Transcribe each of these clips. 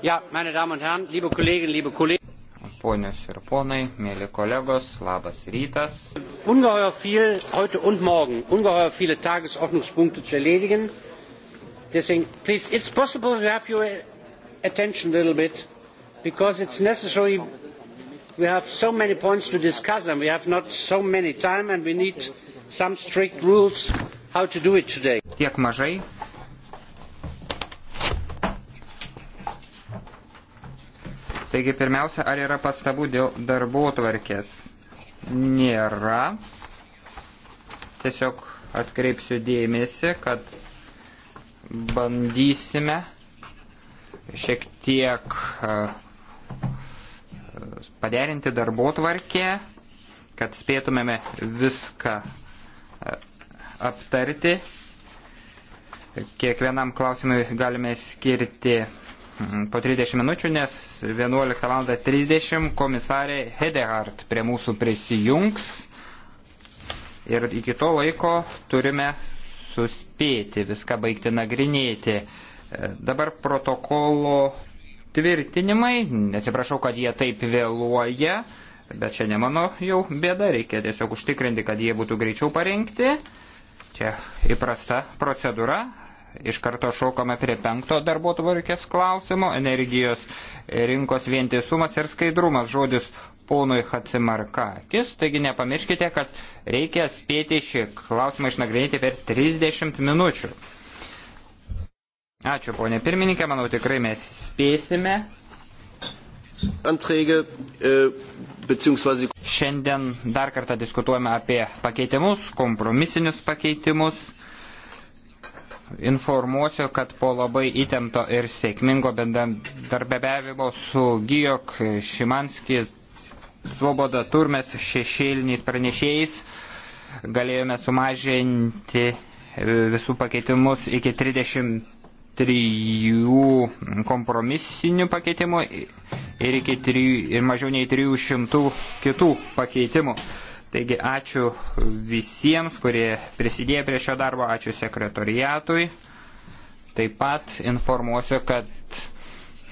Ja, meine Damen und Herren, liebe Kolleginnen, liebe Kollegen. Ponios ir ponai, mėly kolegos, labas rytas. Ungeheuer viel heute und morgen, ungeheuer viele Tagesordnungspunkte zu erledigen. Deswegen, please, it's possible to have your attention a little bit, because it's necessary. We have so many points to discuss, and we have not so many time, and we need some strict rules how to do it today. Tiek mažai Taigi pirmiausia, ar yra pastabų dėl darbo tvarkės? Nėra. Tiesiog atkreipsiu dėmesį, kad bandysime šiek tiek paderinti darbo tvarkę, kad spėtumėme viską aptarti. Kiekvienam klausimui galime skirti Mhm. po 30 minučių, nes 11.30 komisarė Hedehart prie mūsų prisijungs ir iki to laiko turime suspėti viską baigti nagrinėti. E, dabar protokolo tvirtinimai, atsiprašau, kad jie taip vėluoja, bet čia ne mano jau bėda, reikia tiesiog užtikrinti, kad jie būtų greičiau parengti. Čia įprasta procedūra, iš karto šaukame prie penkto darbo tvarkės klausimo - energijos rinkos vientisumas ir skaidrumas žodis ponui Hatsimarkakis. Taigi nepamirškite, kad reikia spėti šį klausimą išnagrinėti per 30 minučių. Ačiū, ponė pirmininkė, manau tikrai mes spėsime. Anträge, e, beziehungsweise... Šiandien dar kartą diskutuojame apie pakeitimus, kompromisinius pakeitimus informuosiu, kad po labai įtempto ir sėkmingo bendradarbiavimo su Gijok Šimanski Svoboda Turmes šešėliniais pranešėjais galėjome sumažinti e, visų pakeitimus iki 33 kompromisinių pakeitimų ir, iki 3, ir mažiau nei 300 kitų pakeitimų. Taigi ačiū visiems, kurie prisidėjo prie šio darbo, ačiū sekretoriatui. Taip pat informuosiu, kad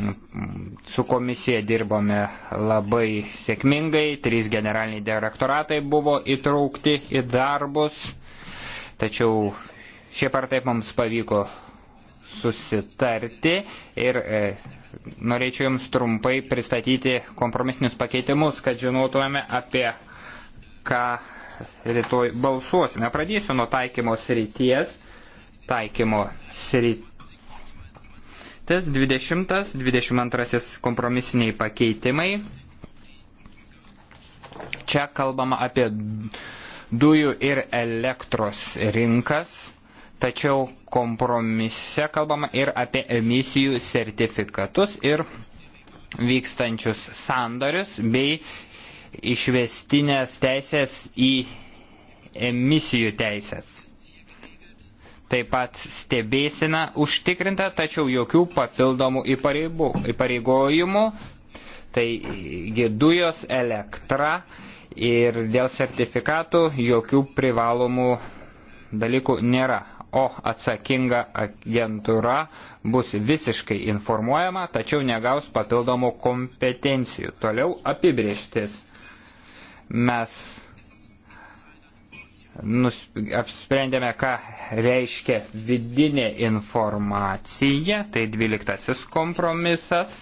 mm, su komisija dirbome labai sėkmingai, trys generaliniai direktoratai buvo įtraukti į darbus, tačiau šiaip ar taip mums pavyko susitarti ir e, norėčiau Jums trumpai pristatyti kompromisinius pakeitimus, kad žinotumėme apie ką rytoj balsuosime. Pradėsiu nuo taikymo srities. Taikymo sritis 20-22 kompromisiniai pakeitimai. Čia kalbama apie dujų ir elektros rinkas, tačiau kompromise kalbama ir apie emisijų sertifikatus ir vykstančius sandorius bei išvestinės teisės į emisijų teisės. Taip pat stebėsina užtikrinta, tačiau jokių papildomų įpareigojimų, taigi dujos, elektra ir dėl sertifikatų jokių privalomų dalykų nėra. O atsakinga agentūra bus visiškai informuojama, tačiau negaus papildomų kompetencijų. Toliau apibrieštis mes nus, apsprendėme, ką reiškia vidinė informacija, tai dvyliktasis kompromisas,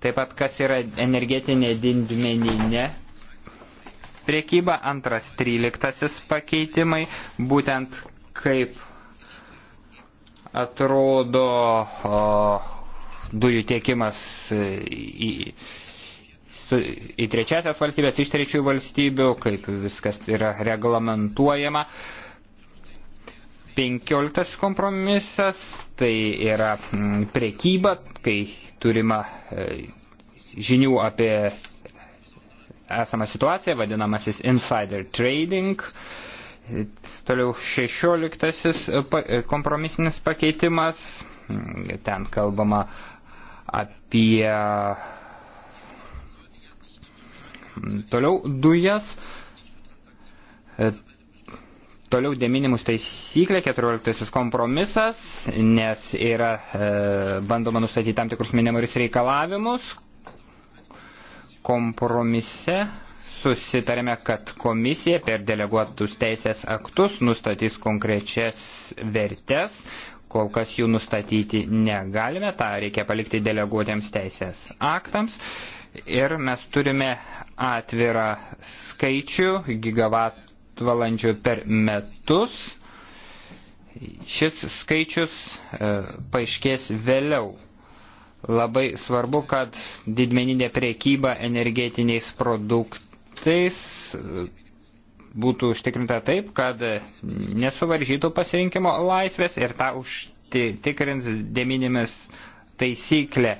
taip pat kas yra energetinė dindmeninė priekyba, antras tryliktasis pakeitimai, būtent kaip atrodo o, dujų tiekimas į, su, į trečiasias valstybės, iš trečiųjų valstybių, kaip viskas yra reglamentuojama. 15 kompromisas tai yra mm, prekyba, kai turima e, žinių apie esamą situaciją, vadinamasis insider trading. Toliau 16 e, e, kompromisinis pakeitimas, mm, ten kalbama apie Toliau dujas. E, toliau dėminimus taisyklė, 14 kompromisas, nes yra e, bandoma nustatyti tam tikrus minimalius reikalavimus. Kompromise susitarėme, kad komisija per deleguotus teisės aktus nustatys konkrečias vertes, kol kas jų nustatyti negalime, tą reikia palikti deleguotiems teisės aktams. E, ir mes turime atvirą skaičių gigavatvalandžių per metus. Šis skaičius e, paaiškės vėliau. Labai svarbu, kad didmeninė priekyba energetiniais produktais e, būtų užtikrinta taip, kad nesuvaržytų pasirinkimo laisvės ir tą užtikrins deminimis taisyklė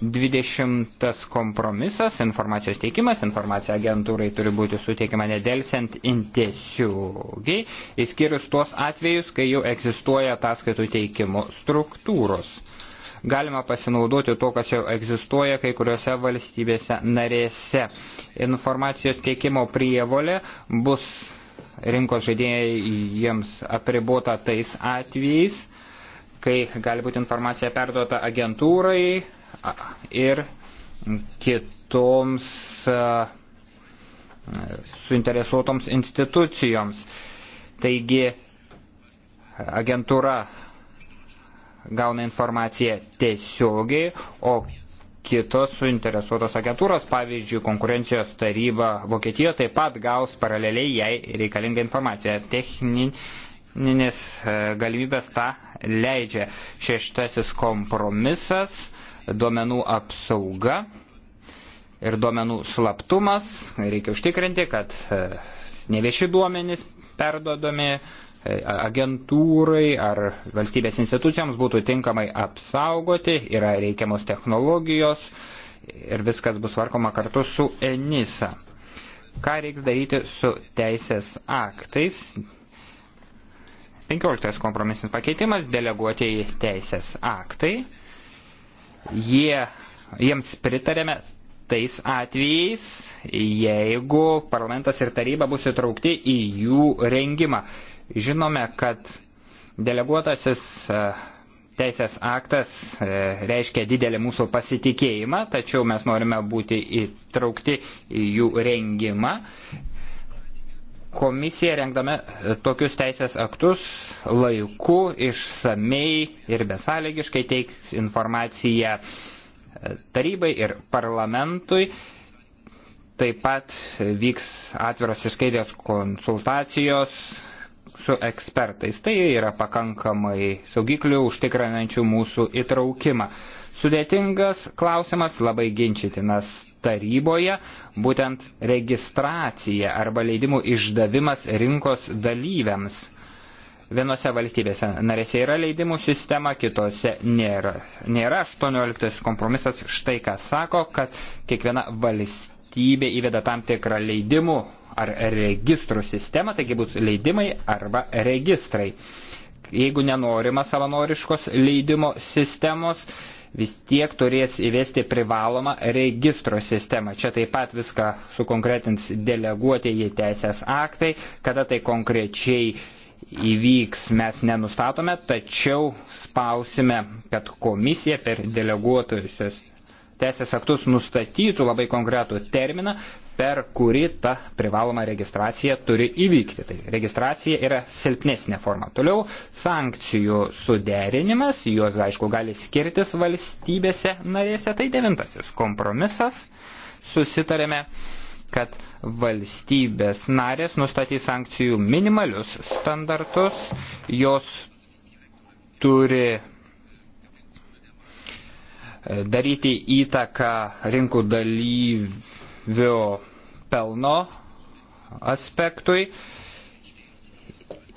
20 kompromisas, informacijos teikimas, informacija agentūrai turi būti suteikiama nedelsiant intiesiogiai, įskyrus tuos atvejus, kai jau egzistuoja ataskaitų teikimo struktūros. Galima pasinaudoti to, kas jau egzistuoja kai kuriuose valstybėse narėse. Informacijos teikimo prievolė bus rinkos žaidėjams apribota tais atvejais, kai gali būti informacija perduota agentūrai ir kitoms suinteresuotoms institucijoms. Taigi agentūra gauna informaciją tiesiogiai, o kitos suinteresuotos agentūros, pavyzdžiui, konkurencijos taryba Vokietijoje taip pat gaus paraleliai jai reikalingą informaciją. Techninės e, galimybės tą leidžia. Šeštasis kompromisas - duomenų apsauga ir duomenų slaptumas. Reikia užtikrinti, kad e, nevieši duomenys perdodami e, agentūrai ar valstybės institucijoms būtų tinkamai apsaugoti, yra reikiamos technologijos ir viskas bus varkoma kartu su ENISA. Ką reiks daryti su teisės aktais, 15 kompromisinis pakeitimas - deleguotieji teisės aktai. Jie, jiems pritarėme tais atvejais, jeigu parlamentas ir taryba bus įtraukti į jų rengimą. Žinome, kad deleguotasis e, teisės aktas e, reiškia didelį mūsų pasitikėjimą, tačiau mes norime būti įtraukti į jų rengimą komisija rengdame tokius teisės aktus laiku, išsamei ir besąlygiškai teiks informaciją e, tarybai ir parlamentui. Taip pat vyks atviros išskaidės konsultacijos su ekspertais. Tai yra pakankamai saugiklių užtikrinančių mūsų įtraukimą. Sudėtingas klausimas, labai ginčytinas taryboje, būtent registracija arba leidimų išdavimas rinkos dalyviams. Vienose valstybėse narėse yra leidimų sistema, kitose nėra. Nėra 18 kompromisas štai ką sako, kad kiekviena valstybė įveda tam tikrą leidimų ar registrų sistemą, taigi bus leidimai arba registrai. Jeigu nenorima savanoriškos leidimo sistemos, vis tiek turės įvesti privalomą registro sistemą. Čia taip pat viską sukonkretins deleguotieji teisės aktai, kada tai konkrečiai įvyks mes nenustatome, tačiau spausime, kad komisija per deleguotusius teisės aktus nustatytų labai konkretų terminą, per kurį ta privaloma registracija turi įvykti. Tai registracija yra silpnesnė forma. Toliau sankcijų suderinimas, juos aišku gali skirtis valstybėse narėse, tai devintasis kompromisas. Susitarėme, kad valstybės narės nustatys sankcijų minimalius standartus, jos turi daryti įtaką rinkų dalyvių vio pelno aspektui.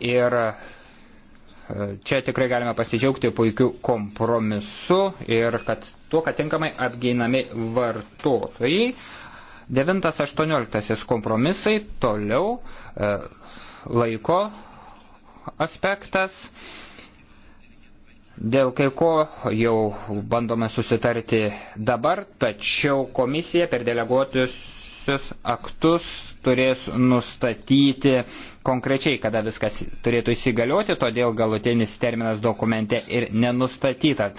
Ir e, čia tikrai galime pasidžiaugti puikiu kompromisu ir kad tuo, kad tinkamai apginami vartotojai. 9.18 kompromisai toliau e, laiko aspektas Dėl kai ko jau bandome susitarti dabar, tačiau komisija per deleguotusius aktus turės nustatyti konkrečiai, kada viskas turėtų įsigalioti, todėl galutinis terminas dokumente ir nenustatytas.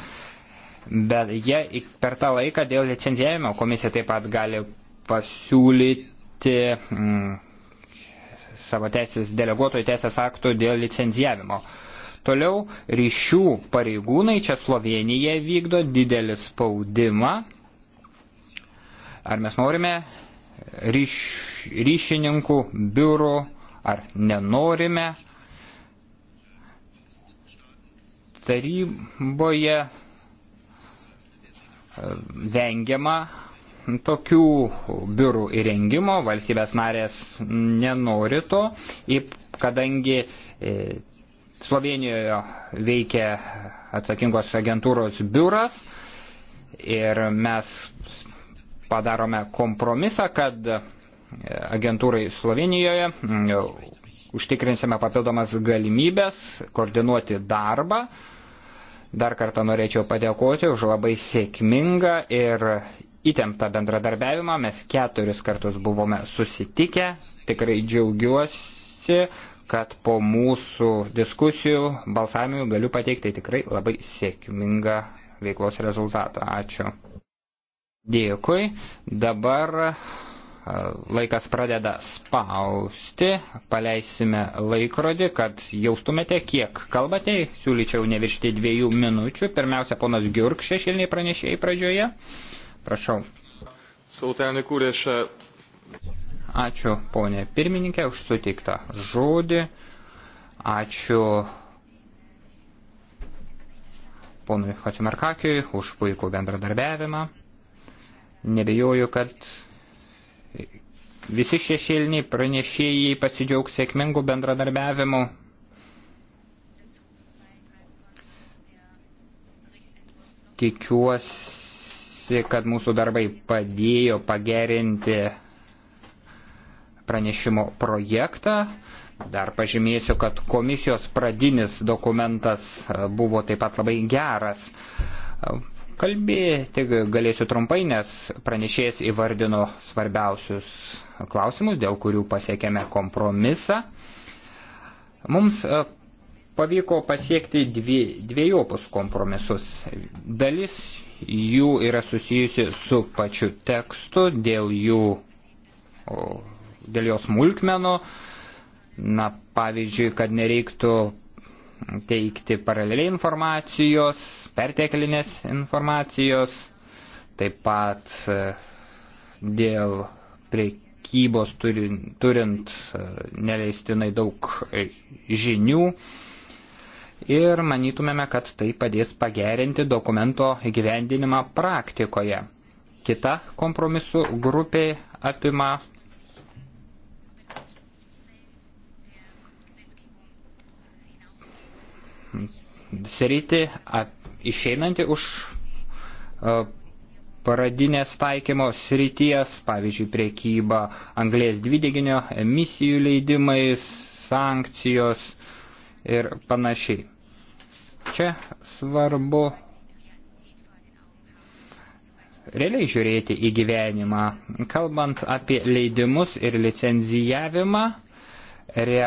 Bet jie per tą laiką dėl licencijavimo komisija taip pat gali pasiūlyti mm, savo teisės, deleguotojų teisės aktų dėl licencijavimo. Mm, Toliau ryšių pareigūnai čia Slovenija vykdo didelį spaudimą. Ar mes norime ryš, ryšininkų biurų, ar nenorime. Taryboje e, vengiama tokių biurų įrengimo, valstybės narės nenori to, kadangi e, Slovenijoje veikia atsakingos agentūros biuras ir mes padarome kompromisą, kad e, agentūrai Slovenijoje užtikrinsime papildomas galimybės koordinuoti darbą. Dar kartą norėčiau padėkoti už labai sėkmingą ir įtemptą bendradarbiavimą. Mes keturis kartus buvome susitikę. Tikrai džiaugiuosi kad po mūsų diskusijų balsavimų galiu pateikti tikrai labai sėkmingą veiklos rezultatą. Ačiū. Dėkui. Dabar laikas pradeda spausti, paleisime laikrodį, kad jaustumėte, kiek kalbate, siūlyčiau neviršti dviejų minučių. Pirmiausia, ponas Giurk šešilniai pranešėjai pradžioje. Prašau. Szót elnök úr, és Ačiū ponė pirmininkė už suteiktą žodį. Ačiū ponui Hatsimarkakiui už puikų bendradarbiavimą. Nebejoju, kad visi šešėliniai pranešėjai pasidžiaugs sėkmingų bendradarbiavimų. Tikiuosi, kad mūsų darbai padėjo pagerinti pranešimo projektą. Dar pažymėsiu, kad komisijos pradinis dokumentas e, buvo taip pat labai geras. E, kalbėti galėsiu trumpai, nes pranešėjas įvardino svarbiausius klausimus, dėl kurių pasiekėme kompromisą. Mums e, pavyko pasiekti dvi, dviejopus kompromisus. Dalis jų yra susijusi su pačiu tekstu, dėl jų dėl jos smulkmenų, na, pavyzdžiui, kad nereiktų teikti paraleliai informacijos, perteklinės informacijos, taip pat e, dėl priekybos turint, turint e, neleistinai daug e, žinių. Ir manytumėme, kad tai padės pagerinti dokumento įgyvendinimą praktikoje. Kita kompromisų grupė apima sritį, išeinantį už paradinės taikymo srities, pavyzdžiui, priekyba anglės dvideginio, emisijų leidimais, sankcijos ir panašiai. Čia svarbu realiai žiūrėti į gyvenimą. Kalbant apie leidimus ir licenzijavimą, re,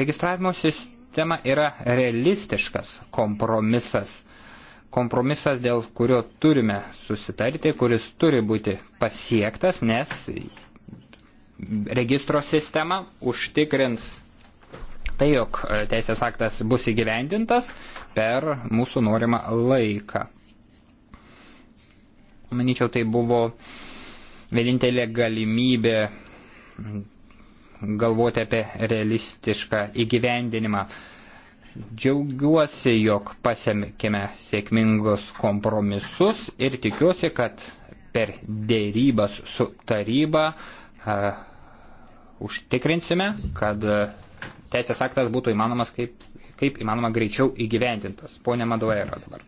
registravimo sistemą, sistema yra realistiškas kompromisas. Kompromisas, dėl kurio turime susitarti, kuris turi būti pasiektas, nes registro sistema užtikrins tai, jog e, teisės aktas bus įgyvendintas per mūsų norimą laiką. Manyčiau, tai buvo vienintelė galimybė galvoti apie realistišką įgyvendinimą. Džiaugiuosi, jog pasiekėme sėkmingus kompromisus ir tikiuosi, kad per dėrybas su taryba uh, užtikrinsime, kad teisės aktas būtų įmanomas kaip kaip įmanoma greičiau įgyvendintas. Pone Madoera dabar.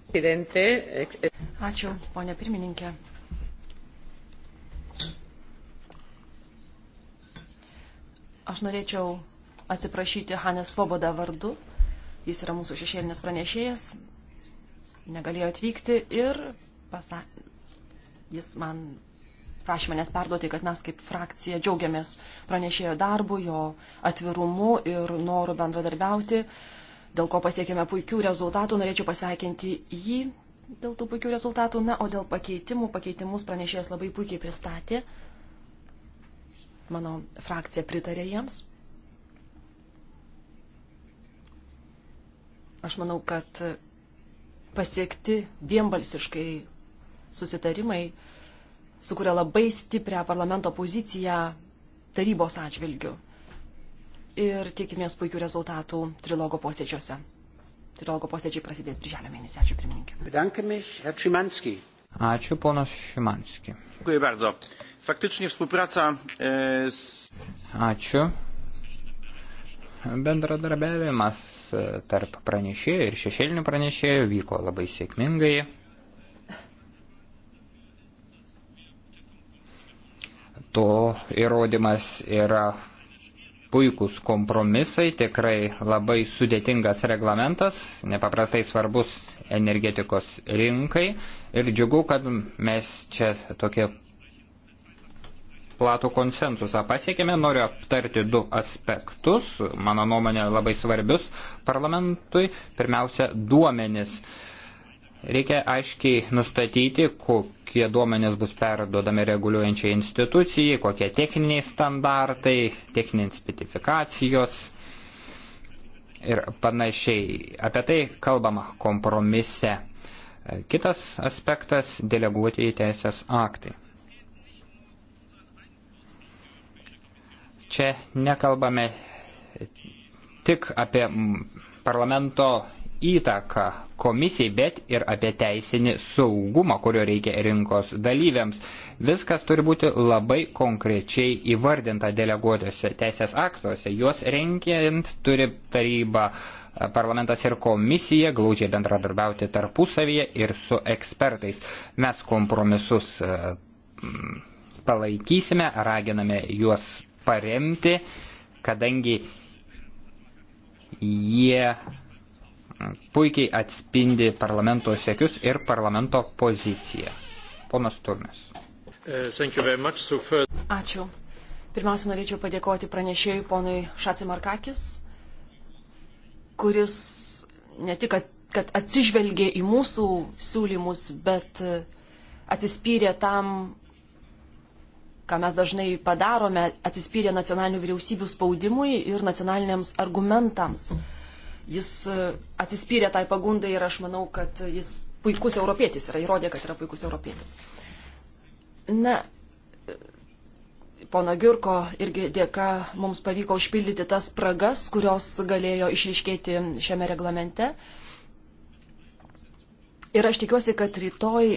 Ačiū, ponė pirmininkė. Aš norėčiau atsiprašyti Hanės Svoboda vardu. Jis yra mūsų šešėlinis pranešėjas. Negalėjo atvykti ir pasa... jis man prašė manęs perduoti, kad mes kaip frakcija džiaugiamės pranešėjo darbu, jo atvirumu ir noru bendradarbiauti, dėl ko pasiekėme puikių rezultatų. Norėčiau pasveikinti jį dėl tų puikių rezultatų. Na, o dėl pakeitimų, pakeitimus pranešėjas labai puikiai pristatė. Mano frakcija pritarė jiems. Aš manau, kad pasiekti vienbalsiškai susitarimai sukuria labai stiprią parlamento poziciją tarybos atžvilgių. Ir tikimės puikių rezultatų trilogo posėdžiuose. Trilogo posėdžiai prasidės birželio mėnesį. Ačiū pirmininkė. Ačiū ponas Šimanski. Dziękuję bardzo. Faktycznie współpraca e, z... Ačiū. Bendradarbiavimas e, tarp pranešėjų ir šešėlinių pranešėjų vyko labai sėkmingai. To įrodymas yra puikūs kompromisai, tikrai labai sudėtingas reglamentas, nepaprastai svarbus energetikos rinkai ir džiugu, kad mes čia tokie platų konsensusą pasiekėme. Noriu aptarti du aspektus, mano nuomonė labai svarbius parlamentui. Pirmiausia, duomenis. Reikia aiškiai nustatyti, kokie duomenys bus perduodami reguliuojančiai institucijai, kokie techniniai standartai, techninės specifikacijos ir panašiai. Apie tai kalbama kompromise. Kitas aspektas - deleguoti į teisės aktai. Čia nekalbame tik apie parlamento įtaką komisijai, bet ir apie teisinį saugumą, kurio reikia rinkos dalyviams. Viskas turi būti labai konkrečiai įvardinta deleguotose teisės aktuose. Juos renkiant turi taryba, parlamentas ir komisija glaudžiai bendradarbiauti tarpusavyje ir su ekspertais. Mes kompromisus e, palaikysime, raginame juos paremti, kadangi jie puikiai atspindi parlamento siekius ir parlamento poziciją. Ponas Turmes. Uh, Ačiū. Pirmiausia, norėčiau padėkoti pranešėjui ponui Šacimarkakis, kuris ne tik, kad, kad atsižvelgė į mūsų siūlymus, bet uh, atsispyrė tam ką mes dažnai padarome, atsispyrė nacionalinių vyriausybių spaudimui ir nacionaliniams argumentams. Jis e, atsispyrė tai pagundai ir aš manau, kad jis puikus europietis yra, įrodė, kad yra puikus europietis. Na, e, pono Girko irgi dėka mums pavyko užpildyti tas spragas, kurios galėjo išriškėti šiame reglamente. Ir aš tikiuosi, kad rytoj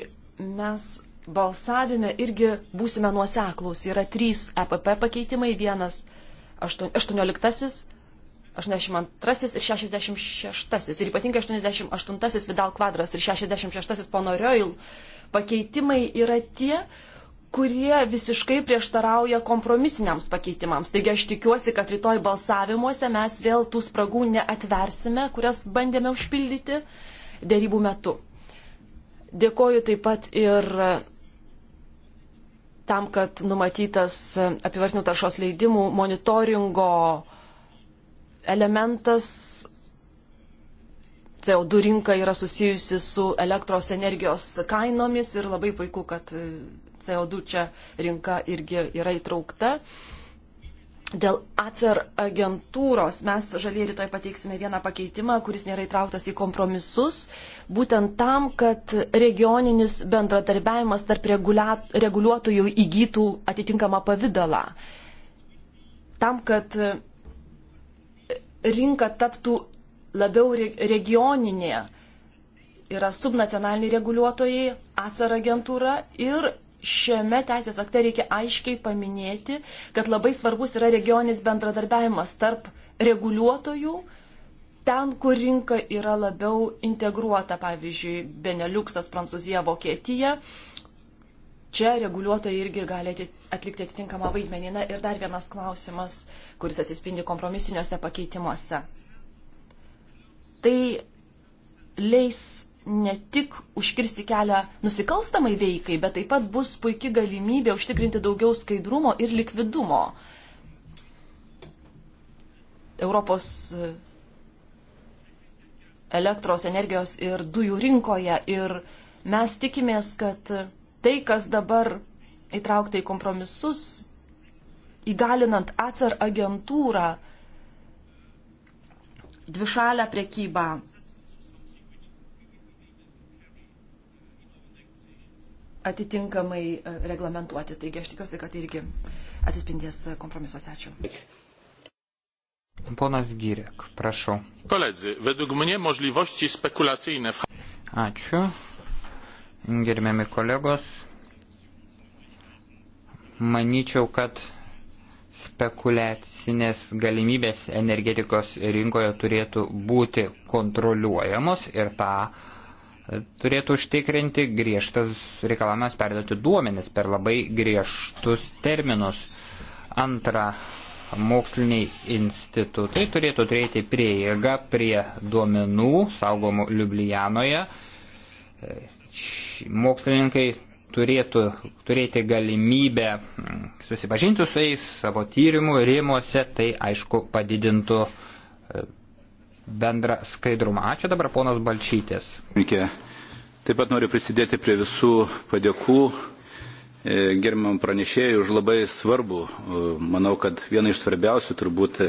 mes balsavime irgi būsime nuoseklus. Yra trys EPP pakeitimai, vienas 18, 82 ir 66. Ir ypatingai 88 Vidal kvadras ir 66 pono Rioil pakeitimai yra tie, kurie visiškai prieštarauja kompromisiniams pakeitimams. Taigi aš tikiuosi, kad rytoj balsavimuose mes vėl tų spragų neatversime, kurias bandėme užpildyti dėrybų metu. Dėkoju taip pat ir tam, kad numatytas apivartinių taršos leidimų monitoringo elementas CO2 rinka yra susijusi su elektros energijos kainomis ir labai puiku, kad CO2 čia rinka irgi yra įtraukta. Uh, Dėl ACER agentūros mes žaliai rytoj pateiksime vieną pakeitimą, kuris nėra įtrauktas į kompromisus, būtent tam, kad regioninis bendradarbiavimas tarp reguliuotojų įgytų atitinkamą pavydalą. Tam, kad rinka taptų labiau regioninė, yra subnacionaliniai reguliuotojai, ACER agentūra ir šiame teisės akte reikia aiškiai paminėti, kad labai svarbus yra regioninis bendradarbiavimas tarp reguliuotojų, ten, kur rinka yra labiau integruota, pavyzdžiui, Beneliuksas, Prancūzija, Vokietija. Čia reguliuotojai irgi gali atlikti atitinkamą vaidmenį. Na ir dar vienas klausimas, kuris atsispindi kompromisiniuose pakeitimuose. Tai leis ne tik užkirsti kelią nusikalstamai veikai, bet taip pat bus puikia galimybė užtikrinti daugiau skaidrumo ir likvidumo. Europos e, elektros energijos ir dujų rinkoje ir mes tikimės, kad tai, kas dabar įtraukta į kompromisus, įgalinant atsar agentūrą, dvišalę priekybą, atitinkamai e, reglamentuoti. Taigi aš tikiuosi, kad tai irgi atsispindės e, kompromisuose. Ačiū. Ponas Girek, prašau. Koledzy, według mnie możliwości spekulacyjne w... Ačiū. Gerbiami kolegos, manyčiau, kad spekulacinės galimybės energetikos rinkoje turėtų būti kontroliuojamos ir tą ta turėtų užtikrinti griežtas reikalavimas perduoti duomenis per labai griežtus terminus. Antra, moksliniai institutai turėtų turėti prieigą prie duomenų saugomų Liublijanoje. Mokslininkai turėtų turėti galimybę susipažinti su jais savo tyrimų rėmuose, tai aišku padidintų bendrą skaidrumą. Ačiū dabar ponas Balčytis. Taip pat noriu prisidėti prie visų padėkų e, gerbiamam pranešėjui už labai svarbu, e, manau, kad viena iš svarbiausių turbūt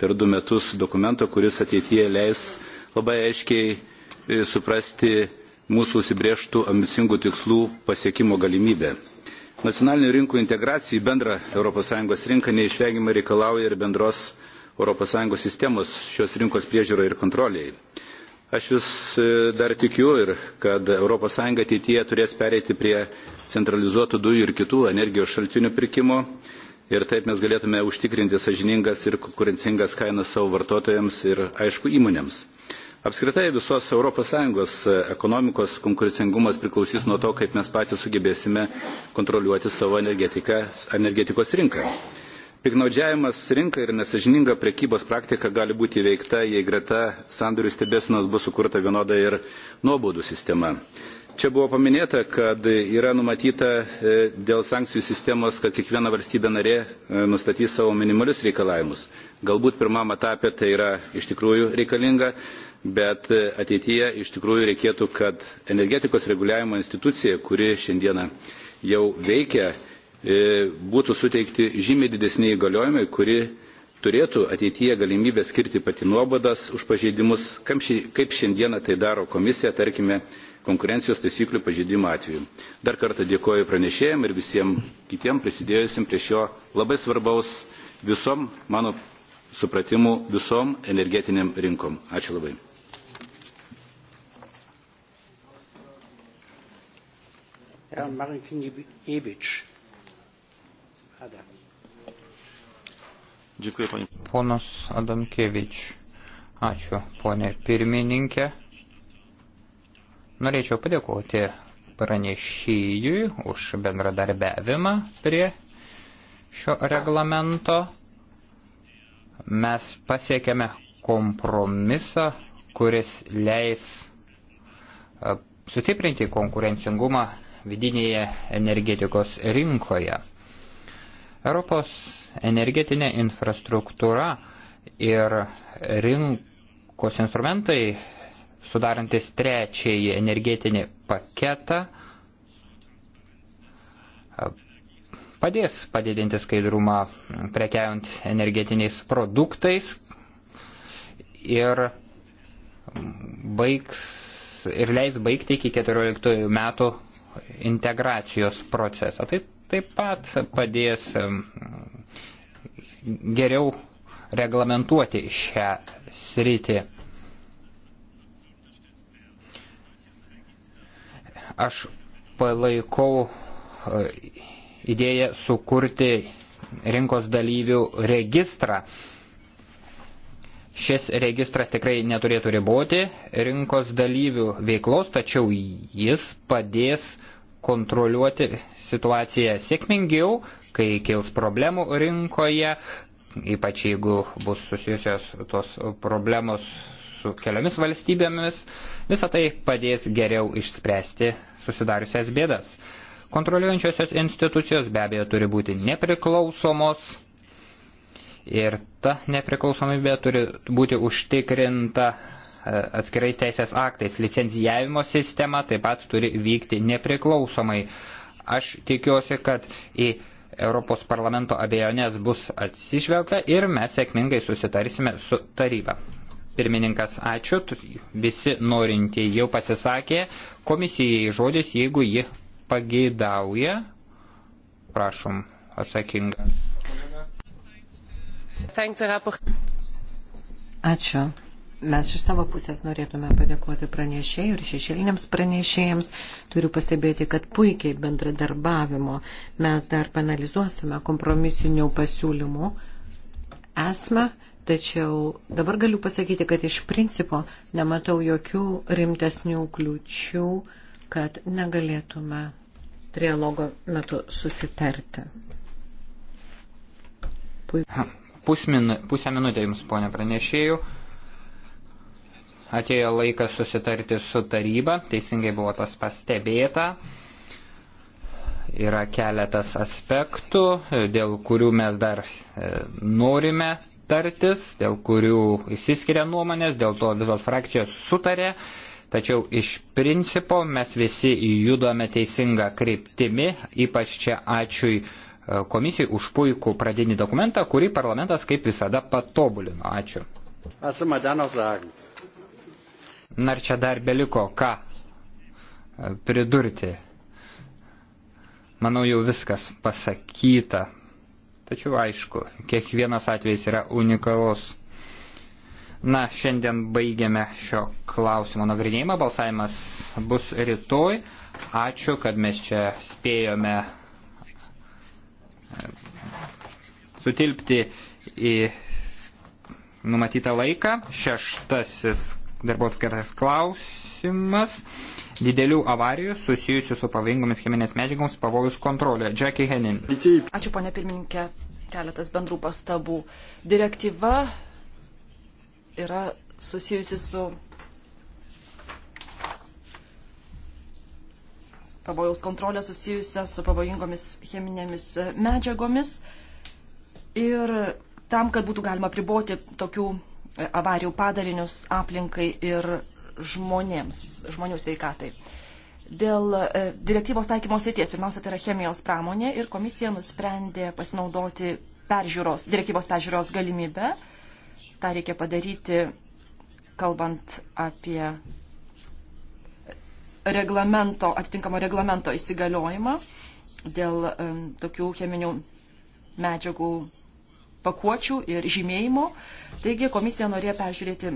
per du metus dokumento, kuris ateityje leis labai aiškiai e, suprasti mūsų užsibrieštų ambicingų tikslų pasiekimo galimybę. Nacionalinių rinkų integracija į bendrą ES rinką neišvengiamai reikalauja ir bendros ES sistemos šios rinkos priežiūrai ir kontroliai. Aš vis e, dar tikiu ir kad ES ateityje turės pereiti prie centralizuotų dujų ir kitų energijos šaltinių pirkimo ir taip mes galėtume užtikrinti sažiningas ir konkurencingas kainas savo vartotojams ir, aišku, įmonėms. Apskritai visos ES e, ekonomikos konkurencingumas priklausys nuo to, kaip mes patys sugebėsime kontroliuoti savo energetikos rinką. Piknaudžiavimas rinka ir nesažininga prekybos praktika gali būti įveikta, jei greta sandorių stebėsinos bus sukurta vienoda ir nuobaudų sistema. Čia buvo paminėta, kad yra numatyta e, dėl sankcijų sistemos, kad kiekviena valstybė narė e, nustatys savo minimalius reikalavimus. Galbūt pirmam etapė tai yra iš tikrųjų reikalinga, bet e, ateityje iš tikrųjų reikėtų, kad energetikos reguliavimo institucija, kuri šiandieną jau veikia, E, būtų suteikti žymiai didesniai įgaliojimai, kuri turėtų ateityje galimybę skirti pati nuobodas už pažeidimus, kaip šiandieną tai daro komisija, tarkime, konkurencijos taisyklių pažeidimo atveju. Dar kartą dėkoju pranešėjim ir visiems kitiem prisidėjusim prie šio labai svarbaus visom, mano supratimu, visom energetiniam rinkom. Ačiū labai. Herr Marinkin Jevič. Dėkui, ponė. Ponas Adamkevič. Ačiū, ponė pirmininkė. Norėčiau padėkoti pranešėjui už bendradarbiavimą prie šio reglamento. Mes pasiekėme kompromisą, kuris leis e, sustiprinti konkurencingumą vidinėje energetikos rinkoje. Europos energetinė infrastruktūra ir rinkos instrumentai, sudarantis trečiąjį energetinį paketą, padės padidinti skaidrumą prekiaujant energetiniais produktais ir baigs ir leis baigti iki 14 metų integracijos procesą. Tai taip pat padės geriau reglamentuoti šią sritį. Aš palaikau e, idėją sukurti rinkos dalyvių registrą. Šis registras tikrai neturėtų riboti rinkos dalyvių veiklos, tačiau jis padės uh, kontroliuoti situaciją sėkmingiau, kai kils problemų rinkoje, ypač jeigu bus susijusios tos problemos su keliomis valstybėmis, visą tai padės geriau išspręsti susidariusias bėdas. Kontroliuojančiosios institucijos be abejo turi būti nepriklausomos ir ta nepriklausomybė turi būti užtikrinta atskirais teisės aktais. Licenzijavimo sistema taip pat turi vykti nepriklausomai. Aš tikiuosi, kad į Europos parlamento abejonės bus atsižvelgta ir mes sėkmingai susitarsime su taryba. Pirmininkas, ačiū, visi norintieji jau pasisakė, komisijai žodis, jeigu ji pageidauja, prašom atsakinga. Ačiū Mes iš savo pusės norėtume padėkoti pranešėjai ir šešėliniams pranešėjams. Turiu pastebėti, kad puikiai bendradarbiavimo mes dar panalizuosime kompromisinių pasiūlymų esmę, tačiau dabar galiu pasakyti, kad iš principo nematau jokių rimtesnių kliučių, kad negalėtume trialogo metu susitarti. Puiku. Pusmin, pusę minutę jums, ponė pranešėjų atėjo laikas susitarti su taryba, teisingai buvo tas pastebėta. Yra keletas aspektų, dėl kurių mes dar e, norime tartis, dėl kurių įsiskiria nuomonės, dėl to visos frakcijos sutarė, tačiau iš principo mes visi judome teisinga kryptimi, ypač čia ačiū e, komisijai už puikų pradinį dokumentą, kurį parlamentas kaip visada patobulino. Ačiū. Was soll man da noch sagen? Nar čia dar beliko ką e, pridurti. Manau, jau viskas pasakyta. Tačiau aišku, kiekvienas atvejs yra unikalus. Na, šiandien baigiame šio klausimo nagrinėjimą. Balsavimas bus rytoj. Ačiū, kad mes čia spėjome e, sutilpti į numatytą laiką. Šeštasis darbo atskirtas klausimas. Didelių avarijų susijusių su pavojingomis cheminės medžiagoms pavojus kontrolė. Jackie Henin. Ačiū, ponė pirmininkė. Keletas bendrų pastabų. Direktyva yra susijusi su pavojaus kontrolė susijusia su pavojingomis cheminėmis medžiagomis. Ir tam, kad būtų galima priboti tokių avarijų padarinius aplinkai ir žmonėms, žmonių sveikatai. Dėl e, direktyvos taikymo sėties, pirmiausia, tai yra chemijos pramonė ir komisija nusprendė pasinaudoti peržiūros, direktyvos peržiūros galimybę. Ta reikia padaryti, kalbant apie reglamento, atitinkamo reglamento įsigaliojimą dėl um, tokių cheminių medžiagų pakuočių ir žymėjimo. Taigi komisija norėjo peržiūrėti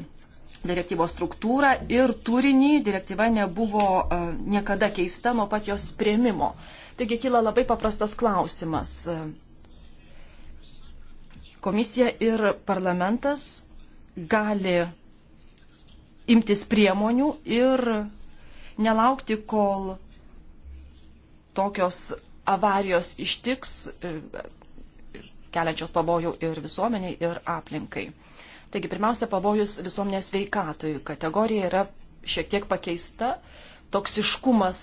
direktyvos struktūrą ir turinį. Direktyva nebuvo e, niekada keista nuo pat jos prieimimo. Taigi kyla labai paprastas klausimas. Komisija ir parlamentas gali imtis priemonių ir nelaukti, kol tokios avarijos ištiks, keliančios pavojų ir visuomeniai, ir aplinkai. Taigi, pirmiausia, pavojus visuomenės veikatui. Kategorija yra šiek tiek pakeista. Toksiškumas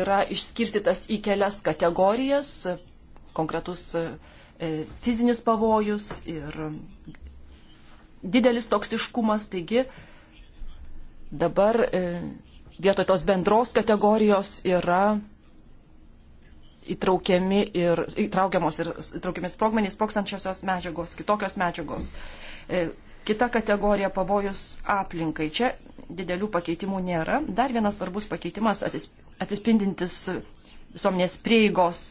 yra išskirstytas į kelias kategorijas - konkretus e, fizinis pavojus ir didelis toksiškumas. Taigi, dabar e, vietoj tos bendros kategorijos yra įtraukiami ir įtraukiamos ir įtraukiami sprogmenys, sprokstančiosios medžiagos, kitokios medžiagos. E, kita kategorija - pavojus aplinkai. Čia didelių pakeitimų nėra. Dar vienas svarbus pakeitimas atsispindintis visuomenės prieigos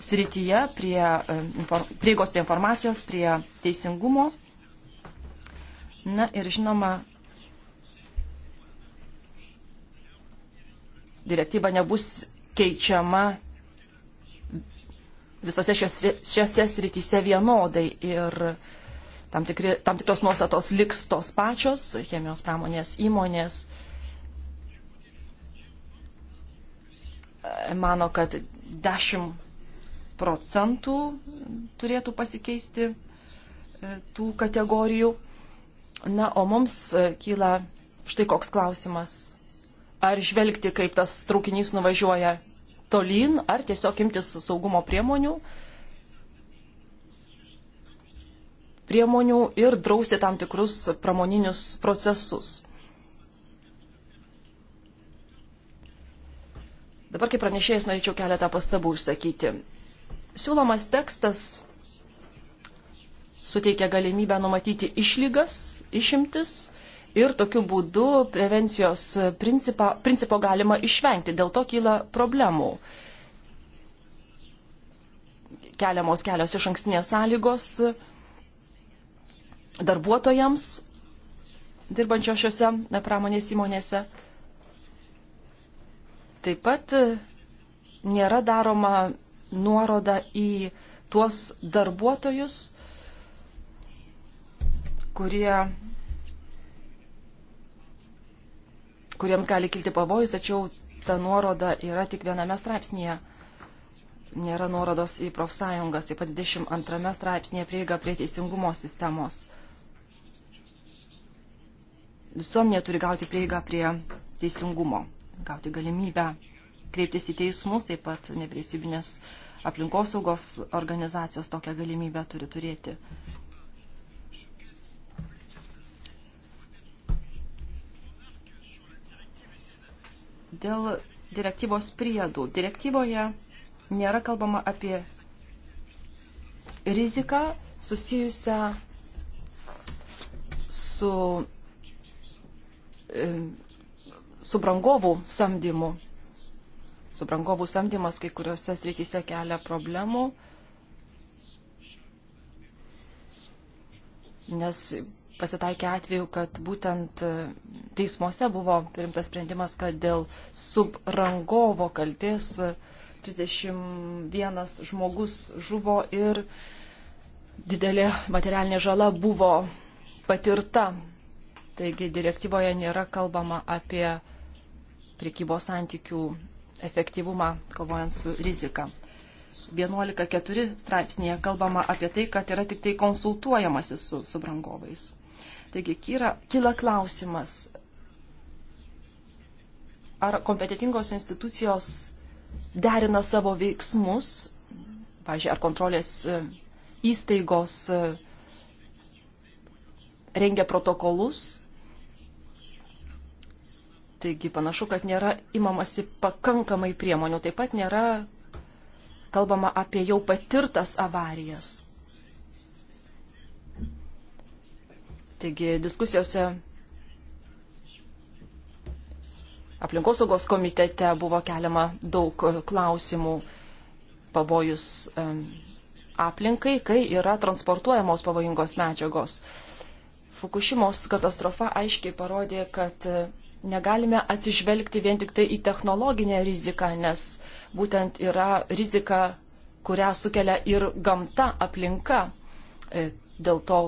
srityje, prie, e, prieigos prie informacijos, prie teisingumo. Na ir žinoma, direktyva nebus keičiama visose šiose, šiose srityse vienodai ir tam, tikri, tam tikros nuostatos liks tos pačios, chemijos pramonės įmonės e, mano, kad 10 procentų turėtų pasikeisti e, tų kategorijų. Na, o mums e, kyla štai koks klausimas. Ar žvelgti, kaip tas traukinys nuvažiuoja tolyn ar tiesiog imtis saugumo priemonių, priemonių ir drausti tam tikrus pramoninius procesus. Dabar kaip pranešėjas norėčiau keletą pastabų išsakyti. Siūlomas tekstas suteikia galimybę numatyti išlygas, išimtis ir tokiu būdu prevencijos principą, principo galima išvengti. Dėl to kyla problemų. Keliamos kelios iš ankstinės sąlygos darbuotojams dirbančio šiuose pramonės įmonėse. Taip pat nėra daroma nuoroda į tuos darbuotojus, kurie kuriems gali kilti pavojus, tačiau ta nuoroda yra tik viename straipsnėje. Nėra nuorodos į profsąjungas, taip pat 22 straipsnėje prieiga prie teisingumo sistemos. Visuomenė turi gauti prieigą prie teisingumo, gauti galimybę kreiptis į teismus, taip pat nevyriausybinės aplinkosaugos organizacijos tokią galimybę turi turėti. dėl direktyvos priedų. Direktyvoje nėra kalbama apie riziką susijusią su, e, su brangovų samdymu. Subrangovų samdymas kai kuriuose srityse kelia problemų, nes pasitaikė atveju, kad būtent e, teismuose buvo rimtas sprendimas, kad dėl subrangovo kalties e, 31 žmogus žuvo ir didelė materialinė žala buvo patirta. Taigi direktyvoje nėra kalbama apie prekybos santykių efektyvumą kovojant su rizika. 11.4 straipsnėje kalbama apie tai, kad yra tik tai konsultuojamasi su subrangovais. Taigi kyra, kyla klausimas, ar kompetitingos institucijos derina savo veiksmus, pažiūrėjau, ar kontrolės e, įstaigos e, rengia protokolus. Taigi panašu, kad nėra imamasi pakankamai priemonių, taip pat nėra kalbama apie jau patirtas avarijas. Taigi diskusijose aplinkosaugos komitete buvo keliama daug e, klausimų pavojus aplinkai, kai yra transportuojamos pavojingos medžiagos. Fukushimos katastrofa aiškiai parodė, kad e, negalime atsižvelgti vien tik tai į technologinę riziką, nes būtent yra rizika, kurią sukelia ir gamta aplinka. E, dėl to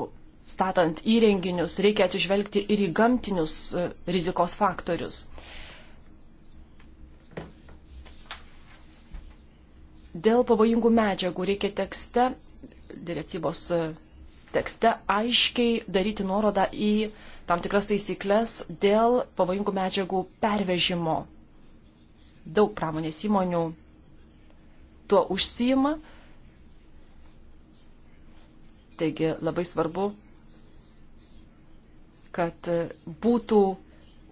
statant įrenginius, reikia atsižvelgti ir į gamtinius e, rizikos faktorius. Dėl pavojingų medžiagų reikia tekste, direktyvos e, tekste, aiškiai daryti nuorodą į tam tikras taisyklės dėl pavojingų medžiagų pervežimo. Daug pramonės įmonių tuo užsijima. Taigi labai svarbu kad būtų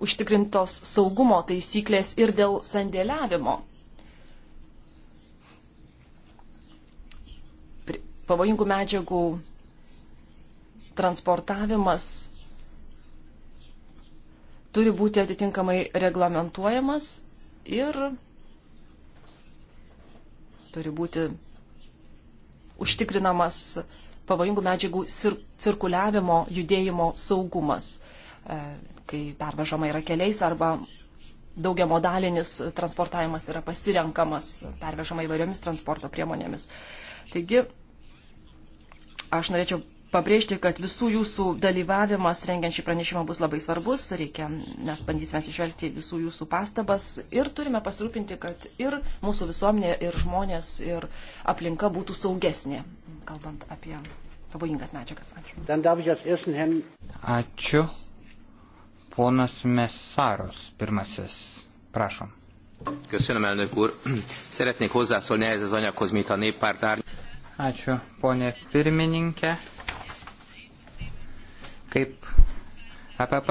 užtikrintos saugumo taisyklės ir dėl sandėliavimo. Pavojingų medžiagų transportavimas turi būti atitinkamai reglamentuojamas ir turi būti užtikrinamas pavojingų medžiagų cir cirkuliavimo judėjimo saugumas. E, kai pervežama yra keliais arba daugiamodalinis transportavimas yra pasirenkamas, pervežama įvairiomis transporto priemonėmis. Taigi, aš norėčiau pabrėžti, kad visų jūsų dalyvavimas rengiant šį pranešimą bus labai svarbus, reikia, mes bandysime atsižvelgti visų jūsų pastabas ir turime pasirūpinti, kad ir mūsų visuomenė, ir žmonės, ir aplinka būtų saugesnė, kalbant apie pavojingas medžiagas. Ačiū. Ačiū. Ponas Mesaros pirmasis. Prašom. Köszönöm, elnök úr. Szeretnék hozzászólni ehhez az anyaghoz, mint a néppárt árny. Ačiū, ponė pirmininkė. Kaip APP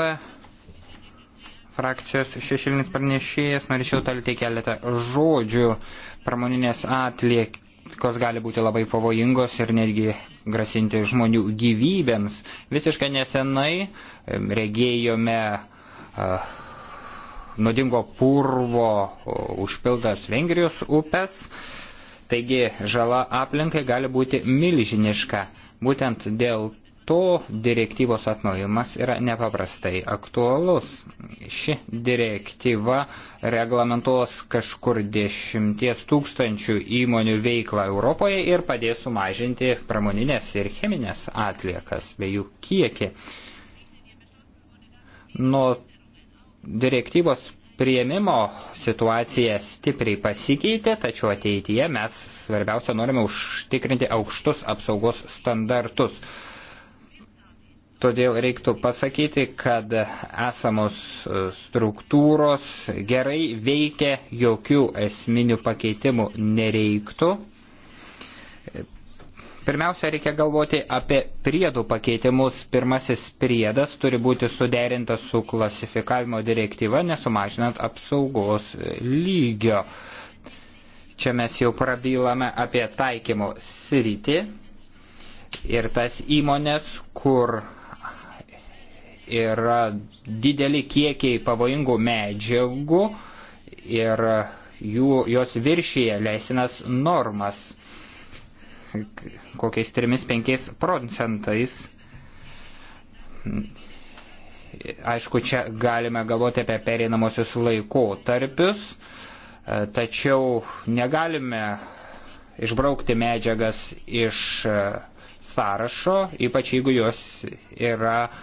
frakcijos šešilinis pranešėjas, norėčiau talti keletą žodžių pramoninės atliek, kurios gali būti labai pavojingos ir netgi grasinti žmonių gyvybėms. Visiškai nesenai regėjome uh, nuodingo purvo užpildas Vengrijos upės, taigi žala aplinkai gali būti milžiniška. Būtent dėl to direktyvos atnaujimas yra nepaprastai aktualus. Ši direktyva reglamentuos kažkur dešimties tūkstančių įmonių veiklą Europoje ir padės sumažinti pramoninės ir cheminės atliekas bei jų kiekį. Nuo direktyvos prieimimo situacija stipriai pasikeitė, tačiau ateityje mes svarbiausia norime užtikrinti aukštus apsaugos standartus. Todėl reiktų pasakyti, kad esamos e, struktūros gerai veikia, jokių esminių pakeitimų nereiktų. Pirmiausia, reikia galvoti apie priedų pakeitimus. Pirmasis priedas turi būti suderintas su klasifikavimo direktyva, nesumažinant apsaugos lygio. Čia mes jau prabylame apie taikymo sritį ir tas įmonės, kur yra dideli kiekiai pavojingų medžiagų ir jų, jos viršyje leisinas normas kokiais 3-5 procentais. Aišku, čia galime galvoti apie pereinamosius laikotarpius, tačiau negalime išbraukti medžiagas iš sąrašo, ypač jeigu jos yra uh,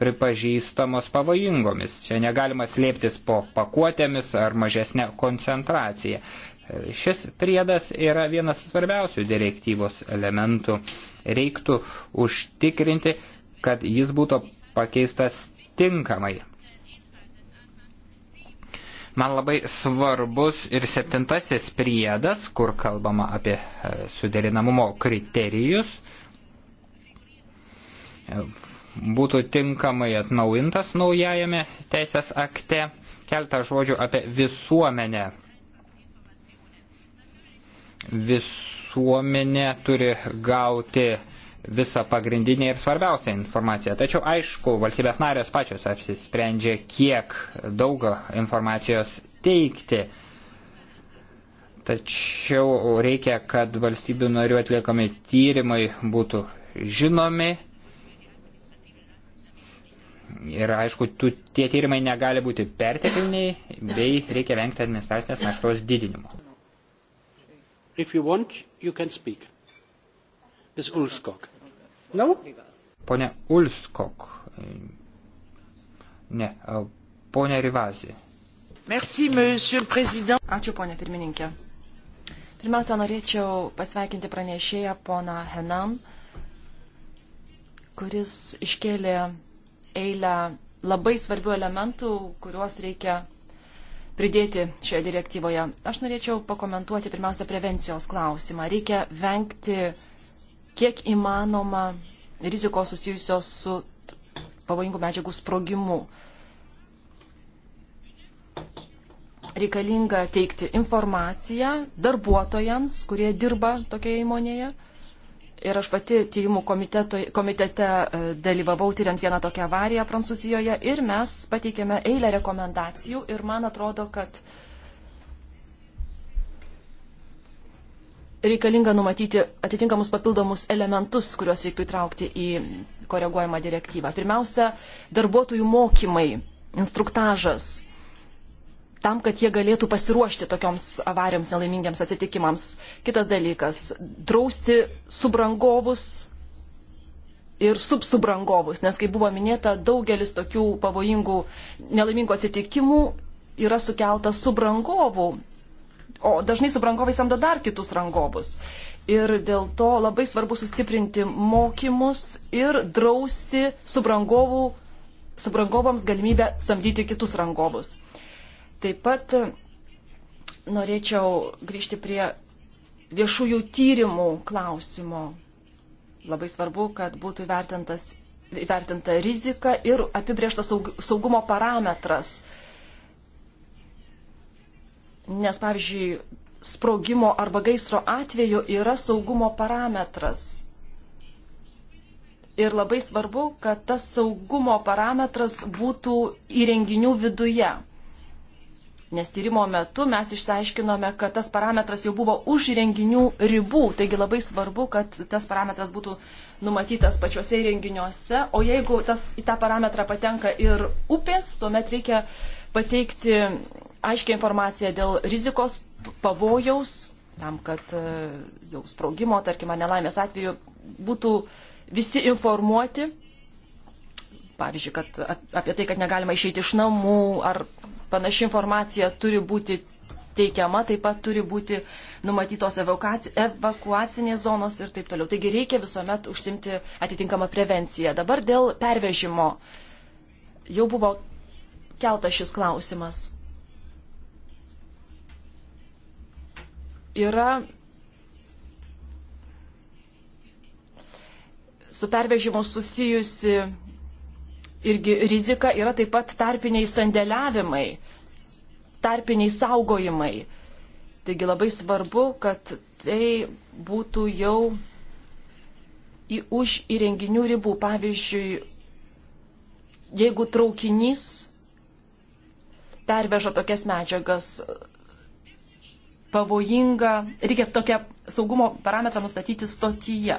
pripažįstamos pavojingomis. Čia negalima slėptis po pakuotėmis ar mažesnė koncentracija. Šis priedas yra vienas svarbiausių direktyvos elementų. Reiktų užtikrinti, kad jis būtų pakeistas tinkamai. Man labai svarbus ir septintasis priedas, kur kalbama apie e, suderinamumo kriterijus – būtų tinkamai atnaujintas naujajame teisės akte. Keltą žodžių apie visuomenę. Visuomenė turi gauti visą pagrindinę ir svarbiausią informaciją. Tačiau aišku, valstybės narės pačios apsisprendžia, kiek daug informacijos teikti. Tačiau reikia, kad valstybių narių atliekami tyrimai būtų žinomi Ir aišku, tų, tie tyrimai negali būti pertekliniai, bei reikia vengti administracinės naštos didinimo. If you want, you can speak. Ms. Ulskok. No? Pone Ulskok. Ne, pone Rivazi. Merci, monsieur le président. Ačiū, pone pirmininkė. Pirmiausia, norėčiau pasveikinti pranešėją poną Henan, kuris iškėlė eilę labai svarbių elementų, kuriuos reikia pridėti šioje direktyvoje. Aš norėčiau pakomentuoti pirmiausia prevencijos klausimą. Reikia vengti kiek įmanoma rizikos susijusios su pavojingų medžiagų sprogimu. Reikalinga teikti informaciją darbuotojams, kurie dirba tokioje įmonėje Ir aš pati tyrimų komiteto, komitete e, dalyvavau tyriant vieną tokią avariją Prancūzijoje ir mes pateikėme eilę rekomendacijų ir man atrodo, kad reikalinga numatyti atitinkamus papildomus elementus, kuriuos reiktų įtraukti į koreguojamą direktyvą. Pirmiausia, darbuotojų mokymai, instruktažas, tam, kad jie galėtų pasiruošti tokioms avarijoms nelaimingiams atsitikimams. Kitas dalykas - drausti subrangovus ir subsubrangovus, nes, kaip buvo minėta, daugelis tokių pavojingų nelaimingų atsitikimų yra sukelta subrangovų, o dažnai subrangovai samdo dar kitus rangovus. Ir dėl to labai svarbu sustiprinti mokymus ir drausti subrangovų, subrangovams galimybę samdyti kitus rangovus. Taip pat norėčiau grįžti prie viešųjų tyrimų klausimo. Labai svarbu, kad būtų vertintas, vertinta rizika ir apibrieštas saug, saugumo parametras. Nes, pavyzdžiui, sprogimo arba gaisro atveju yra saugumo parametras. Ir labai svarbu, kad tas saugumo parametras būtų įrenginių viduje nes tyrimo metu mes išsiaiškinome, kad tas parametras jau buvo už renginių ribų, taigi labai svarbu, kad tas parametras būtų numatytas pačiuose renginiuose, o jeigu tas, į tą parametrą patenka ir upės, tuomet reikia pateikti aiškiai informaciją dėl rizikos pavojaus, tam, kad e, jau sprogimo, tarkime, nelaimės atveju būtų visi informuoti, pavyzdžiui, kad apie tai, kad negalima išeiti iš namų ar panaši informacija turi būti teikiama, taip pat turi būti numatytos evakuacinės zonos ir taip toliau. Taigi reikia visuomet užsimti atitinkamą prevenciją. Dabar dėl pervežimo jau buvo keltas šis klausimas. Yra su pervežimu susijusi irgi rizika yra taip pat tarpiniai sandėliavimai, tarpiniai saugojimai. Taigi labai svarbu, kad tai būtų jau į, už įrenginių ribų. Pavyzdžiui, jeigu traukinys perveža tokias medžiagas pavojinga, reikia tokią saugumo parametrą nustatyti stotyje.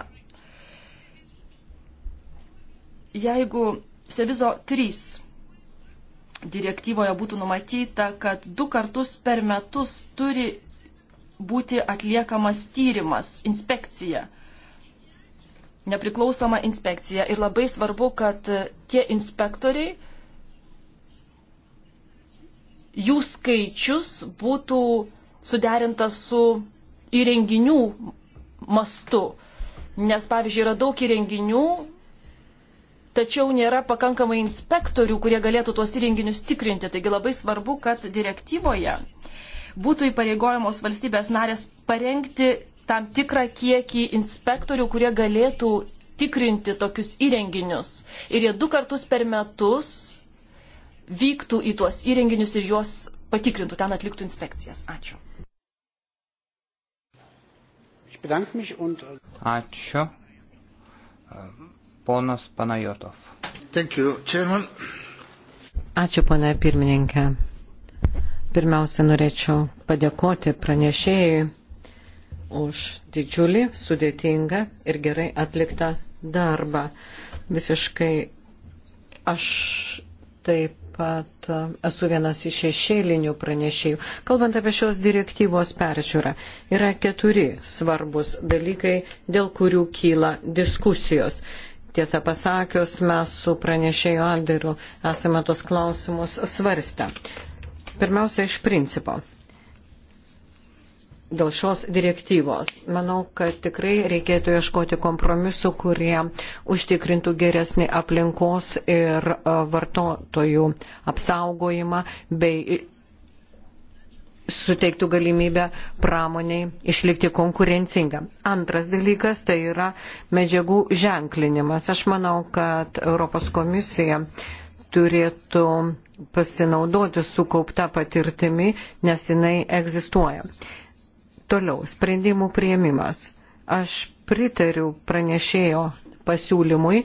Jeigu Sevizo 3 direktyvoje būtų numatyta, kad du kartus per metus turi būti atliekamas tyrimas, inspekcija, nepriklausoma inspekcija. Ir labai svarbu, kad tie inspektoriai, jų skaičius būtų suderintas su įrenginių mastu. Nes, pavyzdžiui, yra daug įrenginių, tačiau nėra pakankamai inspektorių, kurie galėtų tuos įrenginius tikrinti. Taigi labai svarbu, kad direktyvoje būtų įpareigojamos valstybės narės parengti tam tikrą kiekį inspektorių, kurie galėtų tikrinti tokius įrenginius. Ir jie du kartus per metus vyktų į tuos įrenginius ir juos patikrintų, ten atliktų inspekcijas. Ačiū. Äh, Ačiū. Ehm, ponas Panajotov. Ačiū, ponė pirmininkė. Pirmiausia, norėčiau padėkoti pranešėjai už didžiulį, sudėtingą ir gerai atliktą darbą. Visiškai aš taip pat e, esu vienas iš šešėlinių pranešėjų. Kalbant apie šios direktyvos peržiūrą, yra keturi svarbus dalykai, dėl kurių kyla diskusijos. Tiesą pasakius, mes su pranešėjo Alderiu esame tos klausimus svarstę. Pirmiausia, iš principo. Dėl šios direktyvos. Manau, kad tikrai reikėtų ieškoti kompromisų, kurie užtikrintų geresnį aplinkos ir e, vartotojų apsaugojimą bei suteiktų galimybę pramoniai išlikti konkurencingą. Antras dalykas tai yra medžiagų ženklinimas. Aš manau, kad Europos komisija turėtų pasinaudoti sukaupta patirtimi, nes jinai egzistuoja. Toliau, sprendimų prieimimas. Aš pritariu pranešėjo pasiūlymui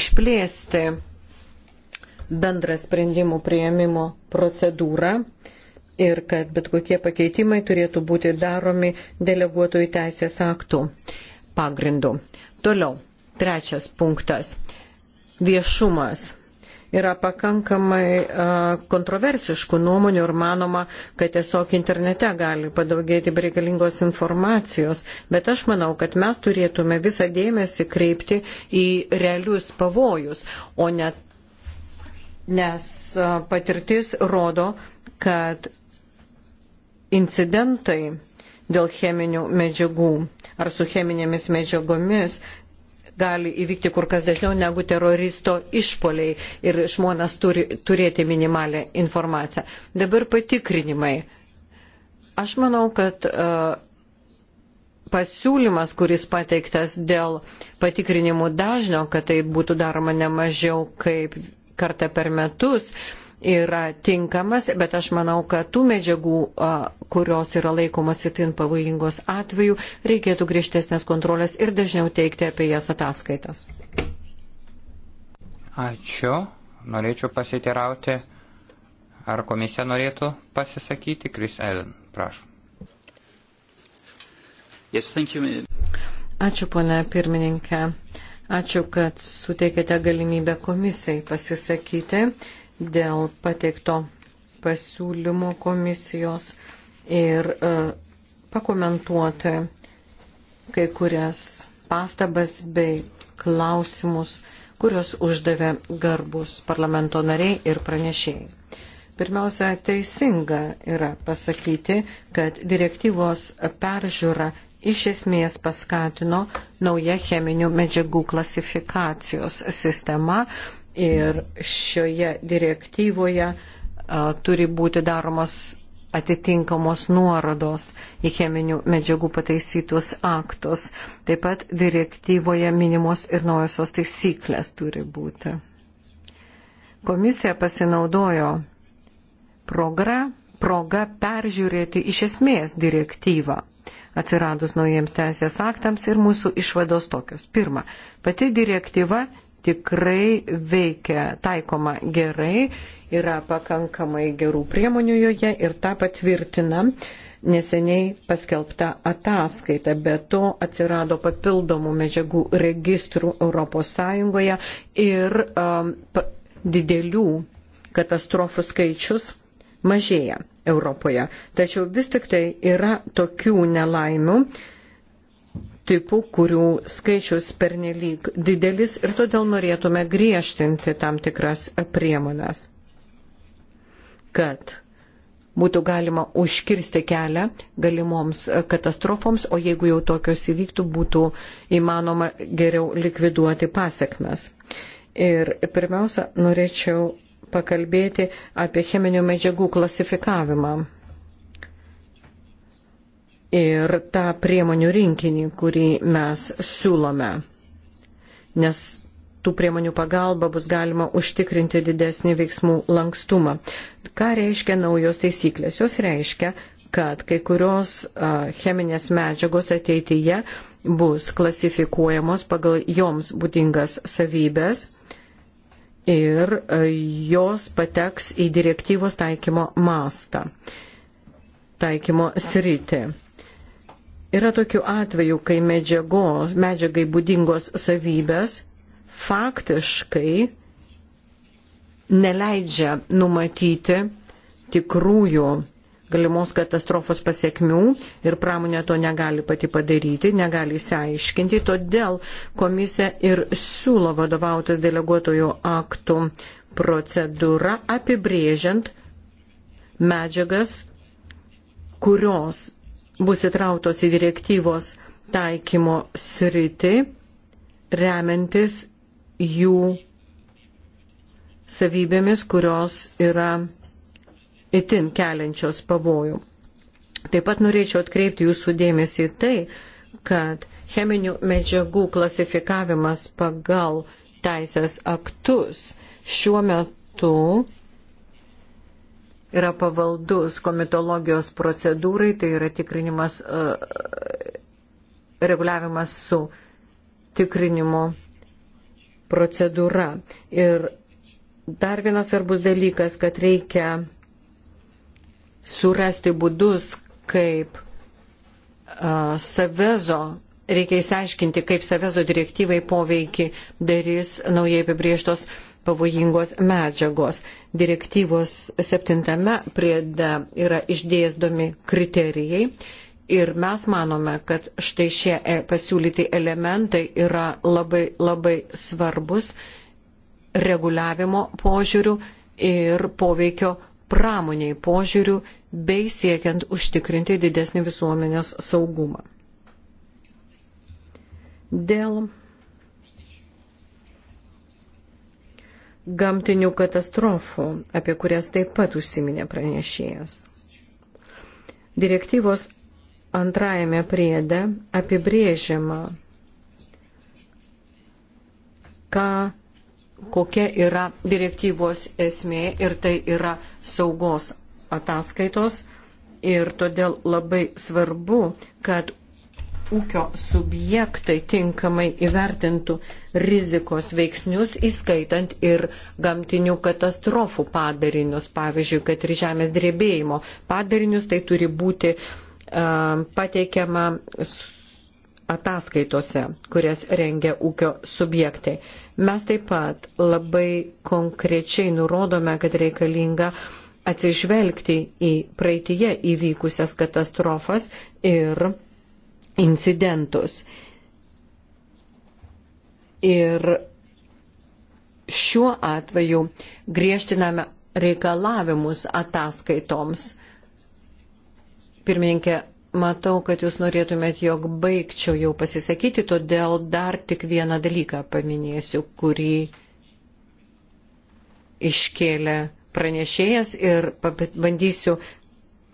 išplėsti bendrą sprendimų prieimimo procedūrą ir kad bet kokie pakeitimai turėtų būti daromi deleguotojų teisės aktų pagrindu. Toliau, trečias punktas - viešumas yra pakankamai kontroversiškų nuomonių ir manoma, kad tiesiog internete gali padaugėti bereikalingos informacijos, bet aš manau, kad mes turėtume visą dėmesį kreipti į realius pavojus, o net nes patirtis rodo, kad incidentai dėl cheminių medžiagų ar su cheminėmis medžiagomis gali įvykti kur kas dažniau negu teroristo išpoliai ir žmonės turi turėti minimalę informaciją. Dabar patikrinimai. Aš manau, kad uh, pasiūlymas, kuris pateiktas dėl patikrinimų dažnio, kad tai būtų daroma ne mažiau kaip kartą per metus, uh, yra tinkamas, bet aš manau, kad tų medžiagų, kurios yra laikomos įtin pavojingos atveju, reikėtų griežtesnės kontrolės ir dažniau teikti apie jas ataskaitas. Ačiū. Norėčiau pasiteirauti, ar komisija norėtų pasisakyti. Kris Ellen, prašom. Yes, Ačiū, ponia pirmininkė. Ačiū, kad suteikėte galimybę komisijai pasisakyti dėl pateikto pasiūlymo komisijos ir e, pakomentuoti kai kurias pastabas bei klausimus, kurios uždavė garbus parlamento nariai ir pranešėjai. Pirmiausia, teisinga yra pasakyti, kad direktyvos peržiūra iš esmės paskatino nauja cheminių medžiagų klasifikacijos sistema, Ir šioje direktyvoje a, turi būti daromos atitinkamos nuorodos į cheminių medžiagų pataisytus aktus. Taip pat direktyvoje minimos ir naujosios taisyklės turi būti. Komisija pasinaudojo progra, proga peržiūrėti iš esmės direktyvą atsiradus naujiems teisės aktams ir mūsų išvados tokios. Pirma, pati direktyva tikrai veikia, taikoma gerai, yra pakankamai gerų priemonių joje ir tą patvirtina neseniai paskelbta ataskaita. Be to atsirado papildomų medžiagų registrų ES ir um, didelių katastrofų skaičius mažėja Europoje. Tačiau vis tik tai yra tokių nelaimių, tipų, kurių skaičius pernelyg didelis ir todėl norėtume griežtinti tam tikras priemonės, kad būtų galima užkirsti kelią galimoms katastrofoms, o jeigu jau tokios įvyktų, būtų įmanoma geriau likviduoti pasiekmes. Ir pirmiausia, norėčiau pakalbėti apie cheminių medžiagų klasifikavimą ir tą priemonių rinkinį, kurį mes siūlome. Nes tų priemonių pagalba bus galima užtikrinti didesnį veiksmų lankstumą. Ką reiškia naujos taisyklės? Jos reiškia, kad kai kurios cheminės medžiagos ateityje bus klasifikuojamos pagal joms būdingas savybės ir jos pateks į direktyvos taikymo mastą, taikymo sritį. Yra tokių atvejų, kai medžiagos, medžiagai būdingos savybės faktiškai neleidžia numatyti tikrųjų galimos katastrofos pasiekmių ir pramonė to negali pati padaryti, negali įsiaiškinti. Todėl komisija ir siūlo vadovautis deleguotojų aktų procedūra apibrėžiant medžiagas, kurios bus įtrauktos į direktyvos taikymo sritį, remiantis jų savybėmis, kurios yra itin keliančios pavojų. Taip pat norėčiau atkreipti jūsų dėmesį į tai, kad cheminių medžiagų klasifikavimas pagal teisės aktus šiuo metu yra pavaldus komitologijos procedūrai, tai yra tikrinimas, e, reguliavimas su tikrinimo procedūra. Ir dar vienas svarbus dalykas, kad reikia surasti būdus, kaip uh, Savezo, reikia įsiaiškinti, kaip Savezo direktyvai poveikį darys naujai apibrieštos uh, pavojingos medžiagos. Direktyvos septintame priede yra išdėsdomi kriterijai. Ir mes manome, kad štai šie e, pasiūlyti elementai yra labai labai svarbus reguliavimo požiūrių ir poveikio pramoniai požiūrių bei siekiant užtikrinti didesnį visuomenės saugumą. Dėl gamtinių katastrofų, apie kurias taip pat užsiminė pranešėjas. Direktyvos antrajame priede apibrėžiama, ką, kokia yra direktyvos esmė ir tai yra saugos ataskaitos ir todėl labai svarbu, kad ūkio subjektai tinkamai įvertintų rizikos veiksnius, įskaitant ir gamtinių katastrofų padarinius, pavyzdžiui, kad ir žemės drebėjimo padarinius, tai turi būti uh, pateikiama ataskaitose, kurias rengia ūkio subjektai. Mes taip pat labai konkrečiai nurodome, kad reikalinga atsižvelgti į praeitie įvykusias katastrofas ir incidentus. Ir šiuo atveju griežtiname reikalavimus ataskaitoms. Pirmininkė, matau, kad jūs norėtumėt, jog baigčiau jau pasisakyti, todėl dar tik vieną dalyką paminėsiu, kurį iškėlė pranešėjas ir bandysiu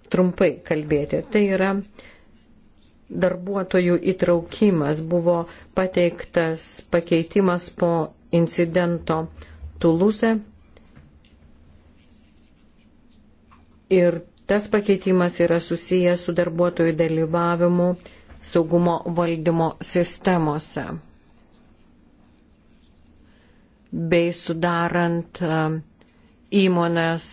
trumpai kalbėti. Tai yra uh, darbuotojų įtraukimas buvo pateiktas pakeitimas po incidento Tuluse. Ir tas pakeitimas yra susijęs su darbuotojų dalyvavimu saugumo valdymo sistemose bei sudarant įmonės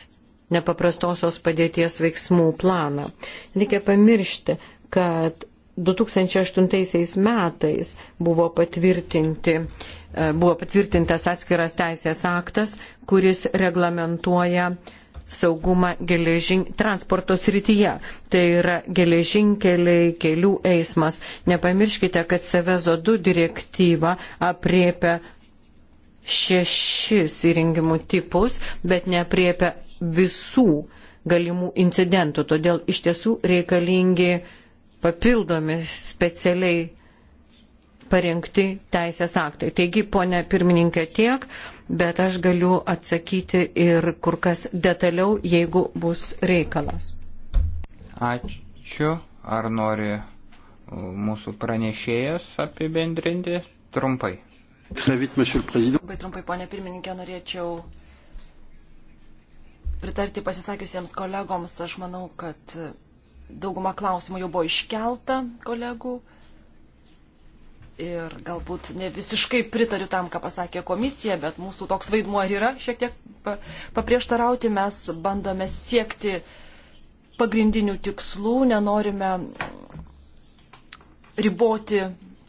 nepaprastosios padėties veiksmų planą. Reikia pamiršti, kad 2008 metais buvo, patvirtinti, e, buvo patvirtintas atskiras teisės aktas, kuris reglamentuoja saugumą geležin, transporto srityje. Tai yra geležinkeliai, kelių eismas. Nepamirškite, kad Sevezo 2 direktyva apriepia šešis įrengimų tipus, bet neapriepia visų galimų incidentų. Todėl iš tiesų reikalingi papildomi specialiai parengti teisės aktai. Taigi, ponė pirmininkė, tiek, bet aš galiu atsakyti ir kur kas detaliau, jeigu bus reikalas. Ačiū. Ar nori uh, mūsų pranešėjas apibendrinti trumpai? Labai trumpai, ponė pirmininkė, norėčiau pritarti pasisakiusiems kolegoms. Aš manau, kad dauguma klausimų jau buvo iškelta kolegų. Ir galbūt ne visiškai pritariu tam, ką pasakė komisija, bet mūsų toks vaidmuo ir yra šiek tiek paprieštarauti. Mes bandome siekti pagrindinių tikslų, nenorime riboti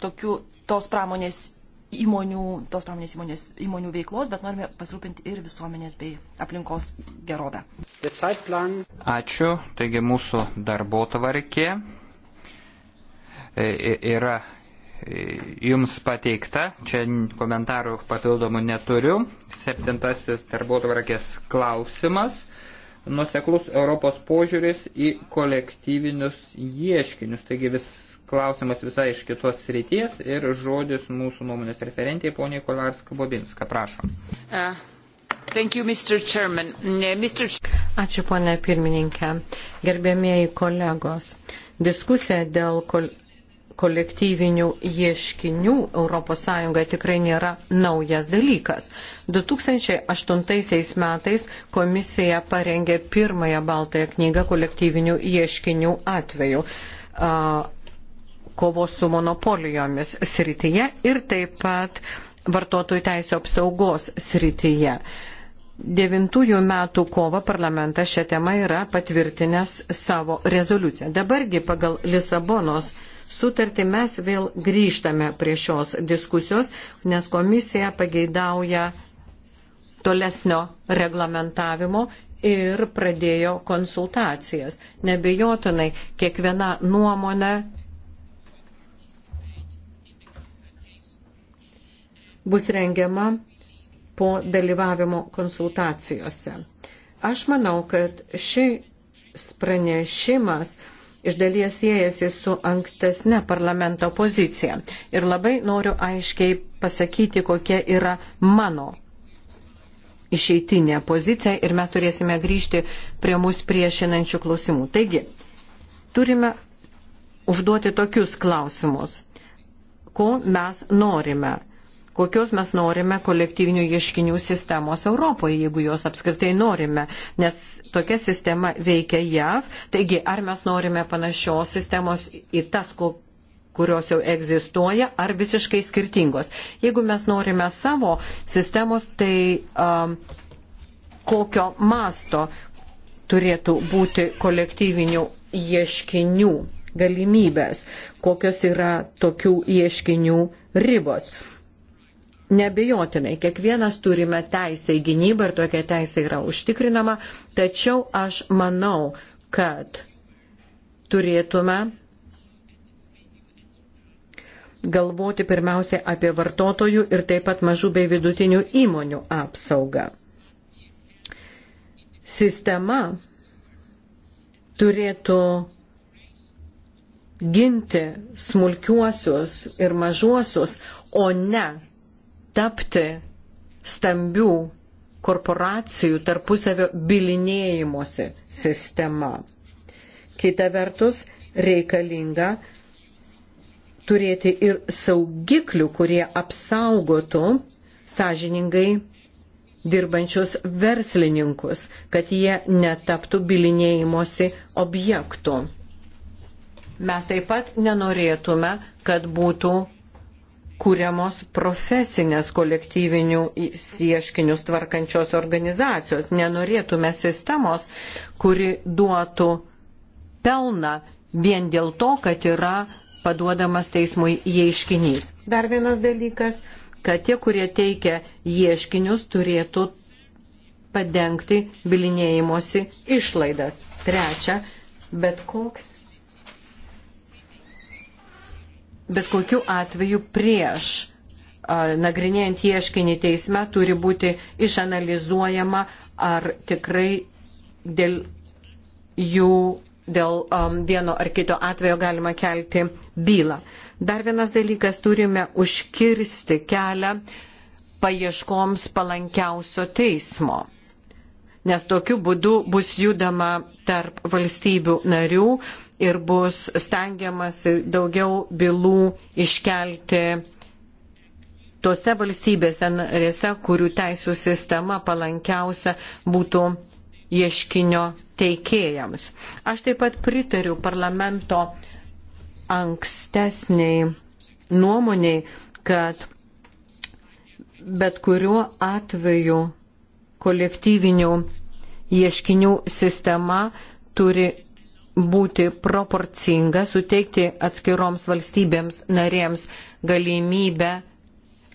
tokių tos pramonės įmonių, tos pramonės įmonės, įmonių veiklos, bet norime pasirūpinti ir visuomenės bei aplinkos gerovę. Ačiū. Taigi mūsų darbo tvarkė e, e, yra e, jums pateikta. Čia komentarų papildomų neturiu. Septintasis darbo tvarkės klausimas. Nuseklus Europos požiūris į kolektyvinius ieškinius. Taigi vis klausimas visai iš kitos srities ir žodis mūsų nuomonės referentiai poniai Kolarska Bobinska. Prašom. Uh. You, Mr. Mr. Mm, uh, Ačiū, ponė pirmininkė. Gerbėmėjai kolegos, diskusija dėl kol kolektyvinių ieškinių ES tikrai nėra naujas dalykas. 2008 metais komisija parengė pirmąją baltąją knygą kolektyvinių ieškinių atveju. Uh, kovos su monopolijomis srityje ir taip pat vartotojų teisų apsaugos srityje. Devintųjų metų kovo parlamentas šią temą yra patvirtinęs savo rezoliuciją. Dabargi pagal Lisabonos sutartį mes vėl grįžtame prie šios diskusijos, nes komisija pageidauja tolesnio reglamentavimo ir pradėjo konsultacijas. Nebejotinai kiekviena nuomonė bus rengiama po dalyvavimo konsultacijose. Aš manau, kad šis pranešimas iš dalies siejasi su ankstesne parlamento pozicija. Ir labai noriu aiškiai pasakyti, kokia yra mano išeitinė pozicija ir mes turėsime grįžti prie mūsų priešinančių klausimų. Taigi, turime užduoti tokius klausimus, ko mes norime kokios mes norime kolektyvinių ieškinių sistemos Europoje, jeigu jos apskritai norime, nes tokia sistema veikia JAV. Taigi, ar mes norime panašios sistemos į tas, kurios jau egzistuoja, ar visiškai skirtingos. Jeigu mes norime savo sistemos, tai um, kokio masto turėtų būti kolektyvinių ieškinių galimybės, kokios yra tokių ieškinių ribos. Nebejotinai, kiekvienas turime teisę į gynybą ir tokia teisė yra užtikrinama, tačiau aš manau, kad turėtume galvoti pirmiausia apie vartotojų ir taip pat mažų bei vidutinių įmonių apsaugą. Sistema turėtų ginti smulkiuosius ir mažuosius, o ne tapti stambių korporacijų tarpusavio bilinėjimuose sistema. Kita vertus, reikalinga turėti ir saugiklių, kurie apsaugotų sąžiningai dirbančius verslininkus, kad jie netaptų bilinėjimosi objektų. Mes taip pat nenorėtume, kad būtų kuriamos profesinės kolektyvinių ieškinius tvarkančios organizacijos. Nenorėtume sistemos, kuri duotų pelną vien dėl to, kad yra paduodamas teismui ieškinys. Dar vienas dalykas, kad tie, kurie teikia ieškinius, turėtų padengti bilinėjimosi išlaidas. Trečia, bet koks bet kokiu atveju prieš nagrinėjant ieškinį teisme turi būti išanalizuojama, ar tikrai dėl jų, dėl um, vieno ar kito atvejo galima kelti bylą. Dar vienas dalykas, turime užkirsti kelią paieškoms palankiausio teismo. Nes tokiu būdu bus judama tarp valstybių narių, ir bus stengiamasi daugiau bylų iškelti tose valstybėse narėse, kurių teisų sistema palankiausia būtų ieškinio teikėjams. Aš taip pat pritariu parlamento ankstesniai nuomoniai, kad bet kuriuo atveju kolektyvinių ieškinių sistema turi būti proporcinga, suteikti atskiroms valstybėms narėms galimybę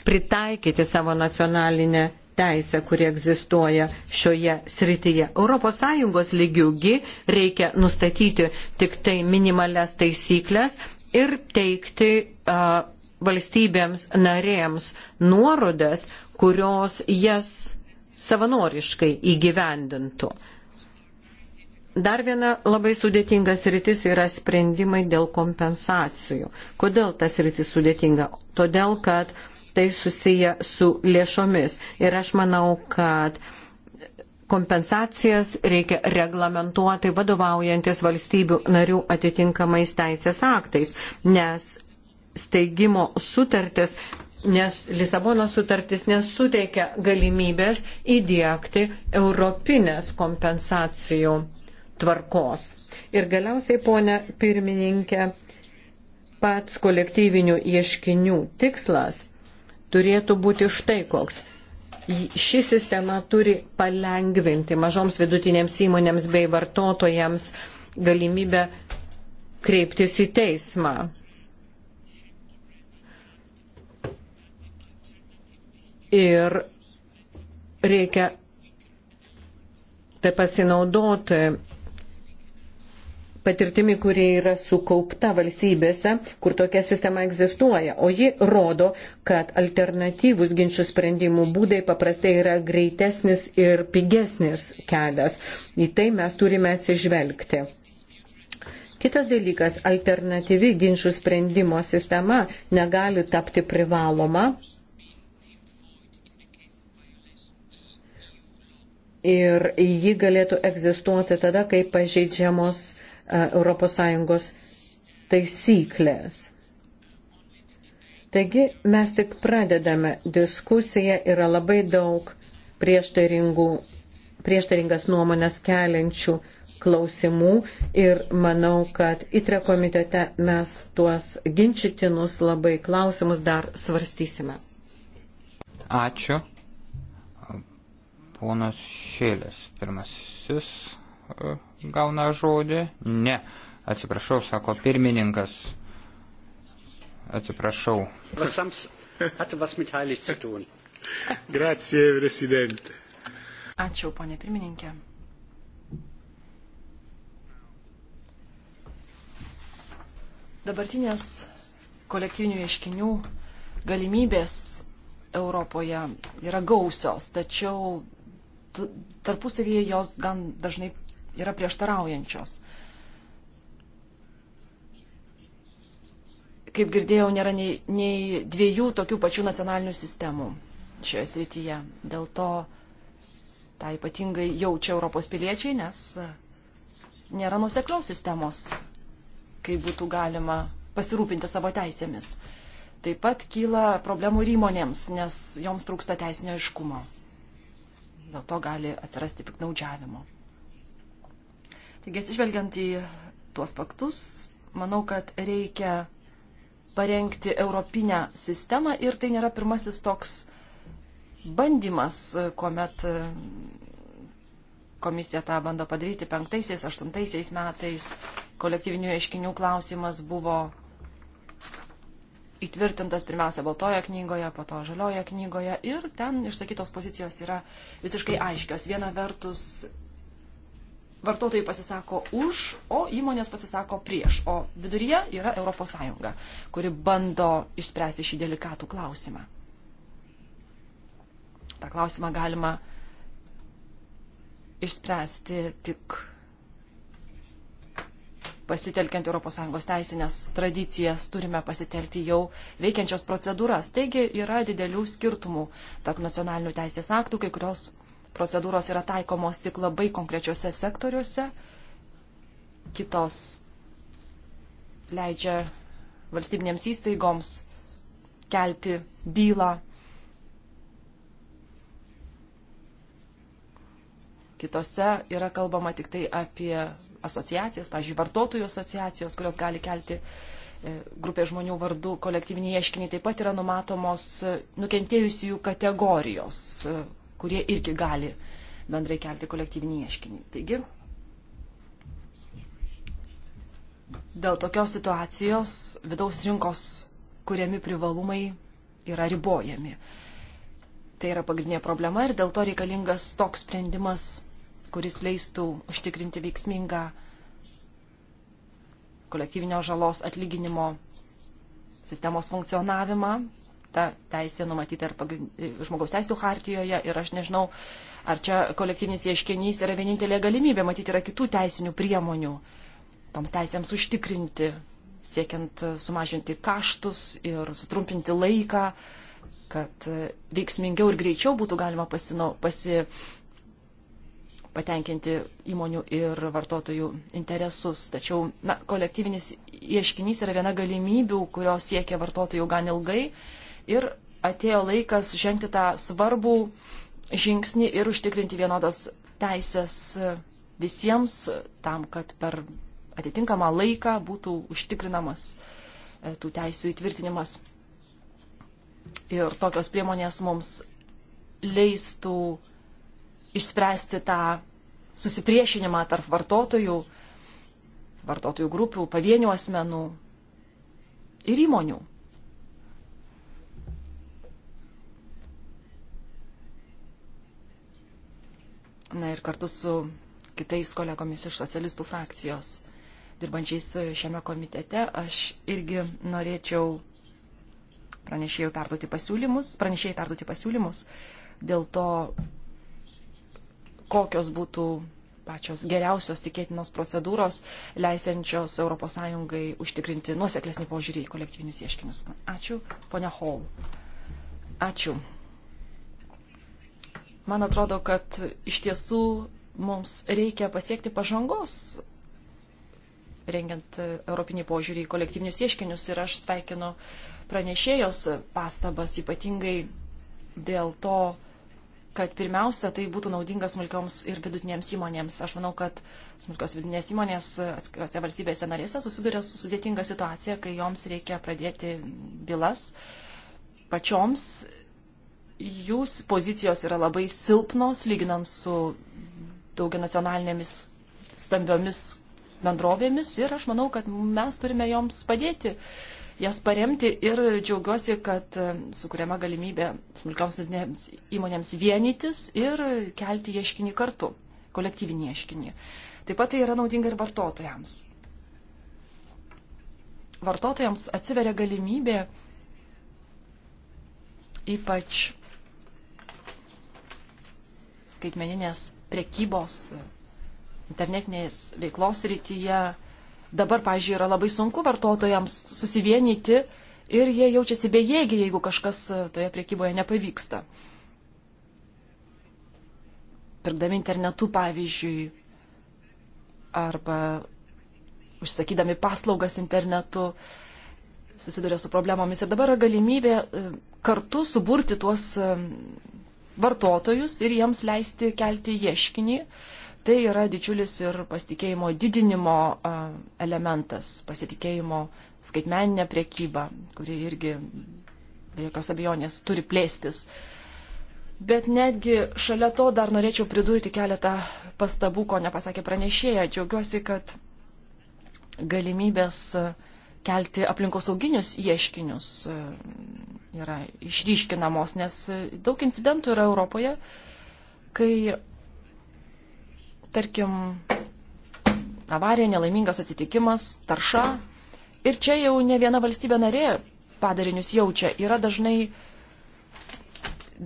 pritaikyti savo nacionalinę teisę, kuri egzistuoja šioje srityje. ES lygiųgi reikia nustatyti tik tai minimales taisyklės ir teikti uh, valstybėms narėms nuorodas, kurios jas savanoriškai įgyvendintų. Dar viena labai sudėtingas rytis yra sprendimai dėl kompensacijų. Kodėl tas rytis sudėtinga? Todėl, kad tai susiję su lėšomis. Ir aš manau, kad kompensacijas reikia reglamentuoti vadovaujantis valstybių narių atitinkamais teisės aktais, nes steigimo sutartis nes Lisabono sutartis nesuteikia galimybės įdėkti europinės kompensacijų tvarkos. Ir galiausiai, ponė pirmininkė, pats kolektyvinių ieškinių tikslas turėtų būti štai koks. Ši sistema turi palengvinti mažoms vidutinėms įmonėms bei vartotojams galimybę kreiptis į teismą. Ir reikia taip pasinaudoti patirtimi, kurie yra sukaupta valstybėse, kur tokia sistema egzistuoja. O ji rodo, kad alternatyvus ginčių sprendimų būdai paprastai yra greitesnis ir pigesnis kelias. Į tai mes turime atsižvelgti. Kitas dalykas - alternatyvi ginčių sprendimo sistema negali tapti privaloma. Ir ji galėtų egzistuoti tada, kai pažeidžiamos ES taisyklės. Taigi mes tik pradedame diskusiją, yra labai daug prieštaringas nuomonės keliančių klausimų ir manau, kad ITRE komitete mes tuos ginčytinus labai klausimus dar svarstysime. Ačiū. Ponas Šėlės pirmasis e, gauna žodį? Ne. Atsiprašau, sako pirmininkas. Atsiprašau. Grazie, prezidente. Ačiū, ponė pirmininkė. Dabartinės kolektyvinių ieškinių galimybės Europoje yra gausios, tačiau tarpusavyje jos gan dažnai yra prieštaraujančios. Kaip girdėjau, nėra nei, nei dviejų tokių pačių nacionalinių sistemų šioje srityje. Dėl to tą ypatingai jaučia Europos piliečiai, nes nėra nuseklios sistemos, kaip būtų galima pasirūpinti savo teisėmis. Taip pat kyla problemų ir įmonėms, nes joms trūksta teisinio iškumo. Dėl to gali atsirasti piknaudžiavimo. Taigi, atsižvelgiant į tuos faktus, manau, kad reikia parengti europinę sistemą ir tai nėra pirmasis toks bandymas, kuomet e, komisija tą bando padaryti penktaisiais, aštuntaisiais metais. Kolektyvinių ieškinių klausimas buvo įtvirtintas pirmiausia Baltojo knygoje, po to Žaliojo knygoje ir ten išsakytos pozicijos yra visiškai aiškios. Viena vertus vartotojai pasisako už, o įmonės pasisako prieš. O viduryje yra ES, kuri bando išspręsti šį delikatų klausimą. Ta klausimą galima išspręsti tik pasitelkiant ES teisinės tradicijas, turime pasitelkti jau veikiančias procedūras. Taigi yra didelių skirtumų tarp nacionalinių teisės aktų, kai kurios procedūros yra taikomos tik labai konkrečiuose sektoriuose, kitos leidžia valstybinėms įstaigoms kelti bylą, kitose yra kalbama tik tai apie asociacijas, pavyzdžiui, vartotojų asociacijos, kurios gali kelti e, grupė žmonių vardų kolektyviniai ieškiniai taip pat yra numatomos nukentėjusiųjų kategorijos, e, kurie irgi gali bendrai kelti kolektyvinį ieškinį. Taigi, dėl tokios situacijos vidaus rinkos kuriami privalumai yra ribojami. Tai yra pagrindinė problema ir dėl to reikalingas toks sprendimas, kuris leistų užtikrinti veiksmingą kolektyvinio žalos atlyginimo sistemos funkcionavimą ta teisė numatyta ir pagrind... žmogaus teisų hartijoje ir aš nežinau, ar čia kolektyvinis ieškinys yra vienintelė galimybė, matyti yra kitų teisinių priemonių toms teisėms užtikrinti, siekiant sumažinti kaštus ir sutrumpinti laiką, kad veiksmingiau ir greičiau būtų galima pasino, pasi, patenkinti įmonių ir vartotojų interesus. Tačiau na, kolektyvinis ieškinys yra viena galimybių, kurio siekia vartotojų gan ilgai ir atėjo laikas žengti tą svarbų žingsnį ir užtikrinti vienodas teisės visiems tam, kad per atitinkamą laiką būtų užtikrinamas e, tų teisų įtvirtinimas. Ir tokios priemonės mums leistų išspręsti tą susipriešinimą tarp vartotojų, vartotojų grupių, pavienių asmenų ir įmonių. na ir kartu su kitais kolegomis iš socialistų frakcijos dirbančiais šiame komitete, aš irgi norėčiau pranešėjų perduoti pasiūlymus, pranešėjai perduoti pasiūlymus dėl to, kokios būtų pačios geriausios tikėtinos procedūros, leisiančios ES užtikrinti nuoseklesnį požiūrį į kolektyvinius ieškinius. Ačiū, ponia Hall. Ačiū. Man atrodo, kad iš tiesų mums reikia pasiekti pažangos, rengiant e, europinį požiūrį į kolektyvinius ieškinius. Ir aš sveikinu pranešėjos pastabas ypatingai dėl to, kad pirmiausia tai būtų naudinga smulkioms ir vidutinėms įmonėms. Aš manau, kad smulkios vidinės įmonės atskirose valstybėse narėse susiduria su sudėtinga situacija, kai joms reikia pradėti bylas pačioms jūs pozicijos yra labai silpnos, lyginant su daugia nacionalinėmis stambiomis bendrovėmis ir aš manau, kad mes turime joms padėti, jas paremti ir džiaugiuosi, kad e, sukūrėma galimybė smulkioms įmonėms vienytis ir kelti ieškinį kartu, kolektyvinį ieškinį. Taip pat tai yra naudinga ir vartotojams. Vartotojams atsiveria galimybė ypač skaitmeninės prekybos, internetinės veiklos rytyje. Dabar, pažiūrėjau, yra labai sunku vartotojams susivienyti ir jie jaučiasi bejėgiai, jeigu kažkas e, toje prekyboje nepavyksta. Pirkdami internetu, pavyzdžiui, arba užsakydami paslaugas internetu, susiduria su problemomis. Ir dabar yra galimybė e, kartu suburti tuos e, vartotojus ir jiems leisti kelti ieškinį. Tai yra didžiulis ir pasitikėjimo didinimo elementas, pasitikėjimo skaitmeninė priekyba, kuri irgi be jokios abejonės turi plėstis. Bet netgi šalia to dar norėčiau pridurti keletą pastabų, ko nepasakė pranešėja. Džiaugiuosi, kad galimybės kelti aplinkosauginius ieškinius yra išryškinamos, nes daug incidentų yra Europoje, kai, tarkim, avarija, nelaimingas atsitikimas, tarša. Ir čia jau ne viena valstybė narė padarinius jaučia. Yra dažnai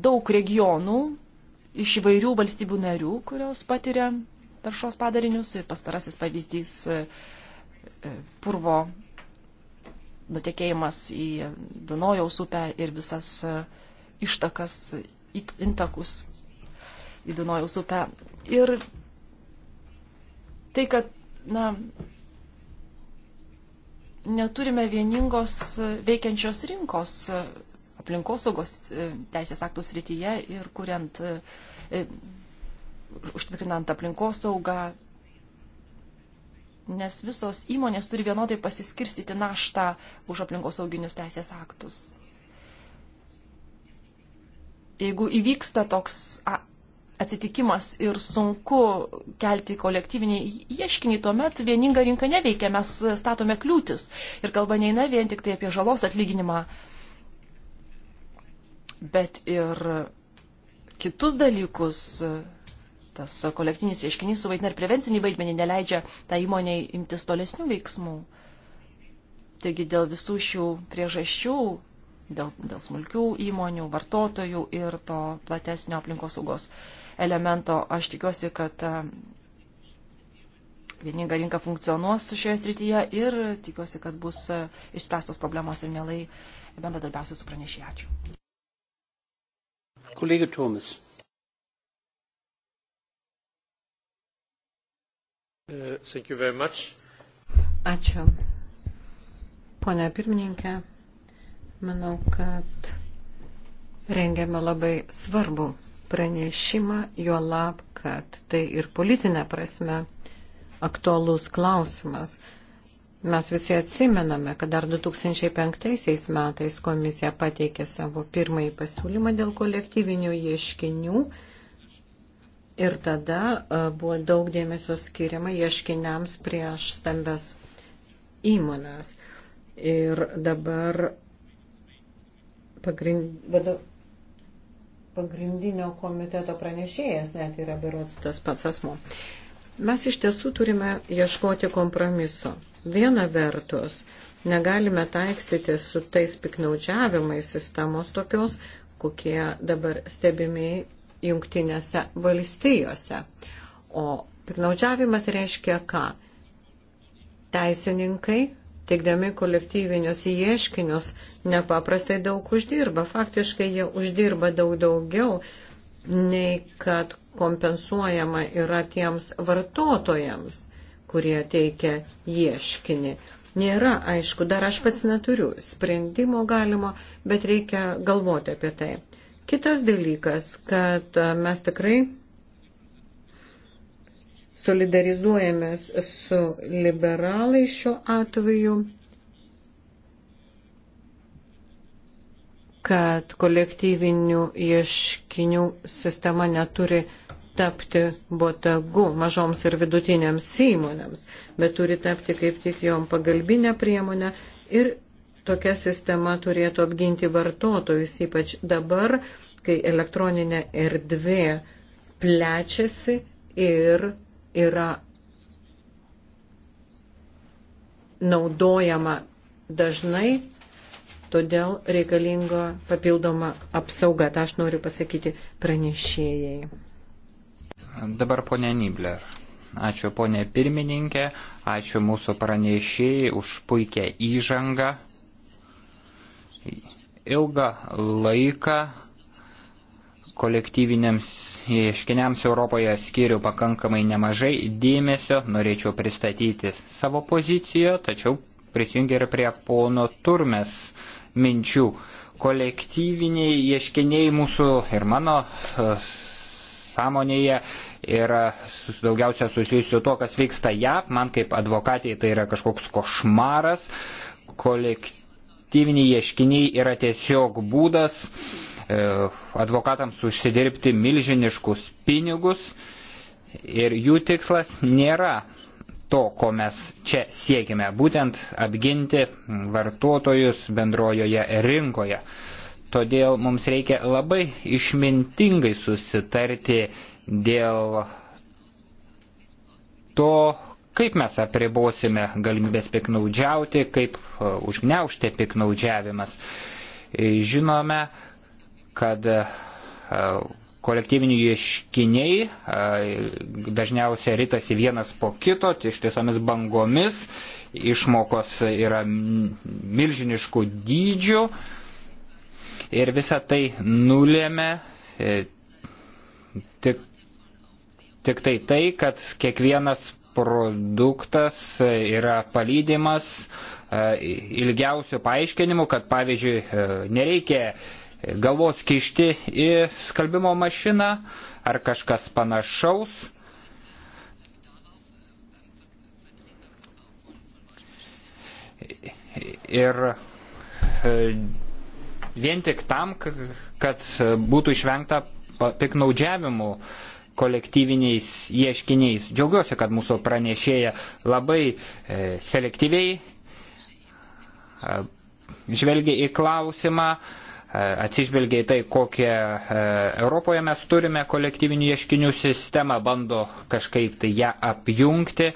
daug regionų iš įvairių valstybių narių, kurios patiria taršos padarinius. Ir pastarasis pavyzdys e, e, purvo nutekėjimas į Dunojaus upę ir visas e, ištakas, intakus į Dunojaus upę. Ir tai, kad, na, neturime vieningos e, veikiančios rinkos e, aplinkosaugos teisės aktų srityje ir kuriant, užtikrinant aplinkosaugą, nes visos įmonės turi vienodai pasiskirstyti naštą už aplinkosauginius teisės aktus. Jeigu įvyksta toks atsitikimas ir sunku kelti kolektyvinį ieškinį, tuomet vieninga rinka neveikia, mes statome kliūtis ir kalba neina vien tik tai apie žalos atlyginimą, bet ir kitus dalykus tas kolektyvinis ieškinys suvaidina ir prevencinį vaidmenį, neleidžia tą tai įmonę imtis tolesnių veiksmų. Taigi dėl visų šių priežasčių, dėl, dėl smulkių įmonių, vartotojų ir to platesnio aplinkosaugos elemento, aš tikiuosi, kad e, vieninga rinka funkcionuos šioje srityje ir tikiuosi, kad bus e, išspręstos problemos ir mielai bendradarbiausiu su pranešėju. Ačiū. Kolega Tomas. Uh, Ačiū. Pone pirmininkė, manau, kad rengiame labai svarbų pranešimą, jo lab, kad tai ir politinė prasme aktualus klausimas. Mes visi atsimename, kad dar 2005 metais komisija pateikė savo pirmąjį pasiūlymą dėl kolektyvinių ieškinių Ir tada e, buvo daug dėmesio skiriama ieškiniams prieš stambes įmonės. Ir dabar pagrind, pagrindinio komiteto pranešėjas net yra berots tas pats asmo. Mes iš tiesų turime ieškoti kompromiso. Viena vertus, negalime taikstytis su tais piknaudžiavimais sistemos tokios, kokie dabar stebimiai jungtinėse valstijose. O piknaudžiavimas reiškia ką? Teisininkai, teikdami kolektyvinius ieškinius, nepaprastai daug uždirba. Faktiškai jie uždirba daug daugiau, nei kad kompensuojama yra tiems vartotojams, kurie teikia ieškinį. Nėra, aišku, dar aš pats neturiu sprendimo galimo, bet reikia galvoti apie tai. Kitas dalykas, kad e, mes tikrai solidarizuojamės su liberalai šiuo atveju, kad kolektyvinių ieškinių sistema neturi tapti botagu mažoms ir vidutinėms įmonėms, bet turi tapti kaip tik jom pagalbinę priemonę ir tokia sistema turėtų apginti vartotojus, ypač dabar, kai elektroninė erdvė plečiasi ir yra naudojama dažnai, todėl reikalinga papildoma apsauga. Ta aš noriu pasakyti pranešėjai. Dabar ponė Nibler. Ačiū ponė pirmininkė, ačiū mūsų pranešėjai už puikią įžangą. Ilgą laiką kolektyviniams ieškiniams Europoje skiriu pakankamai nemažai dėmesio, norėčiau pristatyti savo poziciją, tačiau prisijungia ir prie pono Turmes minčių. Kolektyviniai ieškiniai mūsų ir mano e, sąmonėje yra daugiausia susijusiu to, kas vyksta JAV, man kaip advokatijai tai yra kažkoks košmaras. Kolektyviniai kolektyviniai ieškiniai yra tiesiog būdas e, advokatams užsidirbti milžiniškus pinigus ir jų tikslas nėra to, ko mes čia siekime, būtent apginti vartotojus bendrojoje rinkoje. Todėl mums reikia labai išmintingai susitarti dėl to, Kaip mes apribosime galimybės piknaudžiauti, kaip e, užgneušti piknaudžiavimas. E, žinome, kad e, kolektyviniai ieškiniai dažniausiai rytasi vienas po kito, ištisomis bangomis, išmokos yra milžiniškų dydžių ir visa tai nulėmė tik, tik tai tai, kad kiekvienas produktas yra palydimas e, ilgiausių paaiškinimų, kad pavyzdžiui e, nereikia galvos kišti į skalbimo mašiną ar kažkas panašaus. Ir e, vien tik tam, kad būtų išvengta piknaudžiavimų kolektyviniais ieškiniais. Džiaugiuosi, kad mūsų pranešėja labai e, selektyviai e, žvelgia į klausimą, e, atsižvelgia į tai, kokią e, Europoje mes turime kolektyvinių ieškinių sistemą, bando kažkaip tai ją apjungti,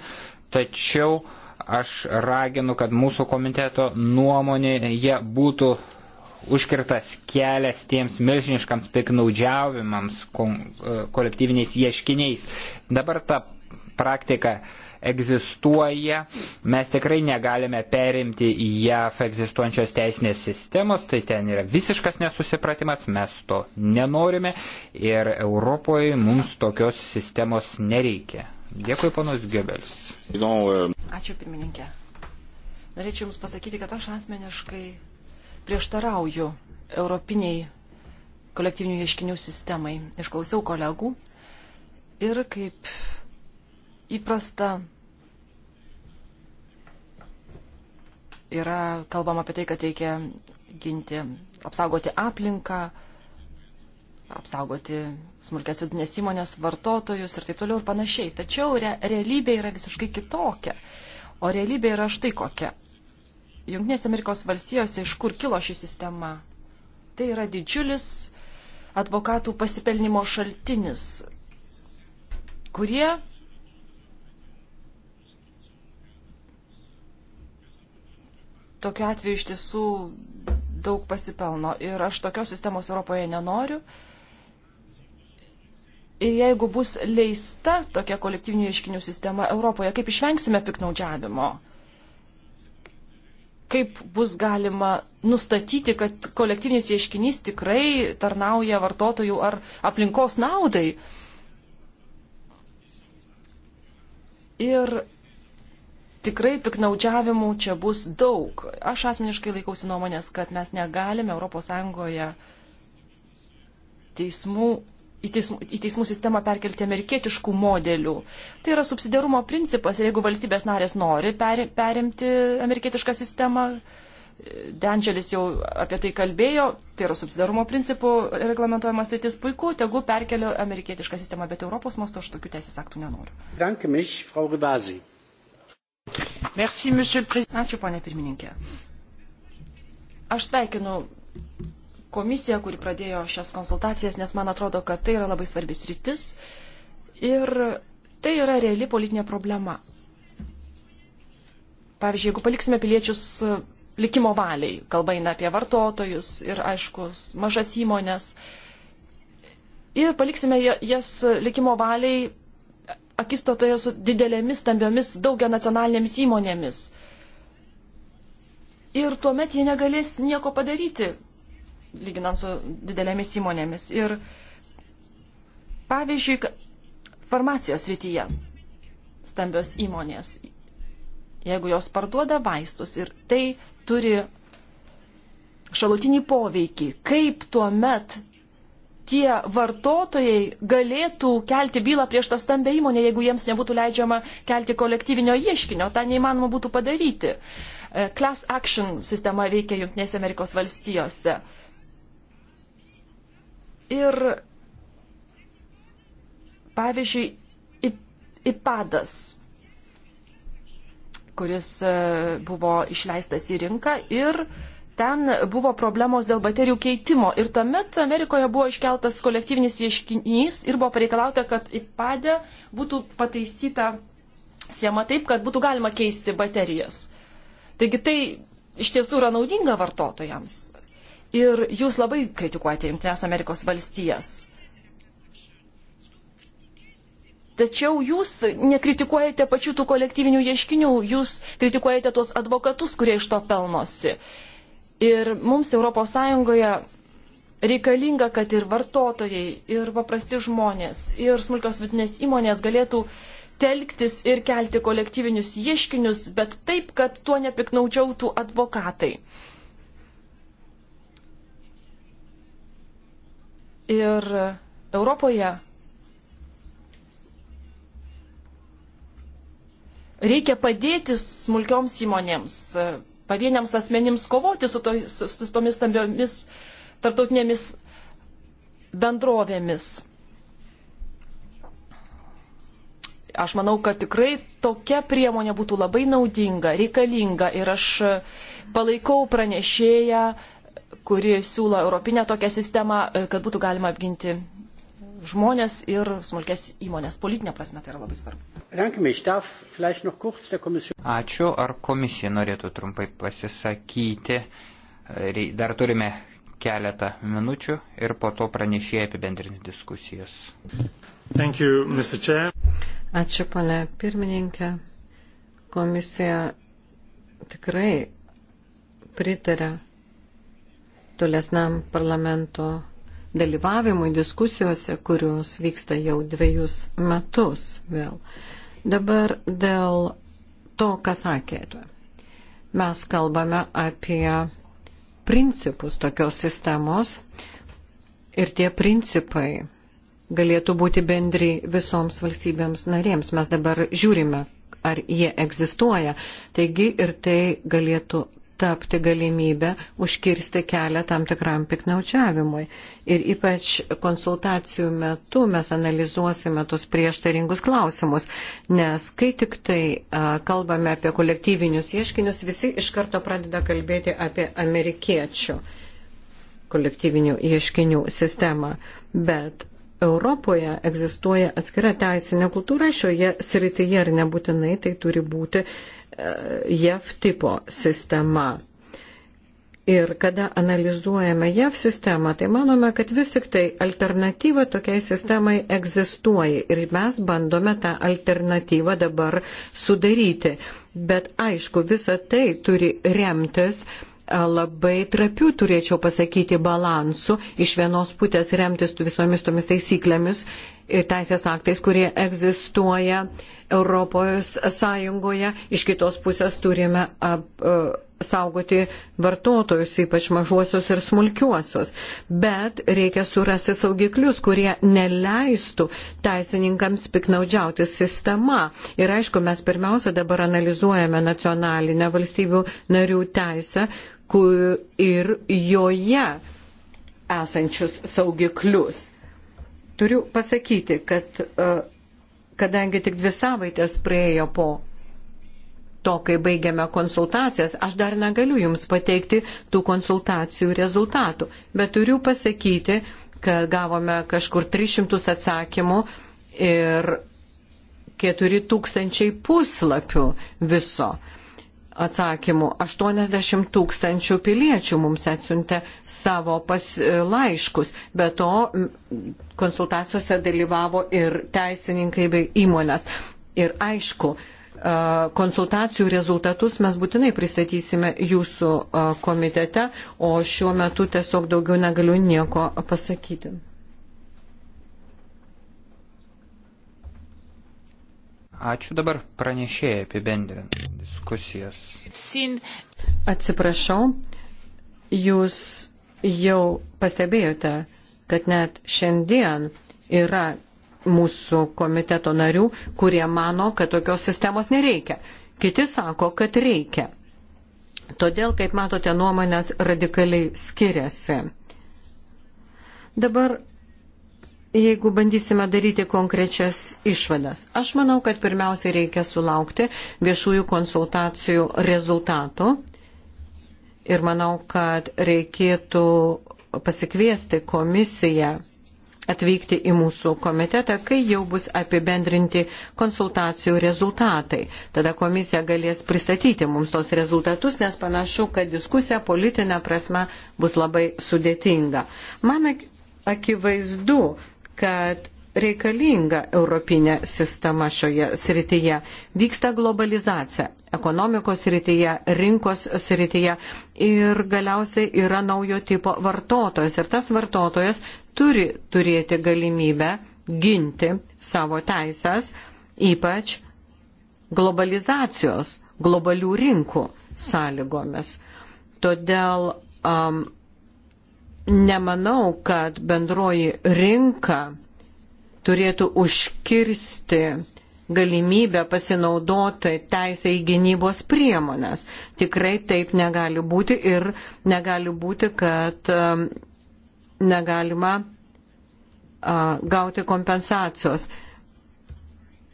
tačiau aš raginu, kad mūsų komiteto nuomonėje būtų užkirtas kelias tiems milžiniškams piknaudžiavimams e, kolektyviniais ieškiniais. Dabar ta praktika egzistuoja, mes tikrai negalime perimti į JAF egzistuojančios teisinės sistemos, tai ten yra visiškas nesusipratimas, mes to nenorime ir Europoje mums tokios sistemos nereikia. Dėkui, panos Gebelis. E, Ačiū, pirmininkė. Norėčiau Jums pasakyti, kad aš asmeniškai prieštarauju europiniai kolektyvinių ieškinių sistemai. Išklausiau kolegų ir kaip įprasta yra kalbama apie tai, kad reikia ginti, apsaugoti aplinką, apsaugoti smulkės vidinės įmonės, vartotojus ir taip toliau ir panašiai. Tačiau re, realybė yra visiškai kitokia. O realybė yra štai kokia. Junktinės Amerikos valstijose, iš kur kilo ši sistema. Tai yra didžiulis advokatų pasipelnimo šaltinis, kurie tokiu atveju iš tiesų daug pasipelno. Ir aš tokios sistemos Europoje nenoriu. Ir jeigu bus leista tokia kolektyvinių ieškinių sistema Europoje, kaip išvengsime piknaudžiavimo? kaip bus galima nustatyti, kad kolektyvinis ieškinys tikrai tarnauja vartotojų ar aplinkos naudai. Ir tikrai piknaudžiavimų čia bus daug. Aš asmeniškai laikausi nuomonės, kad mes negalime ES teismų į teismų, į teismų sistemą perkelti amerikietiškų modelių. Tai yra subsidiarumo principas ir jeigu valstybės narės nori per, perimti amerikietišką sistemą, Denželis jau apie tai kalbėjo, tai yra subsidarumo principų reglamentojamas rytis puiku, tegu perkeliu amerikietišką sistemą, bet Europos mastu aš tokių teisės aktų nenoriu. Merci, Ačiū, ponė pirmininkė. Aš sveikinu komisiją, kuri pradėjo šias konsultacijas, nes man atrodo, kad tai yra labai svarbis rytis ir tai yra reali politinė problema. Pavyzdžiui, jeigu paliksime piliečius likimo valiai, kalba eina apie vartotojus ir, aišku, mažas įmonės, ir paliksime jas likimo valiai akistotoje su didelėmis, stambiomis, daugia nacionalinėmis įmonėmis. Ir tuomet jie negalės nieko padaryti lyginant su didelėmis įmonėmis. Ir pavyzdžiui, farmacijos rytyje stambios įmonės, jeigu jos parduoda vaistus ir tai turi šalutinį poveikį, kaip tuo met tie vartotojai galėtų kelti bylą prieš tą stambę įmonę, jeigu jiems nebūtų leidžiama kelti kolektyvinio ieškinio, tą neįmanoma būtų padaryti. E, Class action sistema veikia Junktinėse Amerikos valstijose. Uh, Ir pavyzdžiui, IPADAS, kuris e, buvo išleistas į rinką ir ten buvo problemos dėl baterijų keitimo. Ir tuomet Amerikoje buvo iškeltas kolektyvinis ieškinys ir buvo pareikalauta, kad IPADE būtų pataisyta schema taip, kad būtų galima keisti baterijas. Taigi tai iš tiesų yra naudinga vartotojams. Ir jūs labai kritikuojate Junktinės Amerikos valstijas. Tačiau jūs nekritikuojate pačių tų kolektyvinių ieškinių, jūs kritikuojate tuos advokatus, kurie iš to pelnosi. Ir mums ES reikalinga, kad ir vartotojai, ir paprasti žmonės, ir smulkios vidinės įmonės galėtų telktis ir kelti kolektyvinius ieškinius, bet taip, kad tuo nepiknaudžiautų advokatai. Ir Europoje reikia padėti smulkioms įmonėms, pavieniams asmenims kovoti su, to, su, su tomis stambiomis tarptautinėmis bendrovėmis. Aš manau, kad tikrai tokia priemonė būtų labai naudinga, reikalinga ir aš palaikau pranešėją kuri siūlo europinę tokią sistemą, e, kad būtų galima apginti žmonės ir smulkės įmonės. Politinė prasme tai yra labai svarbu. Ačiū. Ar komisija norėtų trumpai pasisakyti? Dar turime keletą minučių ir po to pranešėjai apibendrinti diskusijas. Thank you, Ačiū, ponė pirmininkė. Komisija tikrai pritarė tolesniam parlamento dalyvavimui diskusijose, kurios vyksta jau dviejus metus vėl. Dabar dėl to, ką sakėte. Mes kalbame apie principus tokios sistemos ir tie principai galėtų būti bendri visoms valstybėms narėms. Mes dabar žiūrime, ar jie egzistuoja. Taigi ir tai galėtų tapti galimybę užkirsti kelią tam tikram piknaučiavimui. Ir ypač konsultacijų metu mes analizuosime tos prieštaringus klausimus, nes kai tik tai a, kalbame apie kolektyvinius ieškinius, visi iš karto pradeda kalbėti apie amerikiečių kolektyvinių ieškinių sistemą. Bet Europoje egzistuoja atskira teisinė kultūra šioje srityje ir nebūtinai tai turi būti uh, JAV e tipo sistema. Ir kada analizuojame JAV e sistemą, tai manome, kad vis tik tai alternatyva tokiai sistemai egzistuoja ir mes bandome tą alternatyvą dabar sudaryti. Bet aišku, visa tai turi remtis labai trapių, turėčiau pasakyti, balansų, iš vienos putės remtis visomis tomis taisyklėmis ir teisės aktais, kurie egzistuoja Europos Sąjungoje. Iš kitos pusės turime ap, e, saugoti vartotojus, ypač mažuosius ir smulkiuosius. Bet reikia surasti saugiklius, kurie neleistų teisininkams piknaudžiauti sistema. Ir aišku, mes pirmiausia dabar analizuojame nacionalinę valstybių narių teisę ir joje esančius saugiklius Turiu pasakyti, kad e, kadangi tik dvi savaitės praėjo po to, kai baigiame konsultacijas, aš dar negaliu Jums pateikti tų konsultacijų rezultatų, bet turiu pasakyti, kad gavome kažkur 300 atsakymų ir 4000 puslapių viso atsakymų. 80 tūkstančių piliečių mums atsiuntė savo pas, e, laiškus, be to konsultacijose dalyvavo ir teisininkai bei įmonės. Ir aišku, e, konsultacijų rezultatus mes būtinai pristatysime jūsų e, komitete, o šiuo metu tiesiog daugiau negaliu nieko pasakyti. Ačiū dabar pranešėjai apibendrinant diskusijas. Atsiprašau, jūs jau pastebėjote, kad net šiandien yra mūsų komiteto narių, kurie mano, kad tokios sistemos nereikia. Kiti sako, kad reikia. Todėl, kaip matote, nuomonės radikaliai skiriasi. Dabar jeigu bandysime daryti konkrečias išvadas. Aš manau, kad pirmiausiai reikia sulaukti viešųjų konsultacijų rezultatų ir manau, kad reikėtų pasikviesti komisiją atvykti į mūsų komitetą, kai jau bus apibendrinti konsultacijų rezultatai. Tada komisija galės pristatyti mums tos rezultatus, nes panašu, kad diskusija politinė prasme bus labai sudėtinga. Man akivaizdu, kad reikalinga europinė sistema šioje srityje. Vyksta globalizacija ekonomikos srityje, rinkos srityje ir galiausiai yra naujo tipo vartotojas. Ir tas vartotojas turi turėti galimybę ginti savo teisės, ypač globalizacijos, globalių rinkų sąlygomis. Todėl um, nemanau, kad bendroji rinka turėtų užkirsti galimybę pasinaudoti teisę į gynybos priemonės. Tikrai taip negali būti ir negali būti, kad um, negalima uh, gauti kompensacijos.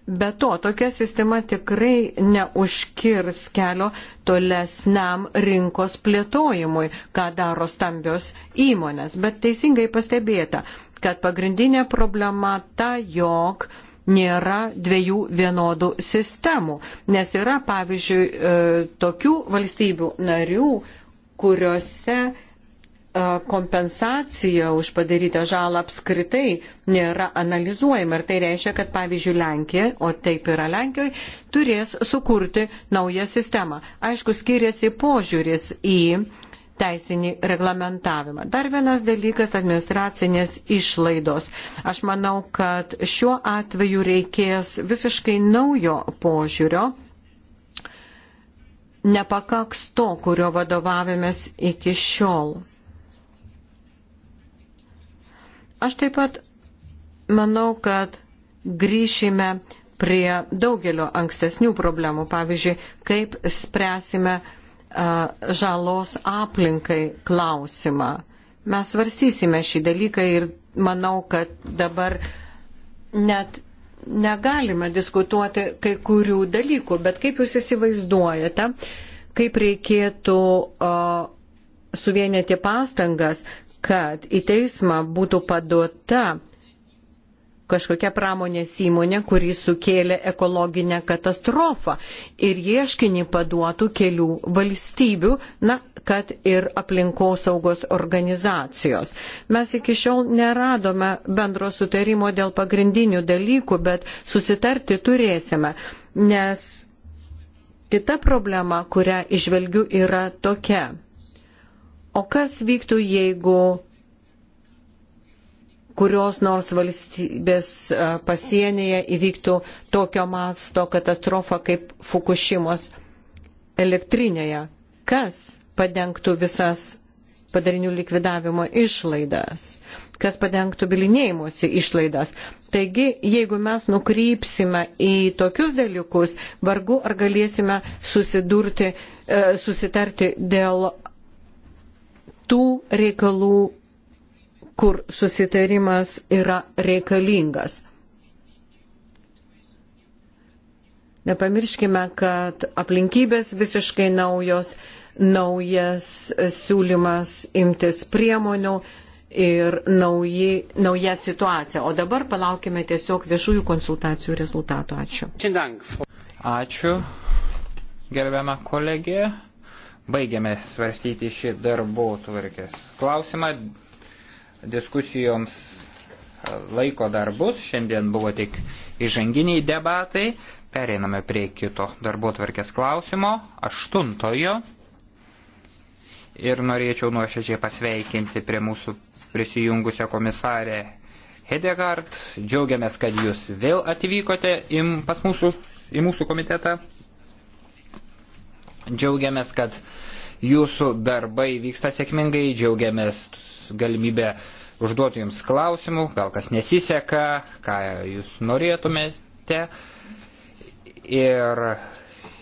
Be to, tokia sistema tikrai neužkirs kelio tolesniam rinkos plėtojimui, ką daro stambios įmonės. Bet teisingai pastebėta, kad pagrindinė problema ta, jog nėra dviejų vienodų sistemų, nes yra, pavyzdžiui, e, tokių valstybių narių, kuriuose kompensacija už padarytą žalą apskritai nėra analizuojama. Ir tai reiškia, kad pavyzdžiui Lenkija, o taip yra Lenkijoje, turės sukurti naują sistemą. Aišku, skiriasi požiūris į teisinį reglamentavimą. Dar vienas dalykas - administracinės išlaidos. Aš manau, kad šiuo atveju reikės visiškai naujo požiūrio nepakaks to, kurio vadovavėmės iki šiol. Aš taip pat manau, kad grįšime prie daugelio ankstesnių problemų, pavyzdžiui, kaip spręsime uh, žalos aplinkai klausimą. Mes svarstysime šį dalyką ir manau, kad dabar net negalime diskutuoti kai kurių dalykų, bet kaip jūs įsivaizduojate, kaip reikėtų uh, suvienyti pastangas, kad į teismą būtų paduota kažkokia pramonės įmonė, kuri sukėlė ekologinę katastrofą ir ieškinį paduotų kelių valstybių, na, kad ir aplinkosaugos organizacijos. Mes iki šiol neradome bendro sutarimo dėl pagrindinių dalykų, bet susitarti turėsime, nes kita problema, kurią išvelgiu, yra tokia. O kas vyktų, jeigu kurios nors valstybės e, pasienyje įvyktų tokio masto katastrofa kaip Fukushimos elektrinėje? Kas padengtų visas padarinių likvidavimo išlaidas, kas padengtų bilinėjimuose išlaidas. Taigi, jeigu mes nukrypsime į tokius dalykus, vargu ar galėsime susidurti, e, susitarti dėl tų reikalų, kur susitarimas yra reikalingas. Nepamirškime, kad aplinkybės visiškai naujos, naujas siūlymas imtis priemonių ir nauji, nauja situacija. O dabar palaukime tiesiog viešųjų konsultacijų rezultatų. Ačiū. Ačiū, gerbiama kolegė. Baigiame svarstyti šį darbo tvarkės klausimą. Diskusijoms laiko darbus. Šiandien buvo tik įžanginiai debatai. Pereiname prie kito darbo tvarkės klausimo, aštuntojo. Ir norėčiau nuoširdžiai pasveikinti prie mūsų prisijungusią komisarę Hedegard. Džiaugiamės, kad jūs vėl atvykote į, pas mūsų, į mūsų komitetą. Džiaugiamės, kad jūsų darbai vyksta sėkmingai, džiaugiamės galimybę užduoti jums klausimų, gal kas nesiseka, ką jūs norėtumėte. Ir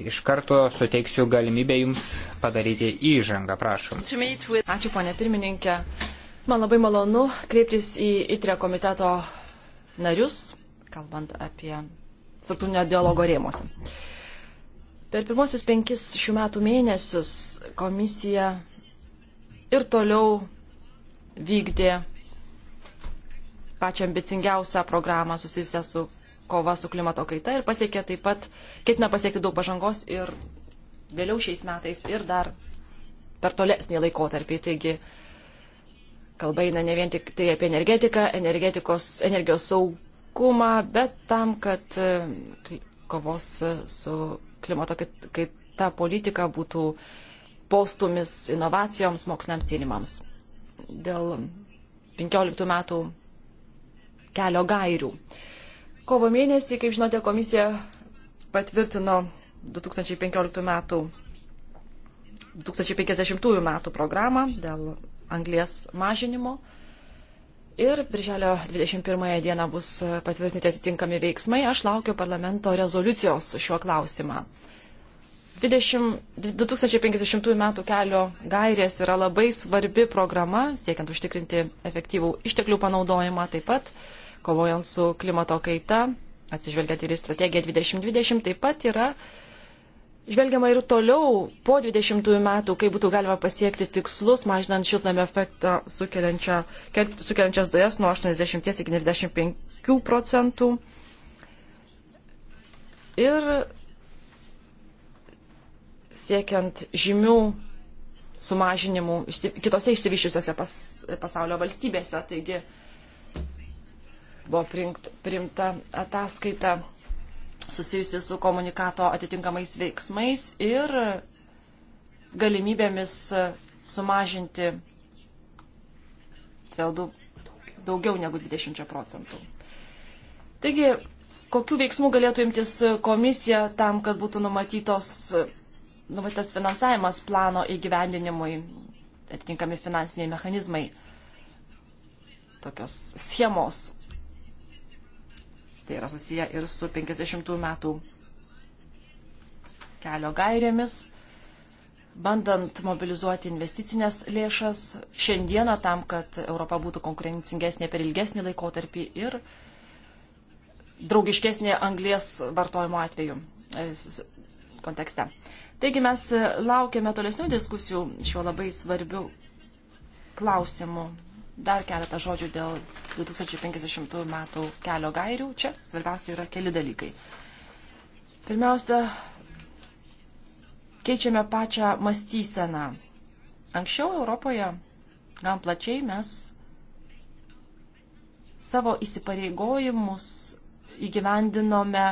iš karto suteiksiu galimybę jums padaryti įžangą, prašom. Ačiū, ponė pirmininkė. Man labai malonu kreiptis į ITRE komiteto narius, kalbant apie struktūrinio dialogo rėmose. Uh, Per pirmosius penkis šių metų mėnesius komisija ir toliau vykdė pačią ambicingiausią programą susijusią su kova su klimato kaita ir pasiekė taip pat, ketina pasiekti daug pažangos ir vėliau šiais metais ir dar per tolesnį laikotarpį. Taigi kalba eina ne vien tik tai apie energetiką, energetikos, energijos saugumą, bet tam, kad e, kovos e, su klimato kaita politika būtų postumis inovacijoms, moksliniams tyrimams. Dėl 15 metų kelio gairių. Kovo mėnesį, kaip žinote, komisija patvirtino 2015 metų 2050 metų programą dėl anglės mažinimo. Ir birželio 21 dieną bus patvirtinti atitinkami veiksmai. Aš laukiu parlamento rezoliucijos šiuo klausimą. 20, 2050 m. kelio gairės yra labai svarbi programa, siekiant užtikrinti efektyvų išteklių panaudojimą, taip pat kovojant su klimato kaita, atsižvelgiant ir į strategiją 2020, taip pat yra žvelgiama ir toliau po 20 metų, kai būtų galima pasiekti tikslus, mažinant šiltnamio efektą sukeliančias dujas nuo 80 iki 95 procentų. Ir siekiant žymių sumažinimų kitose išsivyščiusiose pas, pasaulio valstybėse. Taigi buvo priimta ataskaita susijusi su komunikato atitinkamais veiksmais ir galimybėmis sumažinti CO2 daugiau negu 20 procentų. Taigi, kokių veiksmų galėtų imtis komisija tam, kad būtų numatytos, numatytas finansavimas plano įgyvendinimui, atitinkami finansiniai mechanizmai, tokios schemos Tai yra susiję ir su 50 metų kelio gairėmis, bandant mobilizuoti investicinės lėšas šiandieną tam, kad Europa būtų konkurencingesnė per ilgesnį laikotarpį ir draugiškesnė anglės vartojimo atveju e, kontekste. Taigi mes e, laukiame tolesnių diskusijų šiuo labai svarbiu klausimu Dar keletą žodžių dėl 2050 metų kelio gairių. Čia svarbiausia yra keli dalykai. Pirmiausia, keičiame pačią mąstyseną. Anksčiau Europoje gan plačiai mes savo įsipareigojimus įgyvendinome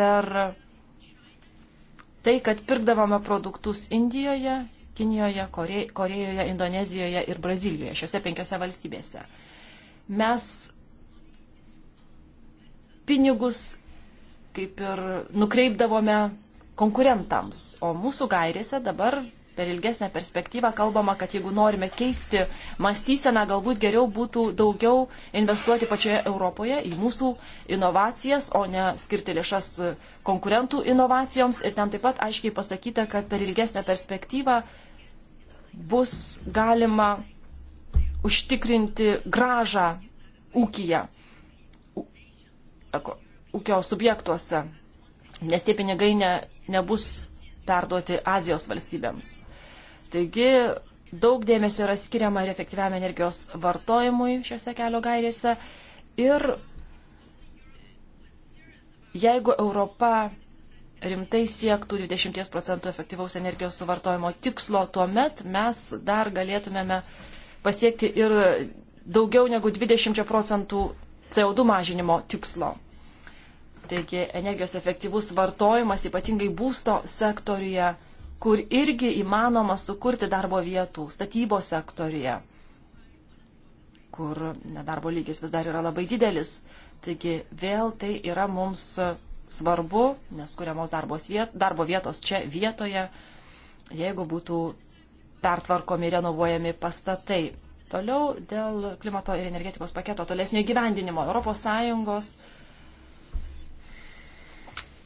per tai, kad pirkdavome produktus Indijoje Kinijoje, Korė, Korejoje, Indonezijoje ir Brazilijoje, šiuose penkiose valstybėse. Mes pinigus kaip ir nukreipdavome konkurentams, o mūsų gairėse dabar per ilgesnę perspektyvą kalbama, kad jeigu norime keisti mąstyseną, galbūt geriau būtų daugiau investuoti pačioje Europoje į mūsų inovacijas, o ne skirti lėšas konkurentų inovacijoms. Ir ten taip pat aiškiai pasakyta, kad per ilgesnę perspektyvą bus galima užtikrinti gražą ūkiją, ūkio subjektuose, nes tie pinigai ne, nebus perduoti Azijos valstybėms. Taigi daug dėmesio yra skiriama ir efektyviam energijos vartojimui šiuose kelio gairėse. Ir jeigu Europa rimtai siektų 20 procentų efektyvaus energijos suvartojimo tikslo, tuomet mes dar galėtumėme pasiekti ir daugiau negu 20 procentų CO2 mažinimo tikslo Taigi energijos efektyvus vartojimas, ypatingai būsto sektoriuje, kur irgi įmanoma sukurti darbo vietų, statybos sektoriuje, kur nedarbo lygis vis dar yra labai didelis. Taigi vėl tai yra mums svarbu, nes kuriamos viet, darbo vietos čia vietoje, jeigu būtų pertvarkomi, renovuojami pastatai. Toliau dėl klimato ir energetikos paketo tolesnio įgyvendinimo ES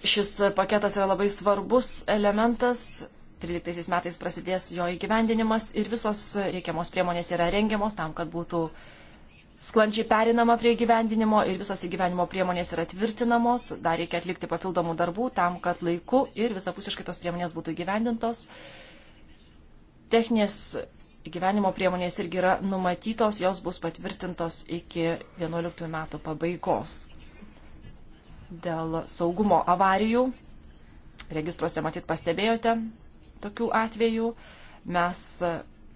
Šis paketas yra labai svarbus elementas. 13 metais prasidės jo įgyvendinimas ir visos reikiamos priemonės yra rengiamos tam, kad būtų sklandžiai perinama prie įgyvendinimo ir visos įgyvendinimo priemonės yra tvirtinamos. Dar reikia atlikti papildomų darbų tam, kad laiku ir visapusiškai tos priemonės būtų įgyvendintos. Techninės gyvenimo priemonės irgi yra numatytos, jos bus patvirtintos iki 11 metų pabaigos dėl saugumo avarijų. Registruose matyt pastebėjote tokių atvejų. Mes e,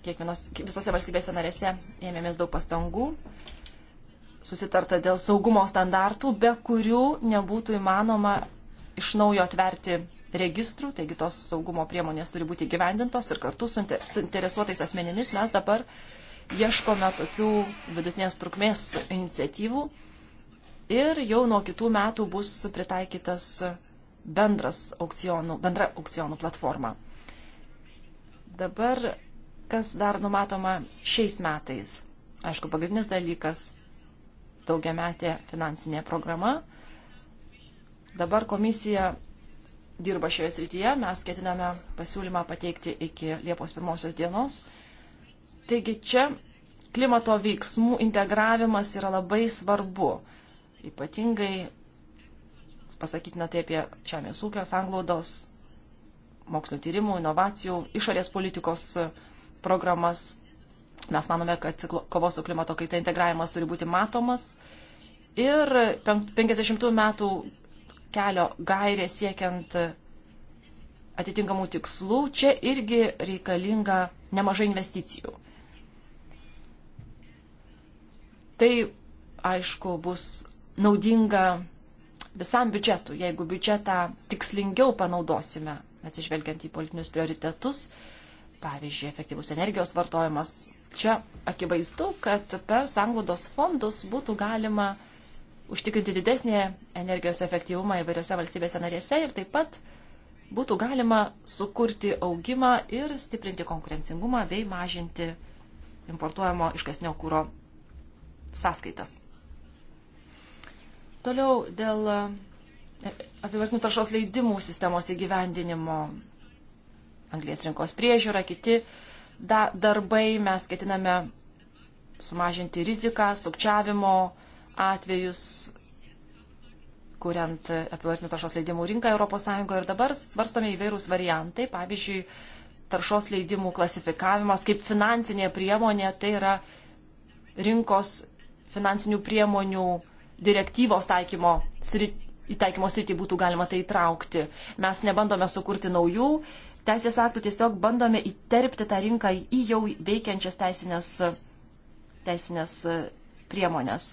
kiekvienos, visose valstybėse narėse ėmėmės daug pastangų. Susitarta dėl saugumo standartų, be kurių nebūtų įmanoma iš naujo atverti registrų, taigi tos saugumo priemonės turi būti gyvendintos ir kartu su interesuotais asmenimis mes dabar ieškome tokių vidutinės trukmės iniciatyvų, ir jau nuo kitų metų bus pritaikytas bendras aukcionų, bendra aukcionų platforma. Dabar, kas dar numatoma šiais metais? Aišku, pagrindinis dalykas - daugiametė finansinė programa. Dabar komisija dirba šioje srityje, mes ketiname pasiūlymą pateikti iki Liepos pirmosios dienos. Taigi čia klimato veiksmų integravimas yra labai svarbu. Ypatingai pasakytina tai apie žemės ūkio, sanglaudos, mokslo tyrimų, inovacijų, išorės politikos programas. Mes manome, kad kovos su klimato kaita integravimas turi būti matomas. Ir 50 metų kelio gairė siekiant atitinkamų tikslų, čia irgi reikalinga nemažai investicijų. Tai, aišku, bus naudinga visam biudžetui, jeigu biudžetą tikslingiau panaudosime, atsižvelgiant į politinius prioritetus, pavyzdžiui, efektyvus energijos vartojimas. Čia akivaizdu, kad per sanglaudos fondus būtų galima užtikrinti didesnį energijos efektyvumą įvairiose valstybėse narėse ir taip pat būtų galima sukurti augimą ir stiprinti konkurencingumą bei mažinti importuojamo iškasnio kūro sąskaitas. Toliau dėl e, apivarsnių taršos leidimų sistemos įgyvendinimo, anglės rinkos priežiūra, kiti da, darbai mes ketiname sumažinti riziką, sukčiavimo atvejus, kuriant apivartinių taršos leidimų rinką ES ir dabar svarstame įvairūs variantai, pavyzdžiui, taršos leidimų klasifikavimas kaip finansinė priemonė, tai yra rinkos finansinių priemonių direktyvos taikymo sritį. Į taikymo sritį būtų galima tai įtraukti. Mes nebandome sukurti naujų teisės aktų, tiesiog bandome įterpti tą rinką į jau veikiančias teisinės, teisinės e, priemonės.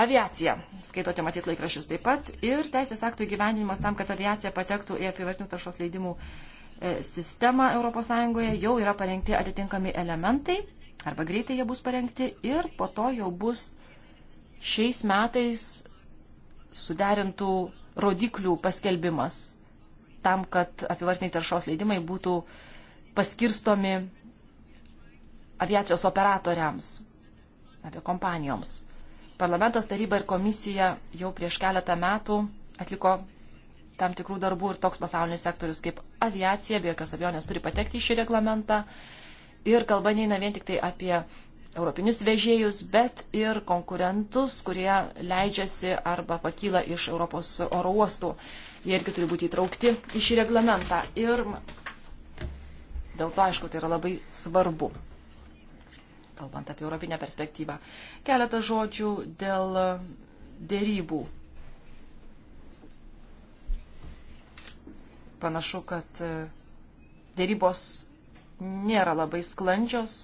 Aviacija. Skaitote matyti laikrašius taip pat. Ir teisės aktų įgyvendinimas tam, kad aviacija patektų į apivartinių taršos leidimų e, sistemą ES jau yra parengti atitinkami elementai, arba greitai jie bus parengti ir po to jau bus šiais metais suderintų rodiklių paskelbimas tam, kad apivartiniai taršos leidimai būtų paskirstomi aviacijos operatoriams, aviakompanijoms. Parlamentas, taryba ir komisija jau prieš keletą metų atliko tam tikrų darbų ir toks pasaulinis sektorius kaip aviacija, be jokios abejonės, turi patekti į šį reglamentą. Ir kalba neina vien tik tai apie europinius vežėjus, bet ir konkurentus, kurie leidžiasi arba pakyla iš Europos oro uostų. Jie irgi turi būti įtraukti į šį reglamentą. Ir dėl to, aišku, tai yra labai svarbu, kalbant apie europinę perspektyvą. Keletą žodžių dėl dėrybų. Panašu, kad dėrybos nėra labai sklandžios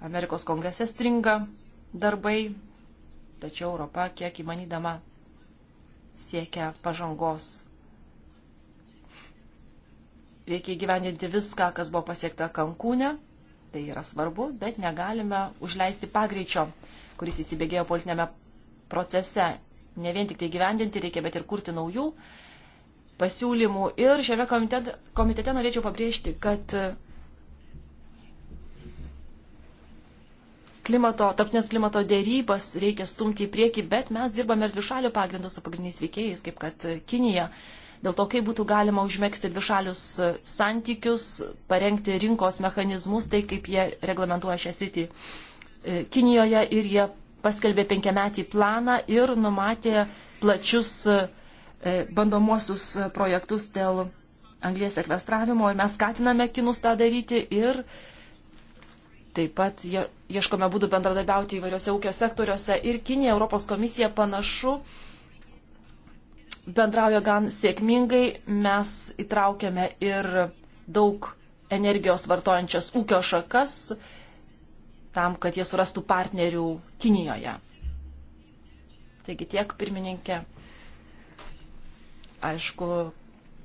Amerikos kongrese stringa darbai, tačiau Europa, kiek įmanydama, siekia pažangos. Reikia įgyvendinti viską, kas buvo pasiekta Kankūne, tai yra svarbu, bet negalime užleisti pagreičio, kuris įsibėgėjo politinėme procese. Ne vien tik tai gyvendinti reikia, bet ir kurti naujų pasiūlymų. Ir šiame komitete, komitete norėčiau pabrėžti, kad klimato, tarptinės klimato dėrybas reikia stumti į priekį, bet mes dirbame ir dvišalių pagrindų su pagrindiniais veikėjais, kaip kad e, Kinija. Dėl to, kaip būtų galima užmėgsti dvišalius e, santykius, parengti rinkos mechanizmus, tai kaip jie reglamentuoja šią sritį e, Kinijoje ir jie paskelbė penkiametį planą ir numatė plačius bandomuosius projektus dėl anglės sekvestravimo ir mes skatiname kinus tą daryti ir uh, Taip pat ieškome būdų bendradarbiauti įvairiose ūkio sektoriuose ir Kinija, Europos komisija panašu bendrauja gan sėkmingai. Mes įtraukėme ir daug energijos vartojančias ūkio šakas tam, kad jie surastų partnerių Kinijoje. Taigi tiek pirmininkė. Aišku,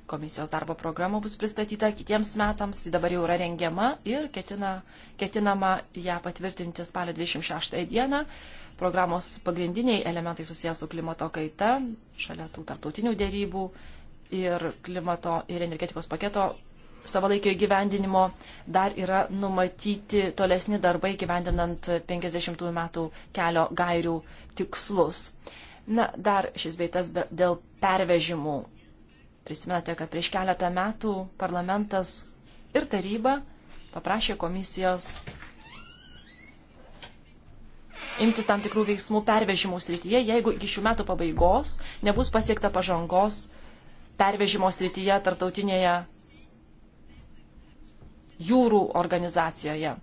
Komisijos darbo programa bus pristatyta kitiems metams, ji dabar jau yra rengiama ir ketina, ketinama ją patvirtinti spalio 26 dieną. Programos pagrindiniai elementai susijęs su klimato kaita, šalia tų tarptautinių dėrybų ir klimato ir energetikos paketo savalaikio įgyvendinimo dar yra numatyti tolesni darbai gyvendinant 50 metų kelio gairių tikslus. Na, dar šis beitas dėl pervežimų Prisimenate, kad prieš keletą metų parlamentas ir taryba paprašė komisijos imtis tam tikrų veiksmų pervežimų srityje, jeigu iki šių metų pabaigos nebus pasiekta pažangos pervežimo srityje tartautinėje jūrų organizacijoje.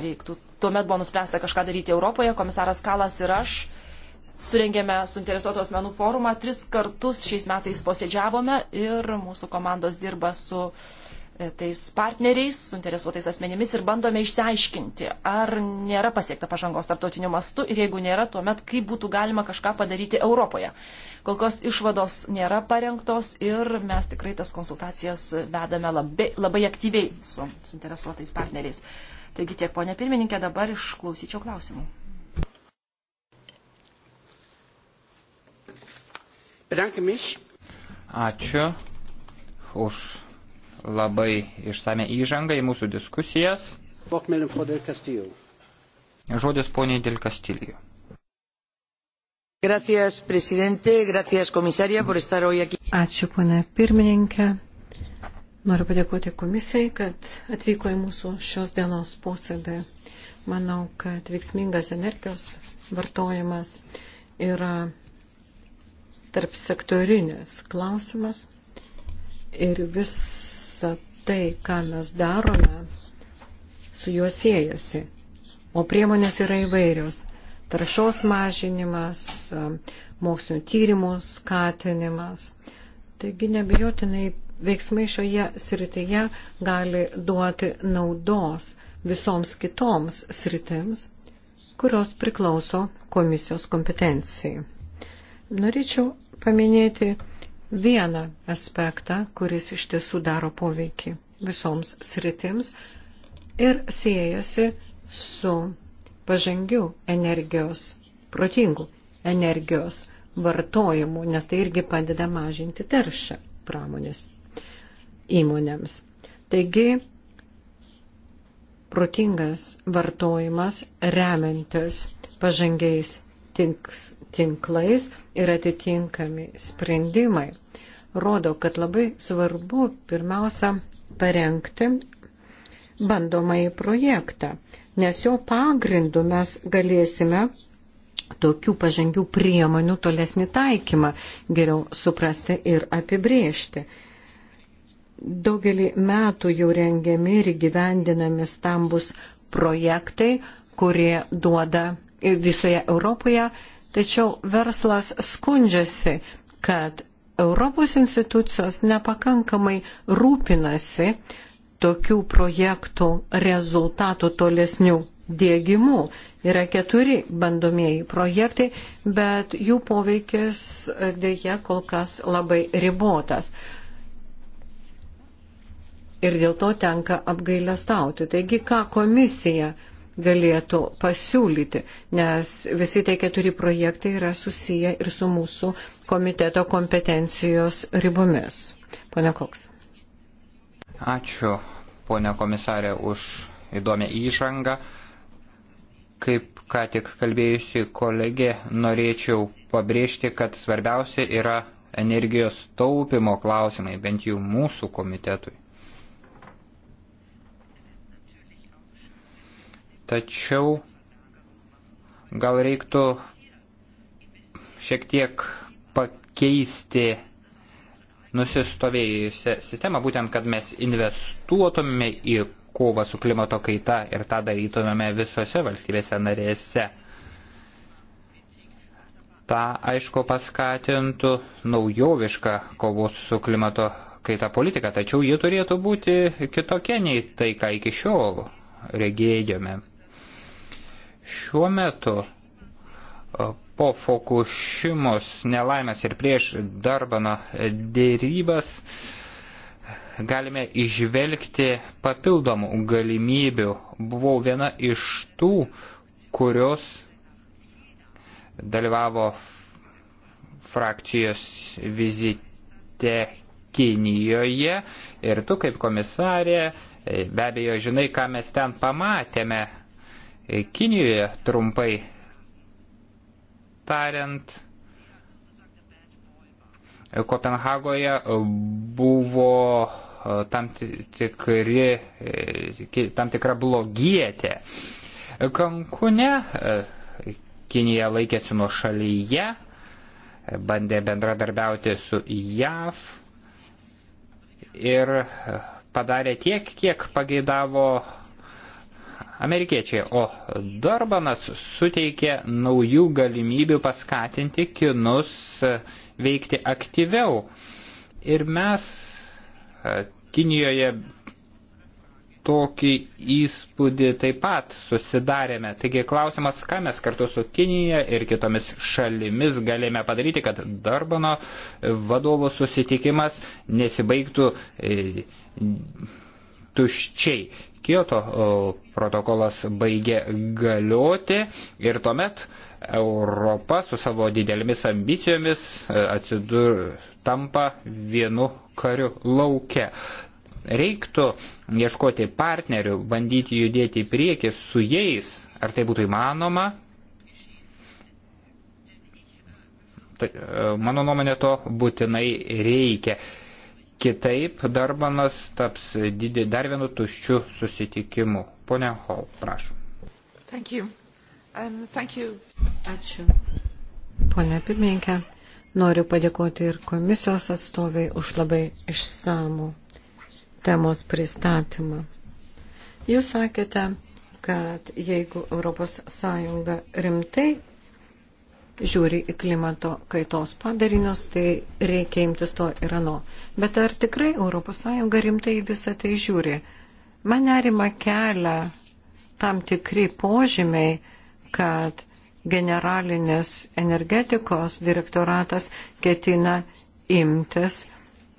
Reiktų. Tuomet buvo nuspręsta kažką daryti Europoje, komisaras Kalas ir aš surengėme suinteresuotų asmenų forumą, tris kartus šiais metais posėdžiavome ir mūsų komandos dirba su e, tais partneriais, suinteresuotais asmenimis ir bandome išsiaiškinti, ar nėra pasiekta pažangos tarptautiniu mastu ir jeigu nėra, tuomet kaip būtų galima kažką padaryti Europoje. Kol kas išvados nėra parengtos ir mes tikrai tas konsultacijas vedame labai, labai aktyviai su suinteresuotais partneriais. Taigi tiek, ponė pirmininkė, dabar išklausyčiau klausimų. Ačiū už labai išsame įžangą į mūsų diskusijas. Žodis poniai Del Castillo. Gracias, presidente. Gracias, komisarija, por estar hoy aquí. Ačiū, ponė pirmininkė. Noriu padėkoti komisijai, kad atvyko į mūsų šios dienos posėdį. Manau, kad veiksmingas energijos vartojimas yra tarp sektorinės klausimas ir visa tai, ką mes darome, su juo siejasi. O priemonės yra įvairios. Taršos mažinimas, mokslinio tyrimų skatinimas. Taigi nebejotinai veiksmai šioje srityje gali duoti naudos visoms kitoms sritims, kurios priklauso komisijos kompetencijai. Norėčiau paminėti vieną aspektą, kuris iš tiesų daro poveikį visoms sritims ir siejasi su pažangių energijos, protingų energijos vartojimu, nes tai irgi padeda mažinti taršą pramonės įmonėms. Taigi, protingas vartojimas remiantis pažangiais tinks, tinklais ir atitinkami sprendimai rodo, kad labai svarbu pirmiausia parengti bandomąjį projektą, nes jo pagrindu mes galėsime tokių pažangių priemonių tolesnį taikymą geriau suprasti ir apibriežti. Daugelį metų jau rengiami ir gyvendinami stambus projektai, kurie duoda visoje Europoje Tačiau verslas skundžiasi, kad Europos institucijos nepakankamai rūpinasi tokių projektų rezultatų tolesnių dėgymų. Yra keturi bandomieji projektai, bet jų poveikis dėja kol kas labai ribotas. Ir dėl to tenka apgailestauti. Taigi, ką komisija galėtų pasiūlyti, nes visi tie keturi projektai yra susiję ir su mūsų komiteto kompetencijos ribomis. Pone Koks. Ačiū, ponė komisarė, už įdomią įžangą. Kaip ką tik kalbėjusi kolegė, norėčiau pabrėžti, kad svarbiausia yra energijos taupimo klausimai, bent jau mūsų komitetui. Tačiau gal reiktų šiek tiek pakeisti nusistovėjusią sistemą, būtent kad mes investuotumėme į kovą su klimato kaita ir tą darytumėme visose valstybėse narėse. Ta, aišku, paskatintų naujovišką kovos su klimato kaita politika, tačiau ji turėtų būti kitokia nei tai, ką iki šiol regėjome. Šiuo metu po Fukushimos nelaimės ir prieš Darbano dėrybas galime išvelgti papildomų galimybių. Buvau viena iš tų, kurios dalyvavo frakcijos vizite Kinijoje ir tu kaip komisarė e, be abejo žinai, ką mes ten pamatėme E, Kinijoje trumpai tariant, e, Kopenhagoje buvo e, tam, tikri, tam tikra blogietė. Kankune Kinija laikėsi nuo šalyje, bandė bendradarbiauti su JAV ir padarė tiek, kiek pageidavo amerikiečiai, o Dorbanas suteikė naujų galimybių paskatinti kinus e, veikti aktyviau. Ir mes e, Kinijoje tokį įspūdį taip pat susidarėme. Taigi klausimas, ką mes kartu su Kinija ir kitomis šalimis galėjome padaryti, kad Darbano vadovų susitikimas nesibaigtų e, tuščiai. Kyoto protokolas baigė galioti ir tuomet Europa su savo didelėmis ambicijomis e, atsidur tampa vienu kariu lauke. Reiktų ieškoti partnerių, bandyti judėti į priekį su jais, ar tai būtų įmanoma. Tai, e, mano nuomonė to būtinai reikia. Kitaip Darbanas taps didį, dar vienu tuščiu susitikimu. Pone Hall, prašom. Thank you. Um, thank you. Ačiū. Pone pirmininkė, noriu padėkoti ir komisijos atstoviai už labai išsamų temos pristatymą. Jūs sakėte, kad jeigu ES rimtai žiūri į klimato kaitos padarinius, tai reikia imtis to ir ano. Bet ar tikrai ES rimtai visą tai žiūri? Man nerima kelia tam tikri požymiai, kad generalinis energetikos direktoratas ketina imtis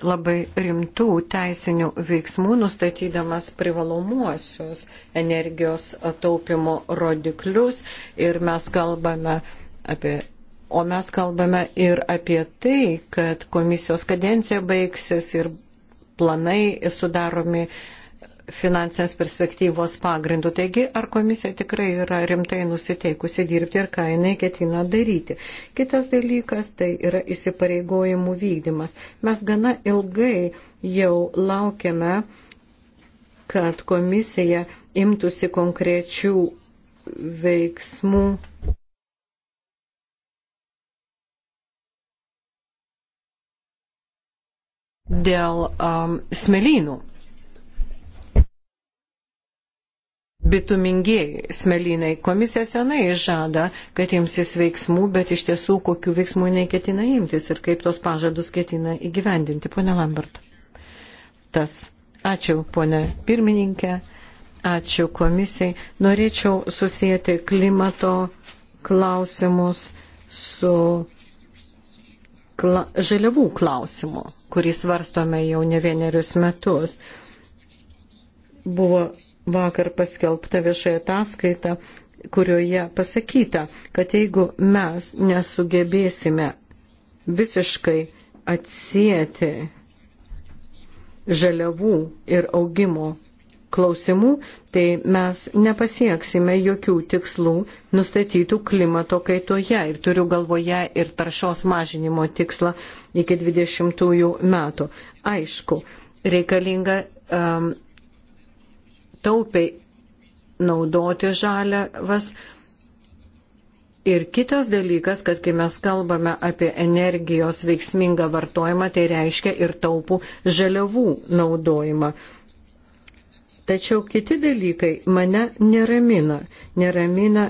labai rimtų teisinių veiksmų, nustatydamas privalomuosius energijos taupimo rodiklius. Ir mes kalbame apie O mes kalbame ir apie tai, kad komisijos kadencija baigsis ir planai sudaromi finansinės perspektyvos pagrindų. Taigi, ar komisija tikrai yra rimtai nusiteikusi dirbti ir ką jinai ketina daryti. Kitas dalykas tai yra įsipareigojimų vykdymas. Mes gana ilgai jau laukiame, kad komisija imtųsi konkrečių veiksmų dėl um, smelynų. Bitumingieji smelynai. Komisija senai žada, kad imsis veiksmų, bet iš tiesų kokių veiksmų neketina imtis ir kaip tos pažadus ketina įgyvendinti. Pone Lambert. Tas. Ačiū, pone pirmininkė. Ačiū komisijai. Norėčiau susijęti klimato klausimus su kla, žaliavų klausimu, kurį svarstome jau ne vienerius metus. Buvo vakar paskelbta viešai ataskaita, kurioje pasakyta, kad jeigu mes nesugebėsime visiškai atsijėti žaliavų ir augimo klausimų, tai mes nepasieksime jokių tikslų nustatytų klimato kaitoje. Ir turiu galvoje ir taršos mažinimo tikslą iki 20 metų. Aišku, reikalinga um, taupiai naudoti žaliavas. Ir kitas dalykas, kad kai mes kalbame apie energijos veiksmingą vartojimą, tai reiškia ir taupų žaliavų naudojimą. Tačiau kiti dalykai mane neramina. Neramina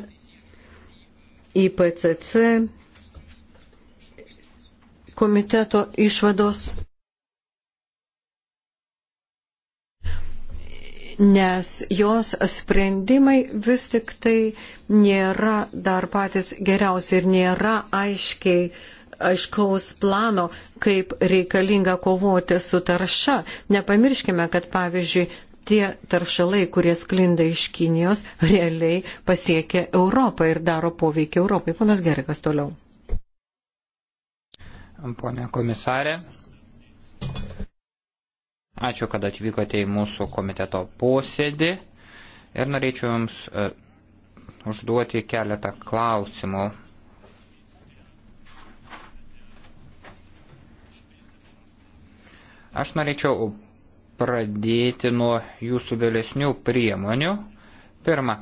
IPCC komiteto išvados. nes jos sprendimai vis tik tai nėra dar patys geriausi ir nėra aiškiai aiškaus plano, kaip reikalinga kovoti su tarša. Nepamirškime, kad pavyzdžiui tie taršalai, kurie sklinda iš Kinijos, realiai pasiekia Europą ir daro poveikį Europai. Ponas Gerikas toliau. Pone komisarė, ačiū, kad atvykote į mūsų komiteto posėdį ir norėčiau Jums e, užduoti keletą klausimų. Aš norėčiau pradėti nuo jūsų vėlesnių priemonių. Pirma,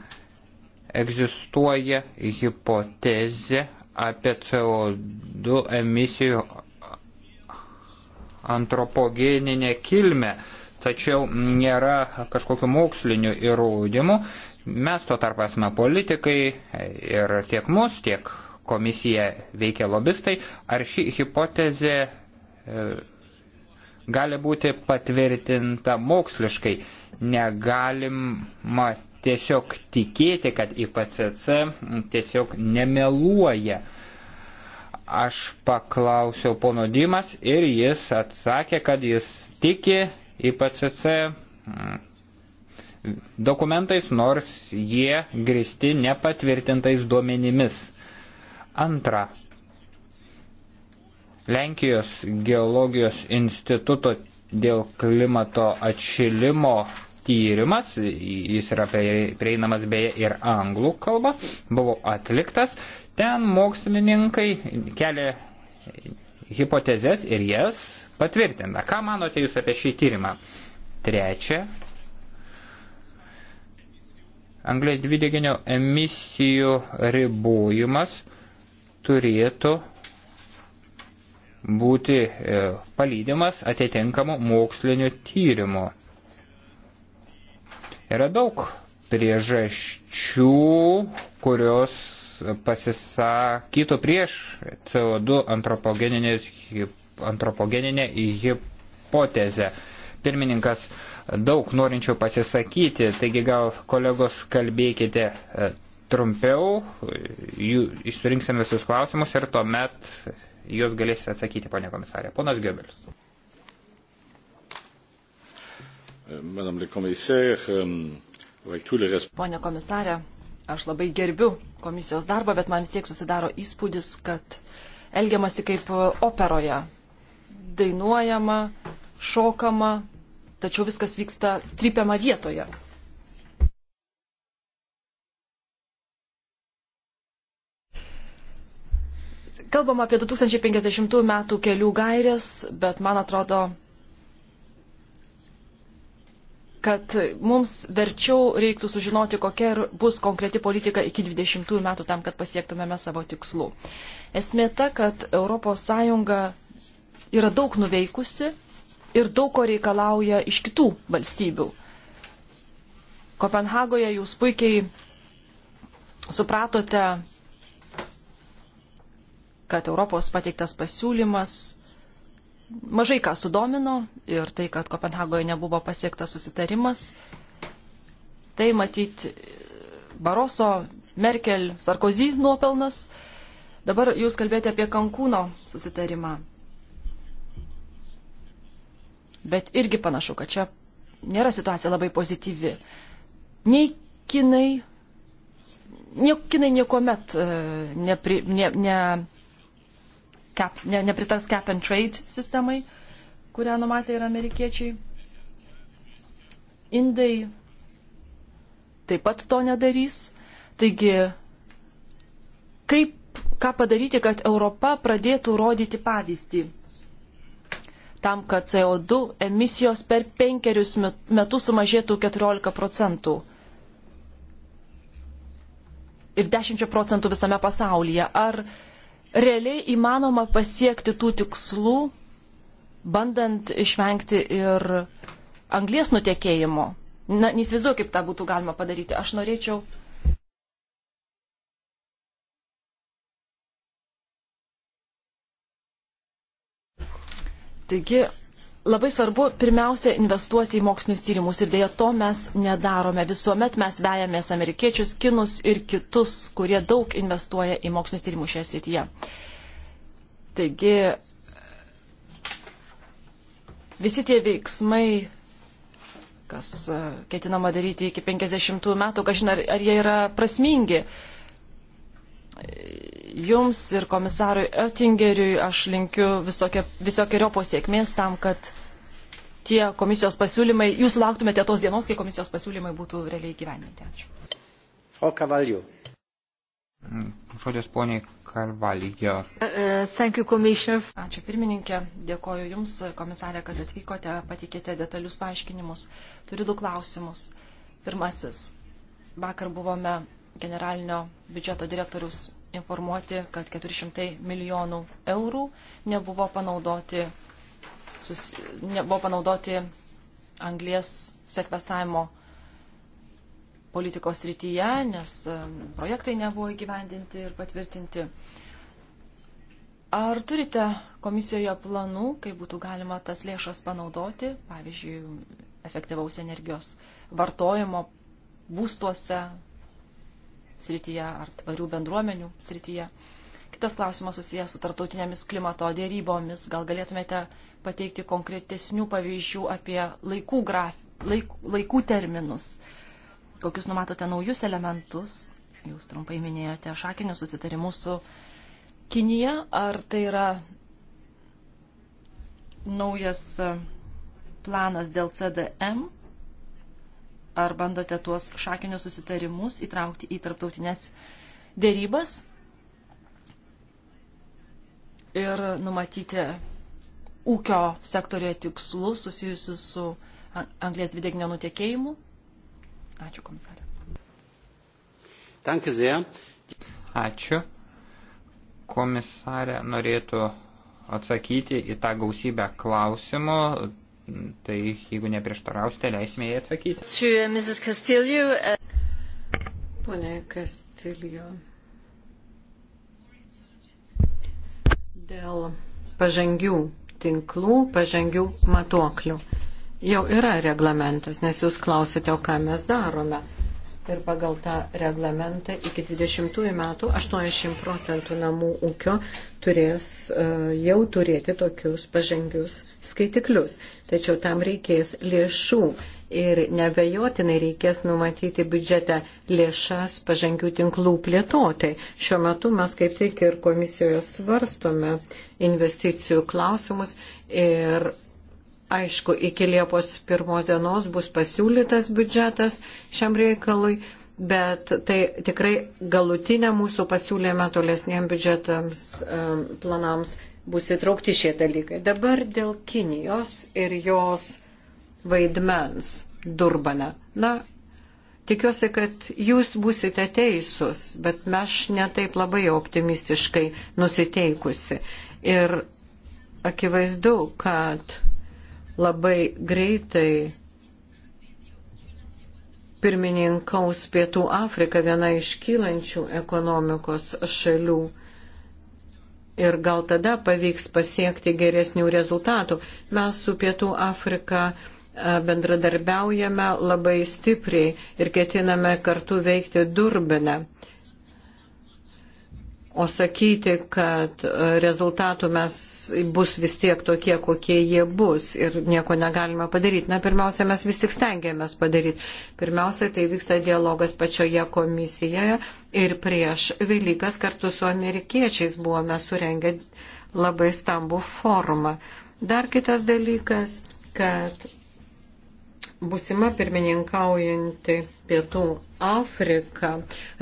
egzistuoja hipotezė apie CO2 emisijų antropogeninę kilmę, tačiau nėra kažkokiu moksliniu įrodymu. Mes tuo tarpu esame politikai ir tiek mus, tiek komisiją veikia lobistai. Ar ši hipotezė e, gali būti patvirtinta moksliškai. Negalima tiesiog tikėti, kad IPCC tiesiog nemeluoja. Aš paklausiau pono Dimas ir jis atsakė, kad jis tiki IPCC mm, dokumentais, nors jie gristi nepatvirtintais duomenimis. Antra, Lenkijos geologijos instituto dėl klimato atšilimo tyrimas, jis yra prieinamas beje ir anglų kalba, buvo atliktas. Ten mokslininkai kelia hipotezės ir jas patvirtina. Ką manote jūs apie šį tyrimą? Trečia. Anglės dvideginio emisijų ribojimas turėtų būti e, palydimas atitinkamų mokslinių tyrimų. Yra daug priežasčių, kurios pasisakytų prieš CO2 antropogeninę hipotezę. Pirmininkas daug norinčių pasisakyti, taigi gal kolegos kalbėkite e, trumpiau, jų, išsurinksime visus klausimus ir tuomet juos galėsite atsakyti, ponė komisarė. Ponas Goebbels. Euh, euh, Pone komisarė, aš labai gerbiu komisijos darbą, bet man vis tiek susidaro įspūdis, kad elgiamasi kaip operoje. Dainuojama, šokama, tačiau viskas vyksta trypiama vietoje. Kalbam apie 2050 metų kelių gairės, bet man atrodo, kad mums verčiau reiktų sužinoti, kokia bus konkreti politika iki 20 metų tam, kad pasiektumėme savo tikslų. Esmė ta, kad ES yra daug nuveikusi ir daug ko reikalauja iš kitų valstybių. Kopenhagoje jūs puikiai supratote kad Europos pateiktas pasiūlymas mažai ką sudomino ir tai, kad Kopenhagoje nebuvo pasiektas susitarimas, tai matyt Baroso, Merkel, Sarkozy nuopelnas. Dabar jūs kalbėjote apie Kankūno susitarimą. Bet irgi panašu, kad čia nėra situacija labai pozityvi. Nei kinai, nie, kinai niekuomet e, nepri, ne, ne, cap, ne, nepritars cap and trade sistemai, kurią numatė ir amerikiečiai. Indai taip pat to nedarys. Taigi, kaip, ką padaryti, kad Europa pradėtų rodyti pavyzdį? Tam, kad CO2 emisijos per penkerius metus sumažėtų 14 procentų ir 10 procentų visame pasaulyje. Ar realiai įmanoma pasiekti tų tikslų, bandant išvengti ir anglies nutekėjimo. Na, nesivizduoju, kaip tą būtų galima padaryti. Aš norėčiau. Taigi, labai svarbu pirmiausia investuoti į mokslinius tyrimus ir dėja to mes nedarome. Visuomet mes vejamės amerikiečius, kinus ir kitus, kurie daug investuoja į mokslinius tyrimus šioje srityje. Taigi visi tie veiksmai, kas e, ketinama daryti iki 50 metų, kažin ar, ar jie yra prasmingi. Uh, Jums ir komisarui Oettingeriui aš linkiu visokiojo pasiekmės tam, kad tie komisijos pasiūlymai, jūs lauktumėte tos dienos, kai komisijos pasiūlymai būtų realiai gyveninti. Ačiū. Frau Cavalio. Žodis poniai Karvalijo. Uh, uh, Ačiū pirmininkė, dėkoju Jums, komisarė, kad atvykote, patikėte detalius paaiškinimus. Turiu du klausimus. Pirmasis. Vakar buvome generalinio biudžeto direktorius informuoti, kad 400 milijonų eurų nebuvo panaudoti, susi, nebuvo panaudoti anglės sekvestavimo politikos rytyje, nes projektai nebuvo įgyvendinti ir patvirtinti. Ar turite komisijoje planų, kaip būtų galima tas lėšas panaudoti, pavyzdžiui, efektyvaus energijos vartojimo būstuose, srityje ar tvarių bendruomenių srityje. Kitas klausimas susijęs su tarptautinėmis klimato dėrybomis. Gal galėtumėte pateikti konkretesnių pavyzdžių apie laikų, graf, laik, laikų terminus? Kokius numatote naujus elementus? Jūs trumpai minėjote šakinius susitarimus su Kinija. Ar tai yra naujas planas dėl CDM ar bandote tuos šakinius susitarimus įtraukti į tarptautinės dėrybas ir numatyti ūkio sektorioje tikslus susijusius su anglės dvideginio nutiekėjimu? Ačiū, komisarė. Danke sehr. Ačiū. Komisarė norėtų atsakyti į tą gausybę klausimų. Tai jeigu neprieštarausite, leisime jai atsakyti. Uh, Pone Kastilio, dėl pažangių tinklų, pažangių matuoklių. Jau yra reglamentas, nes jūs klausite, o ką mes darome ir pagal tą reglamentą iki 20 metų 80 procentų namų ūkio turės e, jau turėti tokius pažengius skaitiklius. Tačiau tam reikės lėšų ir nebejotinai reikės numatyti biudžete lėšas pažengių tinklų plėtotai. Šiuo metu mes kaip tik ir komisijoje svarstome investicijų klausimus ir Aišku, iki Liepos pirmos dienos bus pasiūlytas biudžetas šiam reikalui, bet tai tikrai galutinė mūsų pasiūlyme tolesniem biudžetams planams bus įtraukti šie dalykai. Dabar dėl Kinijos ir jos vaidmens Durbane. Na, tikiuosi, kad jūs busite teisūs, bet mes netaip labai optimistiškai nusiteikusi. Ir akivaizdu, kad labai greitai pirmininkaus Pietų Afrika viena iškylančių ekonomikos šalių. Ir gal tada pavyks pasiekti geresnių rezultatų. Mes su Pietų Afrika e, bendradarbiaujame labai stipriai ir ketiname kartu veikti Durbinę. O sakyti, kad e, rezultatų mes bus vis tiek tokie, kokie jie bus ir nieko negalime padaryti. Na, pirmiausia, mes vis tik stengiamės padaryti. Pirmiausia, tai vyksta dialogas pačioje komisijoje ir prieš Velykas kartu su amerikiečiais buvome surengę labai stambų forumą. Dar kitas dalykas, kad busima pirmininkaujanti Pietų Afrika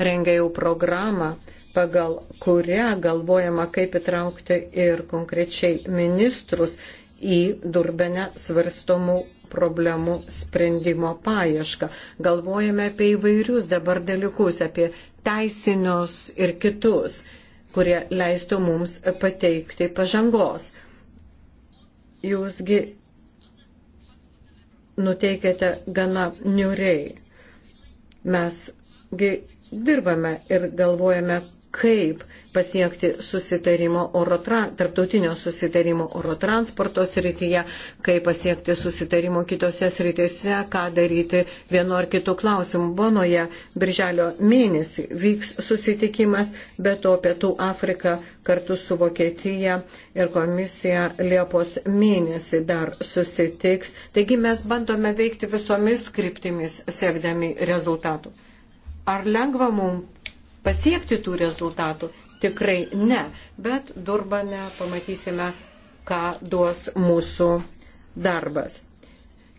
rengia jau programą pagal kurią galvojama, kaip įtraukti ir konkrečiai ministrus į Durbenę svarstomų problemų sprendimo paiešką. Galvojame apie įvairius dabar dalykus, apie teisinius ir kitus, kurie leistų mums pateikti pažangos. Jūsgi nuteikiate gana niuriai. Mesgi dirbame ir galvojame, kaip pasiekti susitarimo oro, tarptautinio susitarimo oro transporto srityje, kaip pasiekti susitarimo kitose srityse, ką daryti vienu ar kitu klausimu. Bonoje birželio mėnesį vyks susitikimas, bet to Pietų Afrika kartu su Vokietija ir komisija Liepos mėnesį dar susitiks. Taigi mes bandome veikti visomis kryptimis siekdami rezultatų. Ar lengva mums pasiekti tų rezultatų? Tikrai ne, bet durbame pamatysime, ką duos mūsų darbas.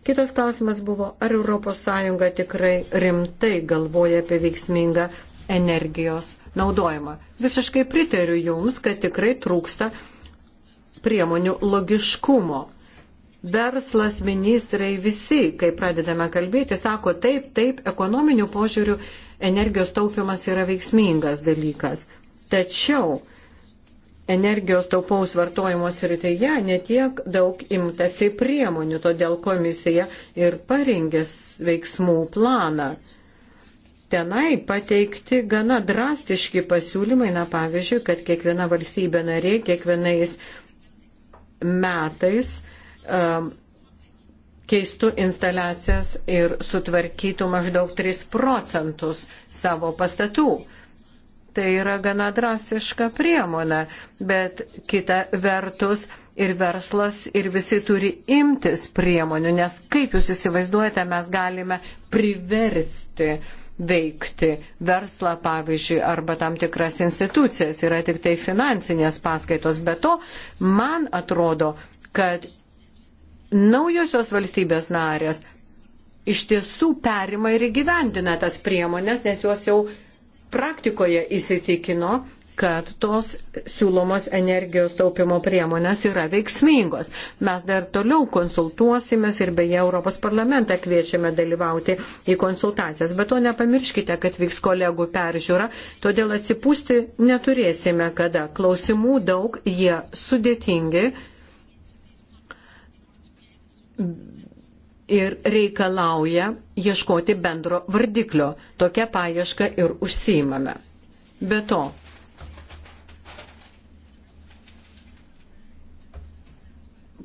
Kitas klausimas buvo, ar ES tikrai rimtai galvoja apie veiksmingą energijos naudojimą. Visiškai pritariu Jums, kad tikrai trūksta priemonių logiškumo. Verslas, ministrai, visi, kai pradedame kalbėti, sako taip, taip, ekonominių požiūrių energijos taupimas yra veiksmingas dalykas. Tačiau energijos taupaus vartojimo srityje netiek daug imtasi priemonių, todėl komisija ir parengės veiksmų planą. Tenai pateikti gana drastiški pasiūlymai, na pavyzdžiui, kad kiekviena valstybė narė kiekvienais metais um, keistų instaliacijas ir sutvarkytų maždaug 3 procentus savo pastatų. Tai yra gana drastiška priemonė, bet kita vertus ir verslas ir visi turi imtis priemonių, nes kaip jūs įsivaizduojate, mes galime priversti veikti verslą, pavyzdžiui, arba tam tikras institucijas, yra tik tai finansinės paskaitos. Be to, man atrodo, kad naujosios valstybės narės iš tiesų perima ir įgyvendina tas priemonės, nes jos jau praktikoje įsitikino, kad tos siūlomos energijos taupimo priemonės yra veiksmingos. Mes dar toliau konsultuosimės ir beje Europos parlamentą kviečiame dalyvauti į konsultacijas. Bet to nepamirškite, kad vyks kolegų peržiūra, todėl atsipūsti neturėsime kada. Klausimų daug, jie sudėtingi ir reikalauja ieškoti bendro vardiklio. Tokią paiešką ir užsiimame. Be to,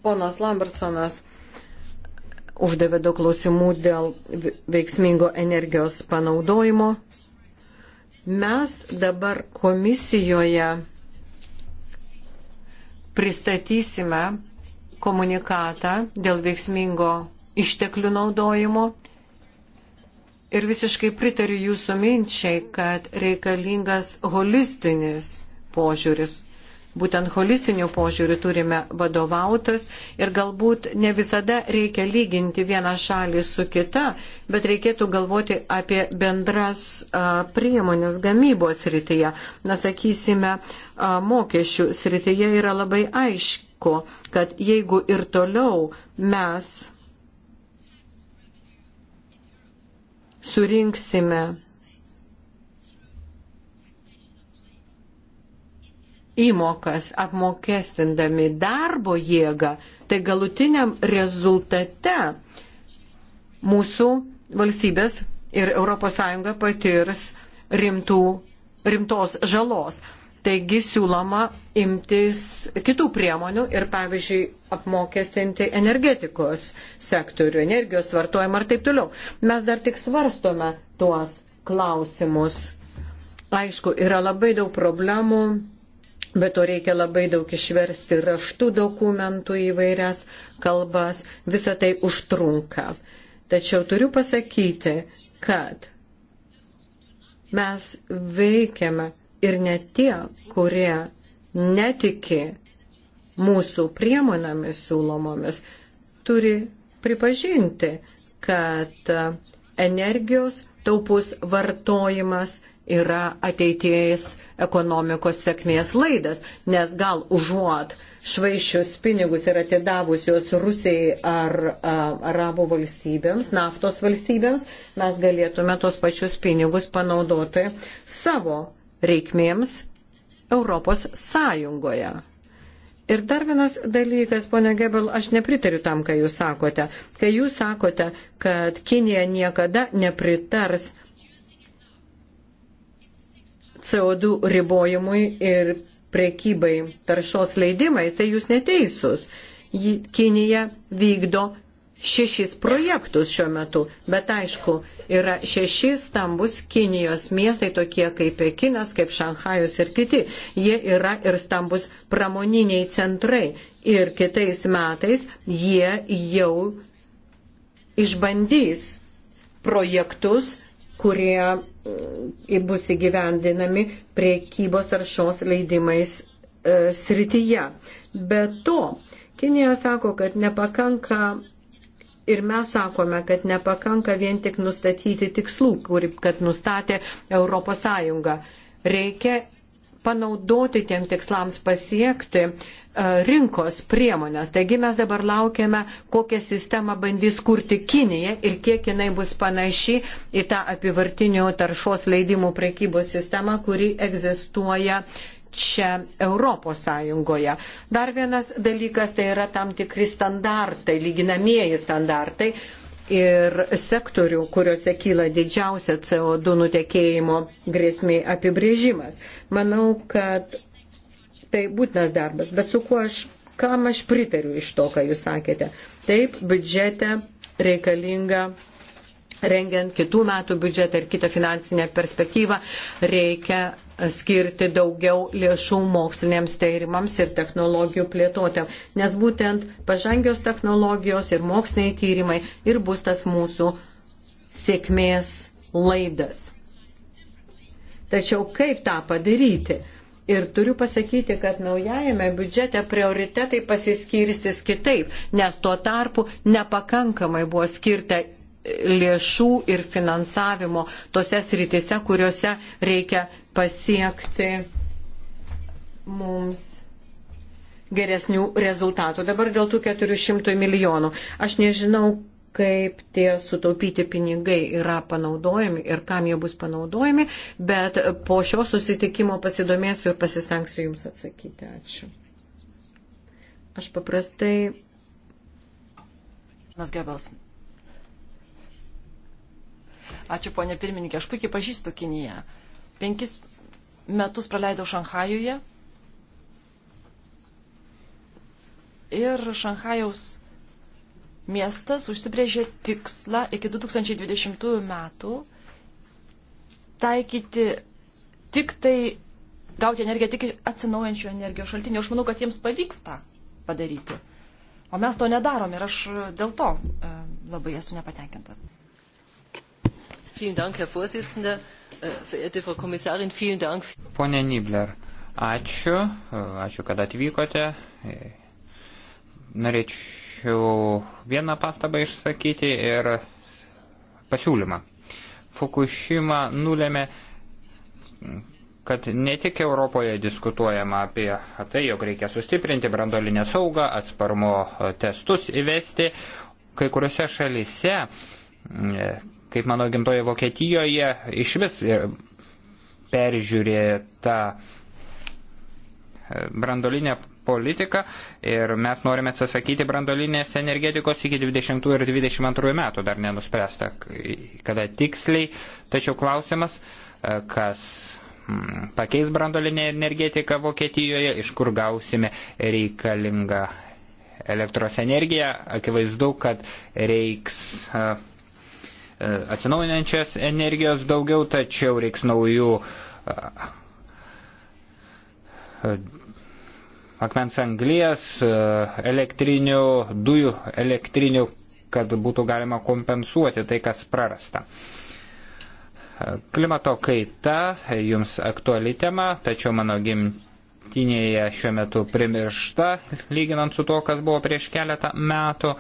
ponas Lambertsonas uždavė daug klausimų dėl veiksmingo energijos panaudojimo. Mes dabar komisijoje pristatysime komunikatą dėl veiksmingo išteklių naudojimo ir visiškai pritariu jūsų minčiai, kad reikalingas holistinis požiūris. Būtent holistiniu požiūriu turime vadovautas ir galbūt ne visada reikia lyginti vieną šalį su kita, bet reikėtų galvoti apie bendras a, priemonės gamybos rytyje. Na, sakysime, a, mokesčių srityje yra labai aiški aišku, kad jeigu ir toliau mes surinksime įmokas apmokestindami darbo jėgą, tai galutiniam rezultate mūsų valstybės ir ES patirs rimtų, rimtos žalos. Taigi siūloma imtis kitų priemonių ir, pavyzdžiui, apmokestinti energetikos sektorių, energijos vartojimą ir taip toliau. Mes dar tik svarstome tuos klausimus. Aišku, yra labai daug problemų, bet to reikia labai daug išversti raštų dokumentų įvairias kalbas, visa tai užtrunka. Tačiau turiu pasakyti, kad mes veikiame ir net tie, kurie netiki mūsų priemonėmis siūlomomis, turi pripažinti, kad energijos taupus vartojimas yra ateities ekonomikos sėkmės laidas, nes gal užuot švaišius pinigus ir atidavus juos Rusijai ar a, arabų valstybėms, naftos valstybėms, mes galėtume tos pačius pinigus panaudoti savo reikmėms Europos Sąjungoje. Ir dar vienas dalykas, ponia Gebel, aš nepritariu tam, ką jūs sakote. Kai jūs sakote, kad Kinija niekada nepritars CO2 ribojimui ir priekybai taršos leidimais, tai jūs neteisus. Kinija vykdo šešis projektus šiuo metu, bet aišku, Yra šeši stambus Kinijos miestai, tokie kaip Pekinas, kaip Šanhajus ir kiti. Jie yra ir stambus pramoniniai centrai. Ir kitais metais jie jau išbandys projektus, kurie e, bus įgyvendinami priekybos aršos leidimais e, srityje. Be to, Kinija sako, kad nepakanka Ir mes sakome, kad nepakanka vien tik nustatyti tikslų, kurį kad nustatė ES. Reikia panaudoti tiem tikslams pasiekti e, rinkos priemonės. Taigi mes dabar laukiame, kokią sistemą bandys kurti Kinija ir kiek jinai bus panaši į tą apivartinių taršos leidimų prekybos sistemą, kuri egzistuoja čia Europos Sąjungoje. Dar vienas dalykas tai yra tam tikri standartai, lyginamieji standartai ir sektorių, kuriuose kyla didžiausia CO2 nutekėjimo grėsmė apibrėžimas. Manau, kad tai būtinas darbas, bet su kuo aš, kam aš pritariu iš to, ką jūs sakėte. Taip, biudžete reikalinga rengiant kitų metų biudžetą ir kitą finansinę perspektyvą, reikia skirti daugiau lėšų moksliniams tyrimams ir technologijų plėtotėm, nes būtent pažangios technologijos ir moksliniai tyrimai ir bus tas mūsų sėkmės laidas. Tačiau kaip tą padaryti? Ir turiu pasakyti, kad naujajame biudžete prioritetai pasiskirstis kitaip, nes tuo tarpu nepakankamai buvo skirta lėšų ir finansavimo tose sritise, kuriuose reikia pasiekti mums geresnių rezultatų. Dabar dėl tų 400 milijonų. Aš nežinau, kaip tie sutaupyti pinigai yra panaudojami ir kam jie bus panaudojami, bet po šio susitikimo pasidomėsiu ir pasistengsiu Jums atsakyti. Ačiū. Aš paprastai. Nas Gebels. Ačiū, ponė pirmininkė. Aš puikiai pažįstu Kiniją. Penkis metus praleidau Šanhajuje. Ir Šanhajaus miestas užsibrėžė tikslą iki 2020 metų taikyti tik tai gauti energiją tik atsinaujančių energijos šaltinių. Aš manau, kad jiems pavyks tą padaryti. O mes to nedarom ir aš dėl to e, labai esu nepatenkintas. Äh, Pone Nibler, ačiū, äh, ačiū, kad atvykote. Norėčiau vieną pastabą išsakyti ir pasiūlymą. Fukushima nulėmė, kad ne tik Europoje diskutuojama apie tai, jog reikia sustiprinti brandolinę saugą, atsparumo testus įvesti, kai kuriuose šalise kaip mano gimtoje Vokietijoje, iš vis e, peržiūrėta e, brandolinė politika ir mes norime atsisakyti brandolinės energetikos iki 20 ir 22 metų, dar nenuspręsta, kada tiksliai, tačiau klausimas, e, kas mm, pakeis brandolinę energetiką Vokietijoje, iš kur gausime reikalingą elektros energiją. Akivaizdu, kad reiks E, atsinaujinančios energijos daugiau, tačiau reiks naujų e, e, akmens anglijas, elektrinių, dujų elektrinių, kad būtų galima kompensuoti tai, kas prarasta. Klimato kaita jums aktuali tema, tačiau mano gimtinėje šiuo metu primiršta, lyginant su to, kas buvo prieš keletą metų.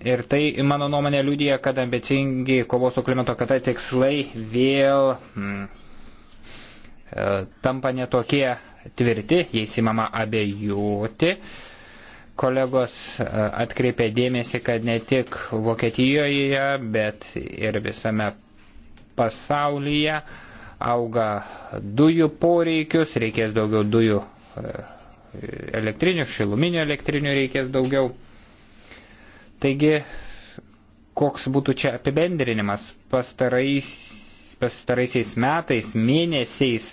Ir tai, mano nuomonė, liūdija, kad ambicingi kovos su klimato kata tikslai vėl mm, tampa netokie tvirti, jais įmama abejoti. Kolegos e, atkreipė dėmesį, kad ne tik Vokietijoje, bet ir visame pasaulyje auga dujų poreikius, reikės daugiau dujų e, elektrinių, šiluminių elektrinių reikės daugiau. Taigi, koks būtų čia apibendrinimas pastarais, pastaraisiais metais, mėnesiais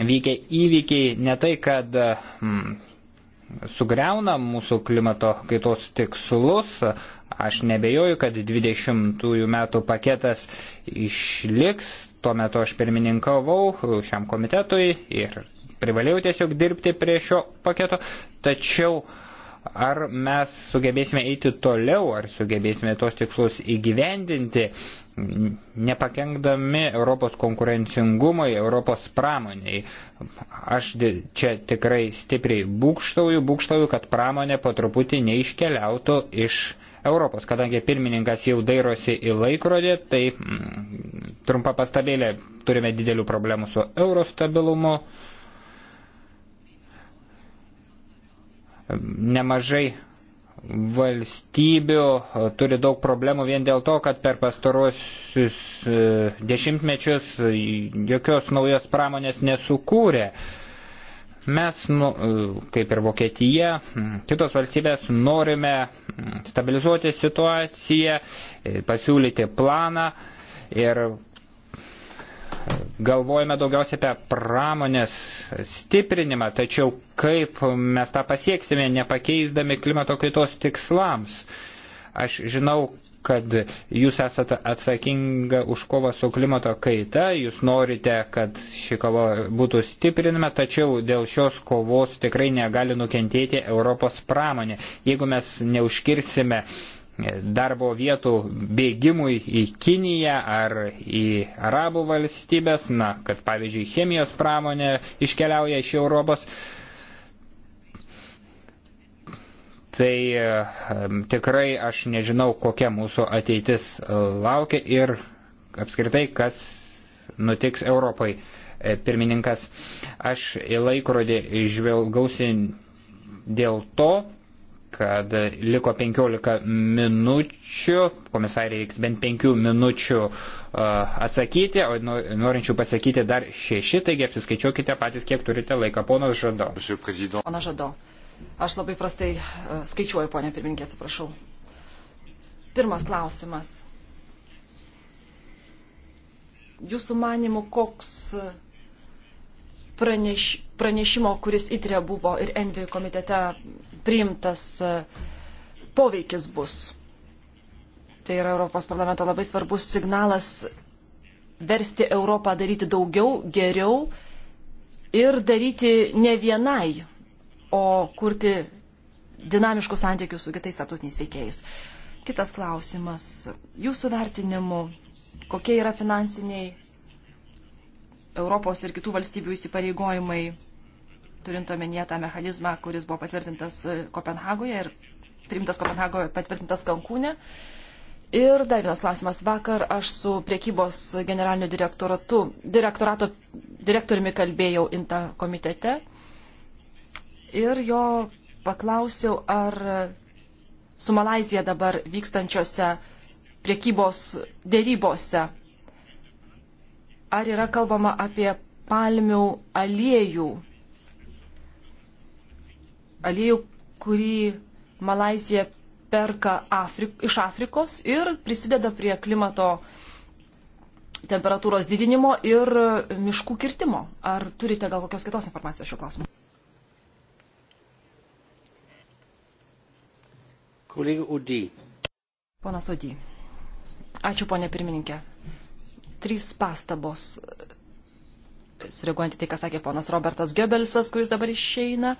vykę įvykiai ne tai, kad mm, sugriauna mūsų klimato kaitos tikslus. Aš nebejoju, kad 20 metų paketas išliks. Tuo metu aš pirmininkavau šiam komitetui ir privalėjau tiesiog dirbti prie šio paketo. Tačiau uh, ar mes sugebėsime eiti toliau, ar sugebėsime tos tikslus įgyvendinti, nepakengdami Europos konkurencingumui, Europos pramoniai. Aš čia tikrai stipriai būkštauju, būkštauju, kad pramonė po truputį neiškeliautų iš Europos. Kadangi pirmininkas jau dairosi į laikrodį, tai mm, trumpa pastabėlė, turime didelių problemų su eurostabilumu. stabilumu Nemažai valstybių e, turi daug problemų vien dėl to, kad per pastaruosius e, dešimtmečius e, jokios naujos pramonės nesukūrė. Mes, nu, kaip ir Vokietija, kitos valstybės norime stabilizuoti situaciją, pasiūlyti planą ir galvojame daugiausia apie pramonės stiprinimą, tačiau kaip mes tą pasieksime, nepakeisdami klimato kaitos tikslams. Aš žinau, kad jūs esate atsakinga už kovą su klimato kaita, jūs norite, kad ši kova būtų stiprinama, tačiau dėl šios kovos tikrai negali nukentėti Europos pramonė. Jeigu mes neužkirsime uh, darbo vietų bėgimui į Kiniją ar į arabų valstybės, na, kad pavyzdžiui chemijos pramonė iškeliauja iš Europos. Tai tikrai aš nežinau, kokia mūsų ateitis e, laukia ir apskritai, kas nutiks Europai. E, pirmininkas, aš į laikrodį žvelgausi dėl to, kad liko 15 minučių, komisarė reiks bent 5 minučių atsakyti, o norinčių pasakyti dar 6, taigi apsiskaičiuokite patys, kiek turite laiko. Ponas Žado. Pana Žado, aš labai prastai skaičiuoju, ponė pirmininkė, atsiprašau. Pirmas klausimas. Jūsų manimu, koks praneš, pranešimo, kuris įtrė buvo ir Envi komitete priimtas e, poveikis bus. Tai yra Europos parlamento labai svarbus signalas versti Europą daryti daugiau, geriau ir daryti ne vienai, o kurti dinamiškus santykius su kitais statutiniais veikėjais. Kitas klausimas. Jūsų vertinimu, kokie yra finansiniai Europos ir kitų valstybių įsipareigojimai, turint omenyje tą mechanizmą, kuris buvo patvirtintas e, Kopenhagoje ir priimtas Kopenhagoje, patvirtintas Kankūne. Ir dar vienas klausimas. Vakar aš su priekybos generaliniu direktoratu, direktorato direktoriumi kalbėjau INTA komitete ir jo paklausiau, ar su Malazija dabar vykstančiose priekybos dėrybose ar yra kalbama apie palmių aliejų, aliejų, kurį Malaizija perka Afrik, iš Afrikos ir prisideda prie klimato temperatūros didinimo ir miškų kirtimo. Ar turite gal kokios kitos informacijos šiuo klausimu? Kolega Udy. Ponas Udy. Ačiū, ponė pirmininkė. Trys pastabos, sureaguojant į tai, ką sakė ponas Robertas Goebbelsas, kuris dabar išeina,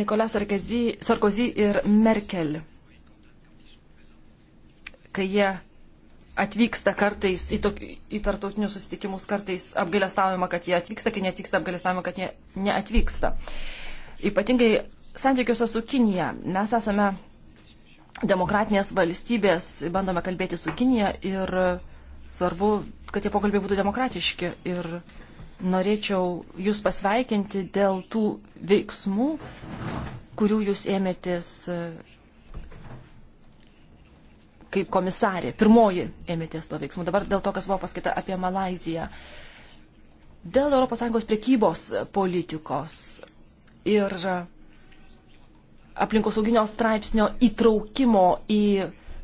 Nikolas Sarkozy ir Merkel. Kai jie atvyksta kartais į, tok, į tartautinius susitikimus, kartais apgailestaujama, kad jie atvyksta, kai neatvyksta, apgailestaujama, kad jie neatvyksta. Ypatingai santykiuose su Kinija mes esame demokratinės valstybės, bandome kalbėti su Kinija ir svarbu, kad tie pokalbiai būtų demokratiški. Ir norėčiau Jūs pasveikinti dėl tų veiksmų, kurių Jūs ėmėtės kaip komisarė. Pirmoji ėmėtės to veiksmų. Dabar dėl to, kas buvo paskaita apie Malaziją. Dėl ES priekybos politikos ir aplinkosauginio straipsnio įtraukimo į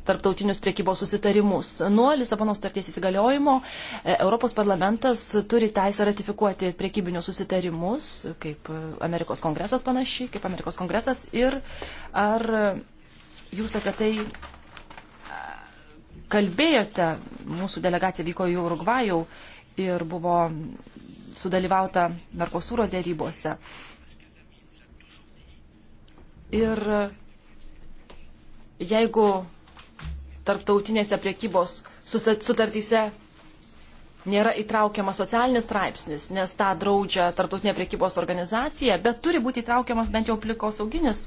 tarptautinius priekybos susitarimus. Nuo Lisabonos starties įsigaliojimo e, Europos parlamentas turi teisę ratifikuoti priekybinius susitarimus, kaip e, Amerikos kongresas panašiai, kaip Amerikos kongresas. Ir ar e, jūs apie tai kalbėjote, mūsų delegacija vyko į Urugvajų ir buvo sudalyvauta Merkosūro dėrybose. Ir jeigu tarptautinėse priekybos sutartyse nėra įtraukiamas socialinis straipsnis, nes tą draudžia tarptautinė priekybos organizacija, bet turi būti įtraukiamas bent jau plikosauginis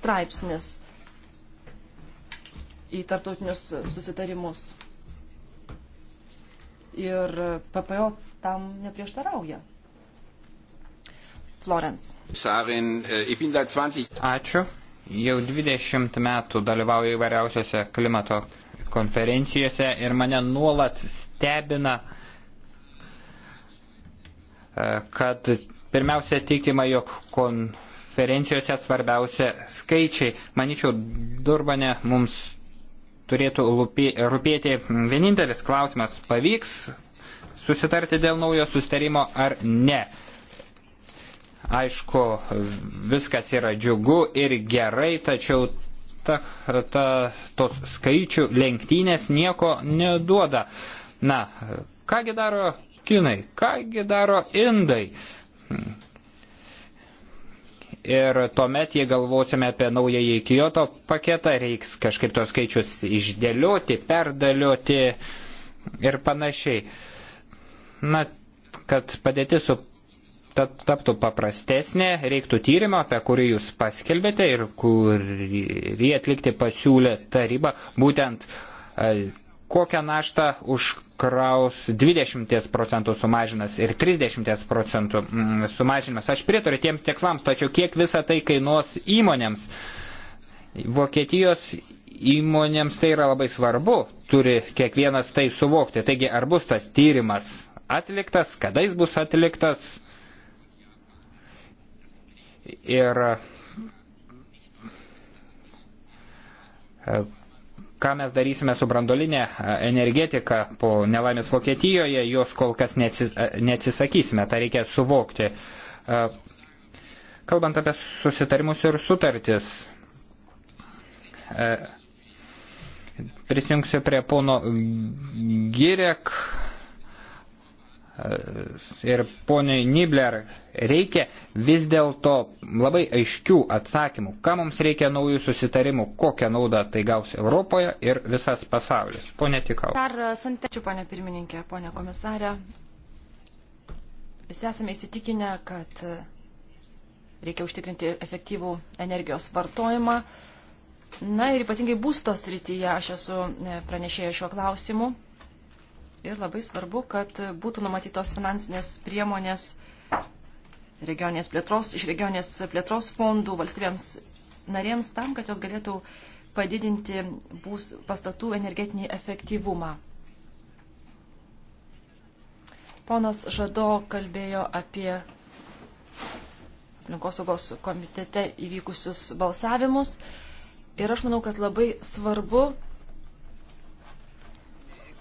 straipsnis į tarptautinius susitarimus. Ir PPO tam neprieštarauja. Florence. Eh, Ačiū. Jau 20 metų dalyvauju įvairiausiose klimato konferencijose ir mane nuolat stebina, eh, kad pirmiausia tikima, jog konferencijose svarbiausia skaičiai. Maničiau, Durbane mums turėtų rūpėti vienintelis klausimas, pavyks susitarti dėl naujo sustarimo ar ne. Aišku, viskas yra džiugu ir gerai, tačiau ta, ta, tos skaičių lenktynės nieko neduoda. Na, kągi daro kinai, kągi daro indai. Ir tuomet, jei galvosime apie naująjį Kyoto paketą, reiks kažkaip tos skaičius išdėlioti, perdalioti ir panašiai. Na, kad padėtis su taptų paprastesnė, reiktų tyrimą, apie kurį jūs paskelbėte ir kurį atlikti pasiūlė taryba, būtent e, kokią naštą užkraus 20 procentų sumažinas ir 30 procentų mm, sumažinimas. Aš pritariu tiems tikslams, tačiau kiek visa tai kainuos įmonėms? Vokietijos įmonėms tai yra labai svarbu, turi kiekvienas tai suvokti. Taigi, ar bus tas tyrimas atliktas, kada jis bus atliktas, Ir e, ką mes darysime su brandolinė e, energetika po nelaimės Vokietijoje, jos kol kas e, neatsisakysime, tą reikia suvokti. Kalbant apie susitarimus ir sutartis, prisijungsiu prie pono Girek ir poniai Nibler reikia vis dėlto labai aiškių atsakymų, ką mums reikia naujų susitarimų, kokią naudą tai gaus Europoje ir visas pasaulis. Pone Tikau. Dar e, santečiu, ponė pirmininkė, ponė komisarė. Visi esame įsitikinę, kad e, reikia užtikrinti efektyvų energijos vartojimą. Na ir ypatingai būstos rytyje aš esu e, pranešėjęs šiuo klausimu ir labai svarbu, kad būtų numatytos finansinės priemonės regionės plėtros, iš regionės plėtros fondų valstybėms narėms tam, kad jos galėtų padidinti būs, pastatų energetinį efektyvumą. Ponas Žado kalbėjo apie aplinkosaugos komitete įvykusius balsavimus ir aš manau, kad labai svarbu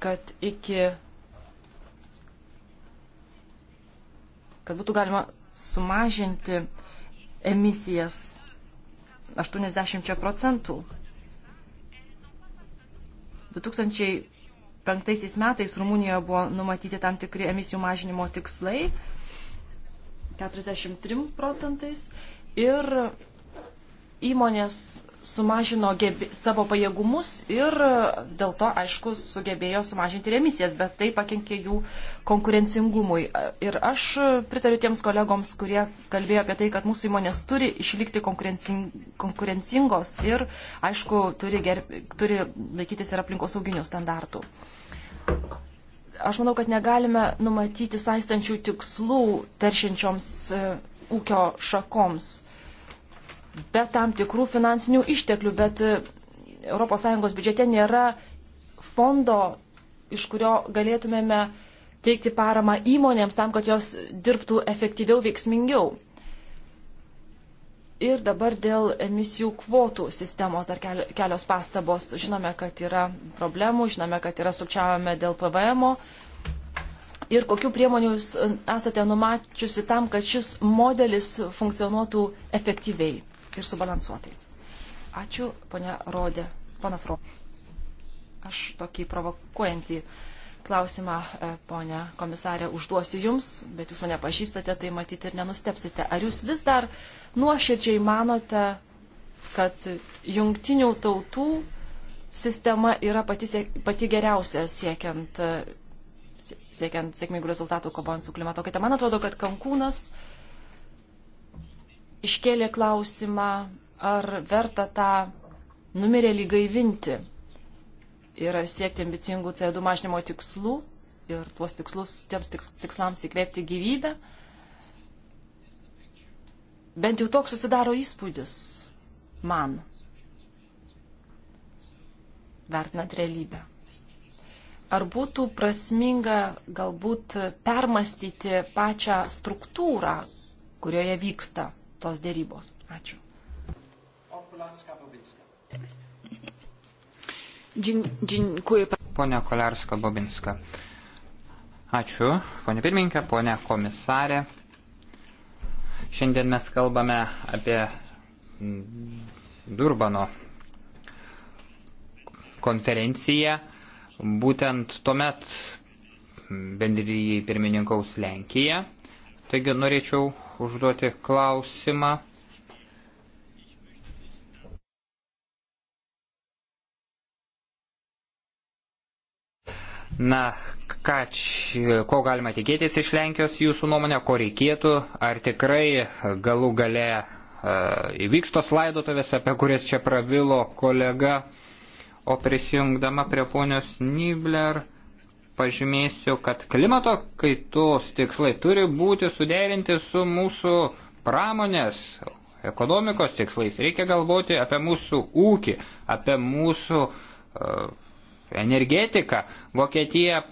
kad iki. kad būtų galima sumažinti emisijas 80 procentų. 2005 metais Rumunijoje buvo numatyti tam tikri emisijų mažinimo tikslai 43 procentais ir įmonės sumažino gebi, savo pajėgumus ir dėl to, aišku, sugebėjo sumažinti emisijas, bet tai pakenkė jų konkurencingumui. Ir aš pritariu tiems kolegoms, kurie kalbėjo apie tai, kad mūsų įmonės turi išlikti konkurencingos ir, aišku, turi, gerb, turi laikytis ir aplinkosauginių standartų. Aš manau, kad negalime numatyti saistančių tikslų teršiančioms e, ūkio šakoms be tam tikrų finansinių išteklių, bet ES biudžete nėra fondo, iš kurio galėtumėme teikti paramą įmonėms tam, kad jos dirbtų efektyviau, veiksmingiau. Ir dabar dėl emisijų kvotų sistemos dar kelios pastabos. Žinome, kad yra problemų, žinome, kad yra sukčiavame dėl PVM. -o. Ir kokiu priemonių jūs esate numačiusi tam, kad šis modelis funkcionuotų efektyviai? ir subalansuotai. Ačiū, ponia Rodė. Ponas Rodė. Aš tokį provokuojantį klausimą, e, ponia komisarė, užduosiu jums, bet jūs mane pažįstate, tai matyti ir nenustepsite. Ar jūs vis dar nuoširdžiai manote, kad jungtinių tautų sistema yra pati, pati geriausia siekiant, e, siekiant sėkmingų rezultatų kovojant su klimato kaita. Man atrodo, kad Kankūnas iškėlė klausimą, ar verta tą numirėlį gaivinti ir ar siekti ambicingų CO2 mažinimo tikslų ir tuos tikslus tiems tikslams įkvėpti gyvybę. Bent jau toks susidaro įspūdis man, vertinant realybę. Ar būtų prasminga galbūt permastyti pačią struktūrą, kurioje vyksta tos dėrybos. Ačiū. Pone Kolarska Bobinska. Ačiū, ponė pirmininkė, ponė komisarė. Šiandien mes kalbame apie Durbano konferenciją. Būtent tuomet bendryjai pirmininkaus Lenkija. Taigi norėčiau užduoti klausimą. Na, ką, ko galima tikėtis iš Lenkijos jūsų nuomonė, ko reikėtų, ar tikrai galų gale e, įvyks tos laidotuvės, apie kurias čia prabilo kolega, o prisijungdama prie ponios Nibler. E, pažymėsiu, kad klimato kaitos tikslai turi būti suderinti su mūsų pramonės, ekonomikos tikslais. Reikia galvoti apie mūsų ūkį, apie mūsų uh, energetiką. Vokietija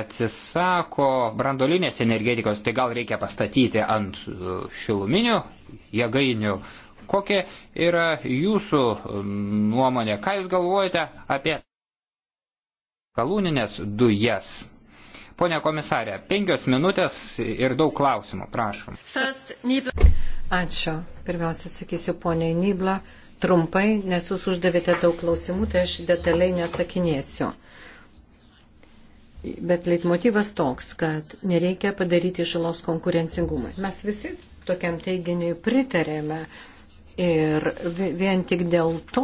atsisako brandolinės energetikos, tai gal reikia pastatyti ant uh, šiluminių jėgainių. Kokia yra jūsų um, nuomonė? Ką jūs galvojate apie kalūninės dujas. Pone komisarė, penkios minutės ir daug klausimų, prašom. Ačiū. Pirmiausia, sakysiu, poniai Nybla, trumpai, nes jūs uždavėte daug klausimų, tai aš detaliai neatsakinėsiu. Bet leitmotivas toks, kad nereikia padaryti žalos konkurencingumui. Mes visi tokiam teiginiui pritarėme, Ir vien tik dėl to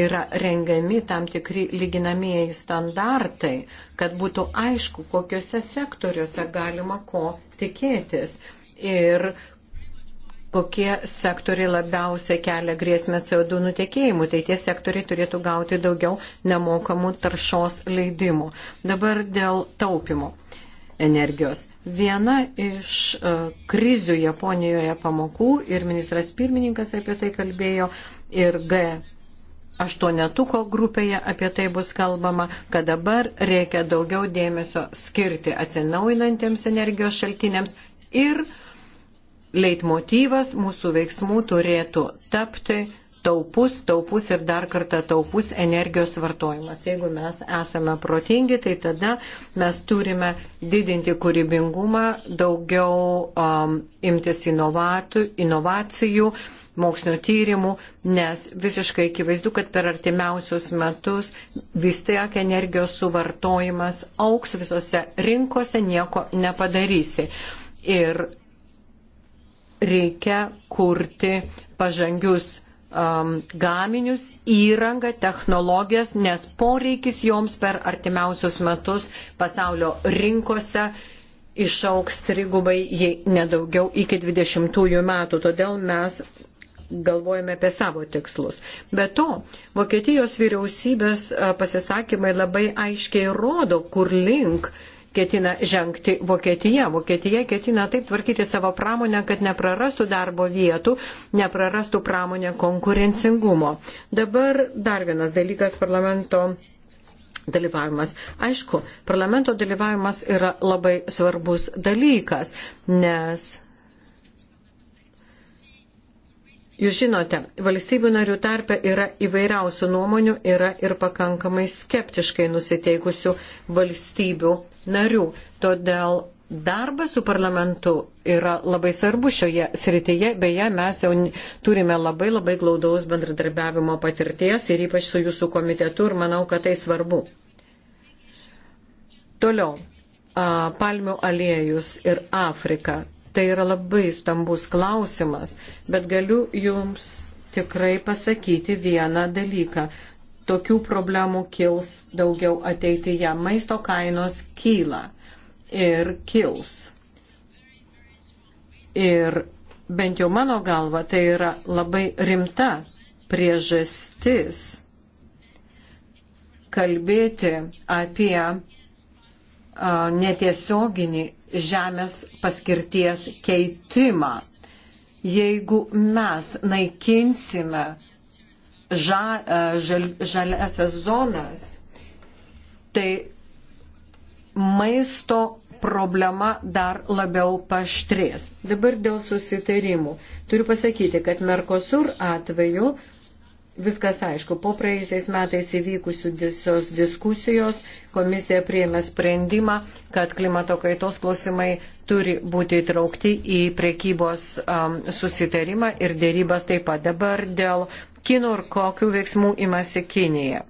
yra rengiami tam tikri lyginamieji standartai, kad būtų aišku, kokiuose sektoriuose galima ko tikėtis ir kokie sektoriai labiausiai kelia grėsmę CO2 nutekėjimu. Tai tie sektoriai turėtų gauti daugiau nemokamų taršos leidimų. Dabar dėl taupimo energijos. Viena iš e, krizių Japonijoje pamokų ir ministras pirmininkas apie tai kalbėjo ir G aštuonetuko grupėje apie tai bus kalbama, kad dabar reikia daugiau dėmesio skirti atsinaujinantiems energijos šaltiniams ir leitmotyvas mūsų veiksmų turėtų tapti taupus, taupus ir dar kartą taupus energijos vartojimas. Jeigu mes esame protingi, tai tada mes turime didinti kūrybingumą, daugiau um, imtis inovatų, inovacijų mokslinio tyrimų, nes visiškai akivaizdu, kad per artimiausius metus vis tiek energijos suvartojimas auks visose rinkose, nieko nepadarysi. Ir reikia kurti pažangius um, gaminius, įrangą, technologijas, nes poreikis joms per artimiausius metus pasaulio rinkose išauks trigubai, jei nedaugiau iki 20 metų. Todėl mes galvojame apie savo tikslus. Be to, Vokietijos vyriausybės uh, pasisakymai labai aiškiai rodo, kur link uh, ketina žengti Vokietija. Vokietija ketina taip tvarkyti savo pramonę, kad neprarastų darbo vietų, neprarastų pramonę konkurencingumo. Dabar dar vienas dalykas parlamento dalyvavimas. Aišku, parlamento dalyvavimas yra labai svarbus dalykas, nes Jūs žinote, valstybių narių tarpe yra įvairiausių nuomonių, yra ir pakankamai skeptiškai nusiteikusių valstybių narių. Todėl darbas su parlamentu yra labai svarbu šioje srityje, beje, mes jau turime labai labai glaudaus bendradarbiavimo patirties ir ypač su jūsų komitetu ir manau, kad tai svarbu. Toliau palmių aliejus ir Afrika. Tai yra labai stambus klausimas, bet galiu jums tikrai pasakyti vieną dalyką. Tokių problemų kils daugiau ateityje. Maisto kainos kyla ir kils. Ir bent jau mano galva tai yra labai rimta priežastis kalbėti apie netiesioginį žemės paskirties keitimą. Jeigu mes naikinsime ža, e, žal, žaliasias zonas, tai maisto problema dar labiau paštrės. Dabar dėl susitarimų. Turiu pasakyti, kad Merkosur atveju Viskas aišku, po praėjusiais metais įvykusių visos diskusijos komisija prieėmė sprendimą, kad klimato kaitos klausimai turi būti įtraukti į prekybos um, susitarimą ir dėrybas taip pat dabar dėl kinų ir kokių veiksmų imasi Kinija.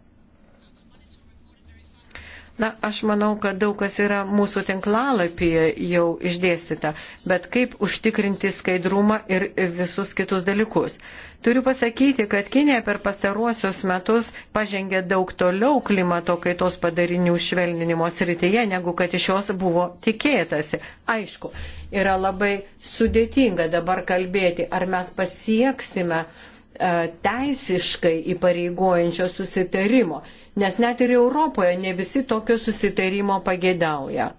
Na, aš manau, kad daug kas yra mūsų tinklalapyje jau išdėstyta, bet kaip užtikrinti skaidrumą ir visus kitus dalykus. Turiu pasakyti, kad Kinė per pastaruosius metus pažengė daug toliau klimato kaitos padarinių švelninimo srityje, negu kad iš jos buvo tikėtasi. Aišku, yra labai sudėtinga dabar kalbėti, ar mes pasieksime uh, E, teisiškai įpareigojančio susitarimo, nes net ir Europoje ne visi tokio susitarimo pagėdauja.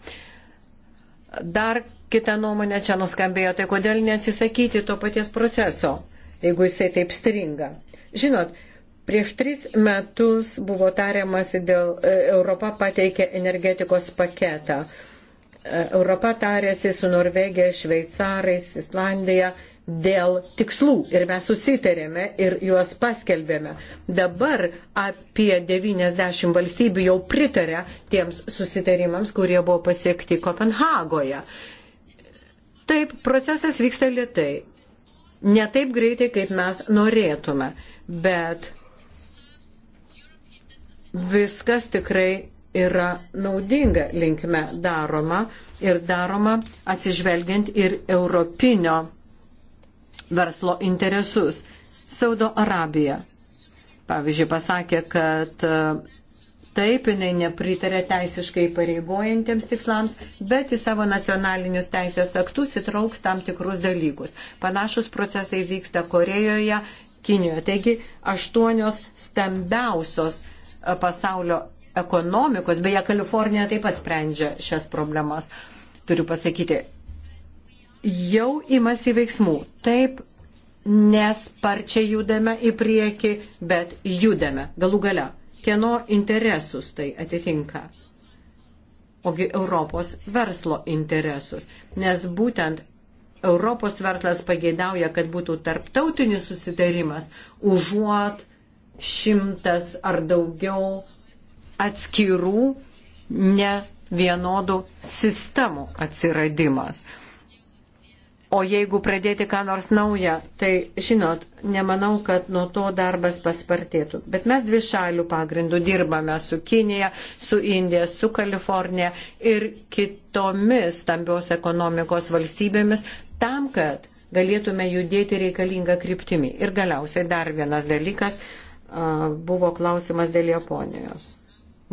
Dar kita nuomonė čia nuskambėjo, tai kodėl neatsisakyti to paties proceso, jeigu jisai taip stringa. Žinot, prieš tris metus buvo tariamasi dėl e, Europą pateikė energetikos paketą. E, Europa tarėsi su Norvegija, Šveicarais, Islandija dėl tikslų ir mes susitarėme ir juos paskelbėme. Dabar apie 90 valstybių jau pritarė tiems susitarimams, kurie buvo pasiekti Kopenhagoje. Taip, procesas vyksta lietai. Ne taip greitai, kaip mes norėtume, bet viskas tikrai yra naudinga linkme daroma ir daroma atsižvelgiant ir europinio verslo interesus. Saudo Arabija, pavyzdžiui, pasakė, kad e, taip jinai nepritarė teisiškai pareigojantiems tikslams, bet į savo nacionalinius teisės aktus įtrauks tam tikrus dalykus. Panašus procesai vyksta Korejoje, Kinijoje. Taigi aštuonios stambiausios e, pasaulio ekonomikos, beje, Kalifornija taip pat sprendžia šias problemas. Turiu pasakyti, jau imasi veiksmų. Taip, nesparčiai judame į priekį, bet judame galų gale. Kieno interesus tai atitinka? Ogi Europos verslo interesus. Nes būtent Europos verslas pageidauja, kad būtų tarptautinis susitarimas, užuot šimtas ar daugiau atskirų ne vienodų sistemų atsiradimas. O jeigu pradėti ką nors naują, tai žinot, nemanau, kad nuo to darbas paspartėtų. Bet mes dvi šalių pagrindų dirbame su Kinija, su Indija, su Kalifornija ir kitomis stambios ekonomikos valstybėmis tam, kad galėtume judėti reikalingą kryptimį. Ir galiausiai dar vienas dalykas buvo klausimas dėl Japonijos.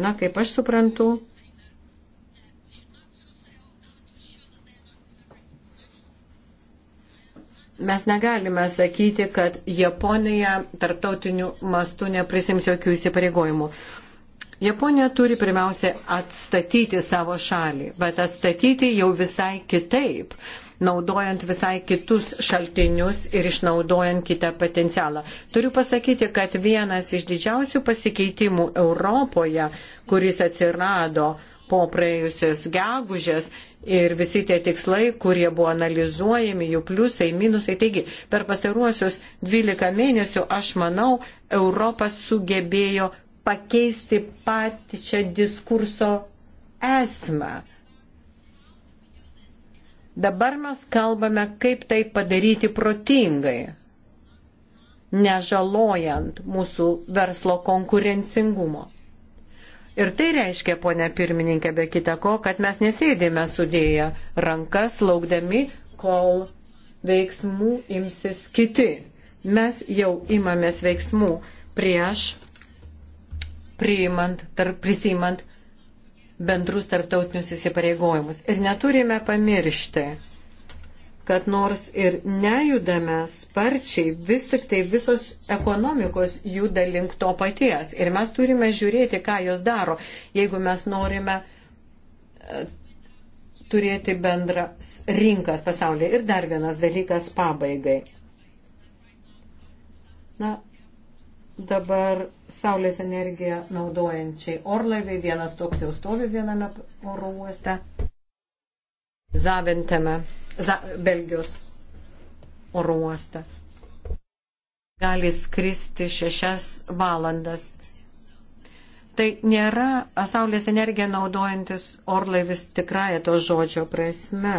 Na, kaip aš suprantu, mes negalime sakyti, kad Japonija tarptautiniu mastu neprisims jokių įsipareigojimų. Japonija turi pirmiausia atstatyti savo šalį, bet atstatyti jau visai kitaip, naudojant visai kitus šaltinius ir išnaudojant kitą potencialą. Turiu pasakyti, kad vienas iš didžiausių pasikeitimų Europoje, kuris atsirado po praėjusios gegužės, ir visi tie tikslai, kurie buvo analizuojami, jų pliusai, minusai. Taigi, per pastaruosius 12 mėnesių, aš manau, Europa sugebėjo pakeisti pačią diskurso esmę. Dabar mes kalbame, kaip tai padaryti protingai, nežalojant mūsų verslo konkurencingumo. Ir tai reiškia, ponė pirmininkė, be kita ko, kad mes nesėdėme sudėję rankas, laukdami, kol veiksmų imsis kiti. Mes jau imamės veiksmų prieš priimant, tarp, prisimant bendrus tarptautinius įsipareigojimus. Ir neturime pamiršti, kad nors ir nejudame sparčiai, vis tik tai visos ekonomikos juda link to paties. Ir mes turime žiūrėti, ką jos daro, jeigu mes norime e, turėti bendras rinkas pasaulyje. Ir dar vienas dalykas pabaigai. Na, dabar saulės energiją naudojančiai orlaiviai, vienas toks jau stovi viename oro uoste, Zavintame. Belgijos oro uostą. Gali skristi šešias valandas. Tai nėra saulės energija naudojantis orlaivis tikrąją to žodžio prasme.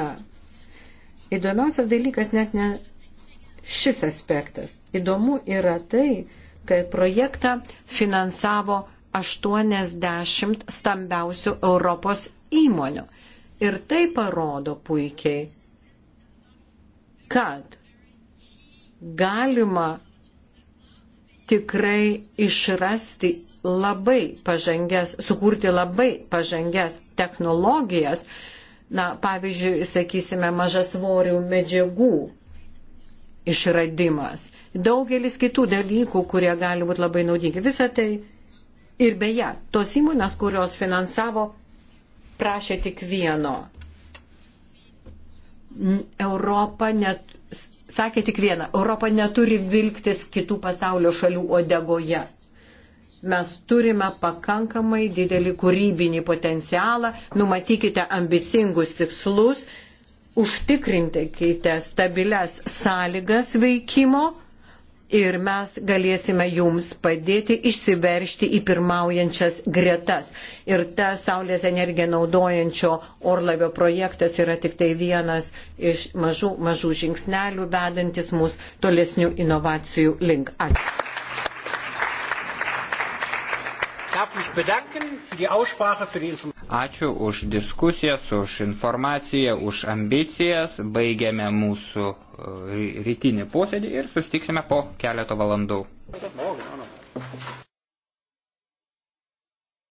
Įdomiausias dalykas net ne šis aspektas. Įdomu yra tai, kad projektą finansavo 80 stambiausių Europos įmonių. Ir tai parodo puikiai, kad galima tikrai išrasti labai pažangės, sukurti labai pažangės technologijas, na, pavyzdžiui, sakysime, mažasvorių medžiagų išradimas, daugelis kitų dalykų, kurie gali būti labai naudingi. Visą tai ir beje, tos įmonės, kurios finansavo, prašė tik vieno Europa net, sakė tik vieną, Europa neturi vilktis kitų pasaulio šalių odegoje. Mes turime pakankamai didelį kūrybinį potencialą, numatykite ambicingus tikslus, užtikrintikite stabilias sąlygas veikimo ir mes galėsime jums padėti išsiveršti į pirmaujančias gretas. Ir ta saulės energiją naudojančio orlavio projektas yra tik tai vienas iš mažų, mažų žingsnelių vedantis mus tolesnių inovacijų link. Ačiū. Ačiū už diskusijas, už informaciją, už ambicijas. Baigiame mūsų e, rytinį posėdį ir sustiksime po keleto valandų.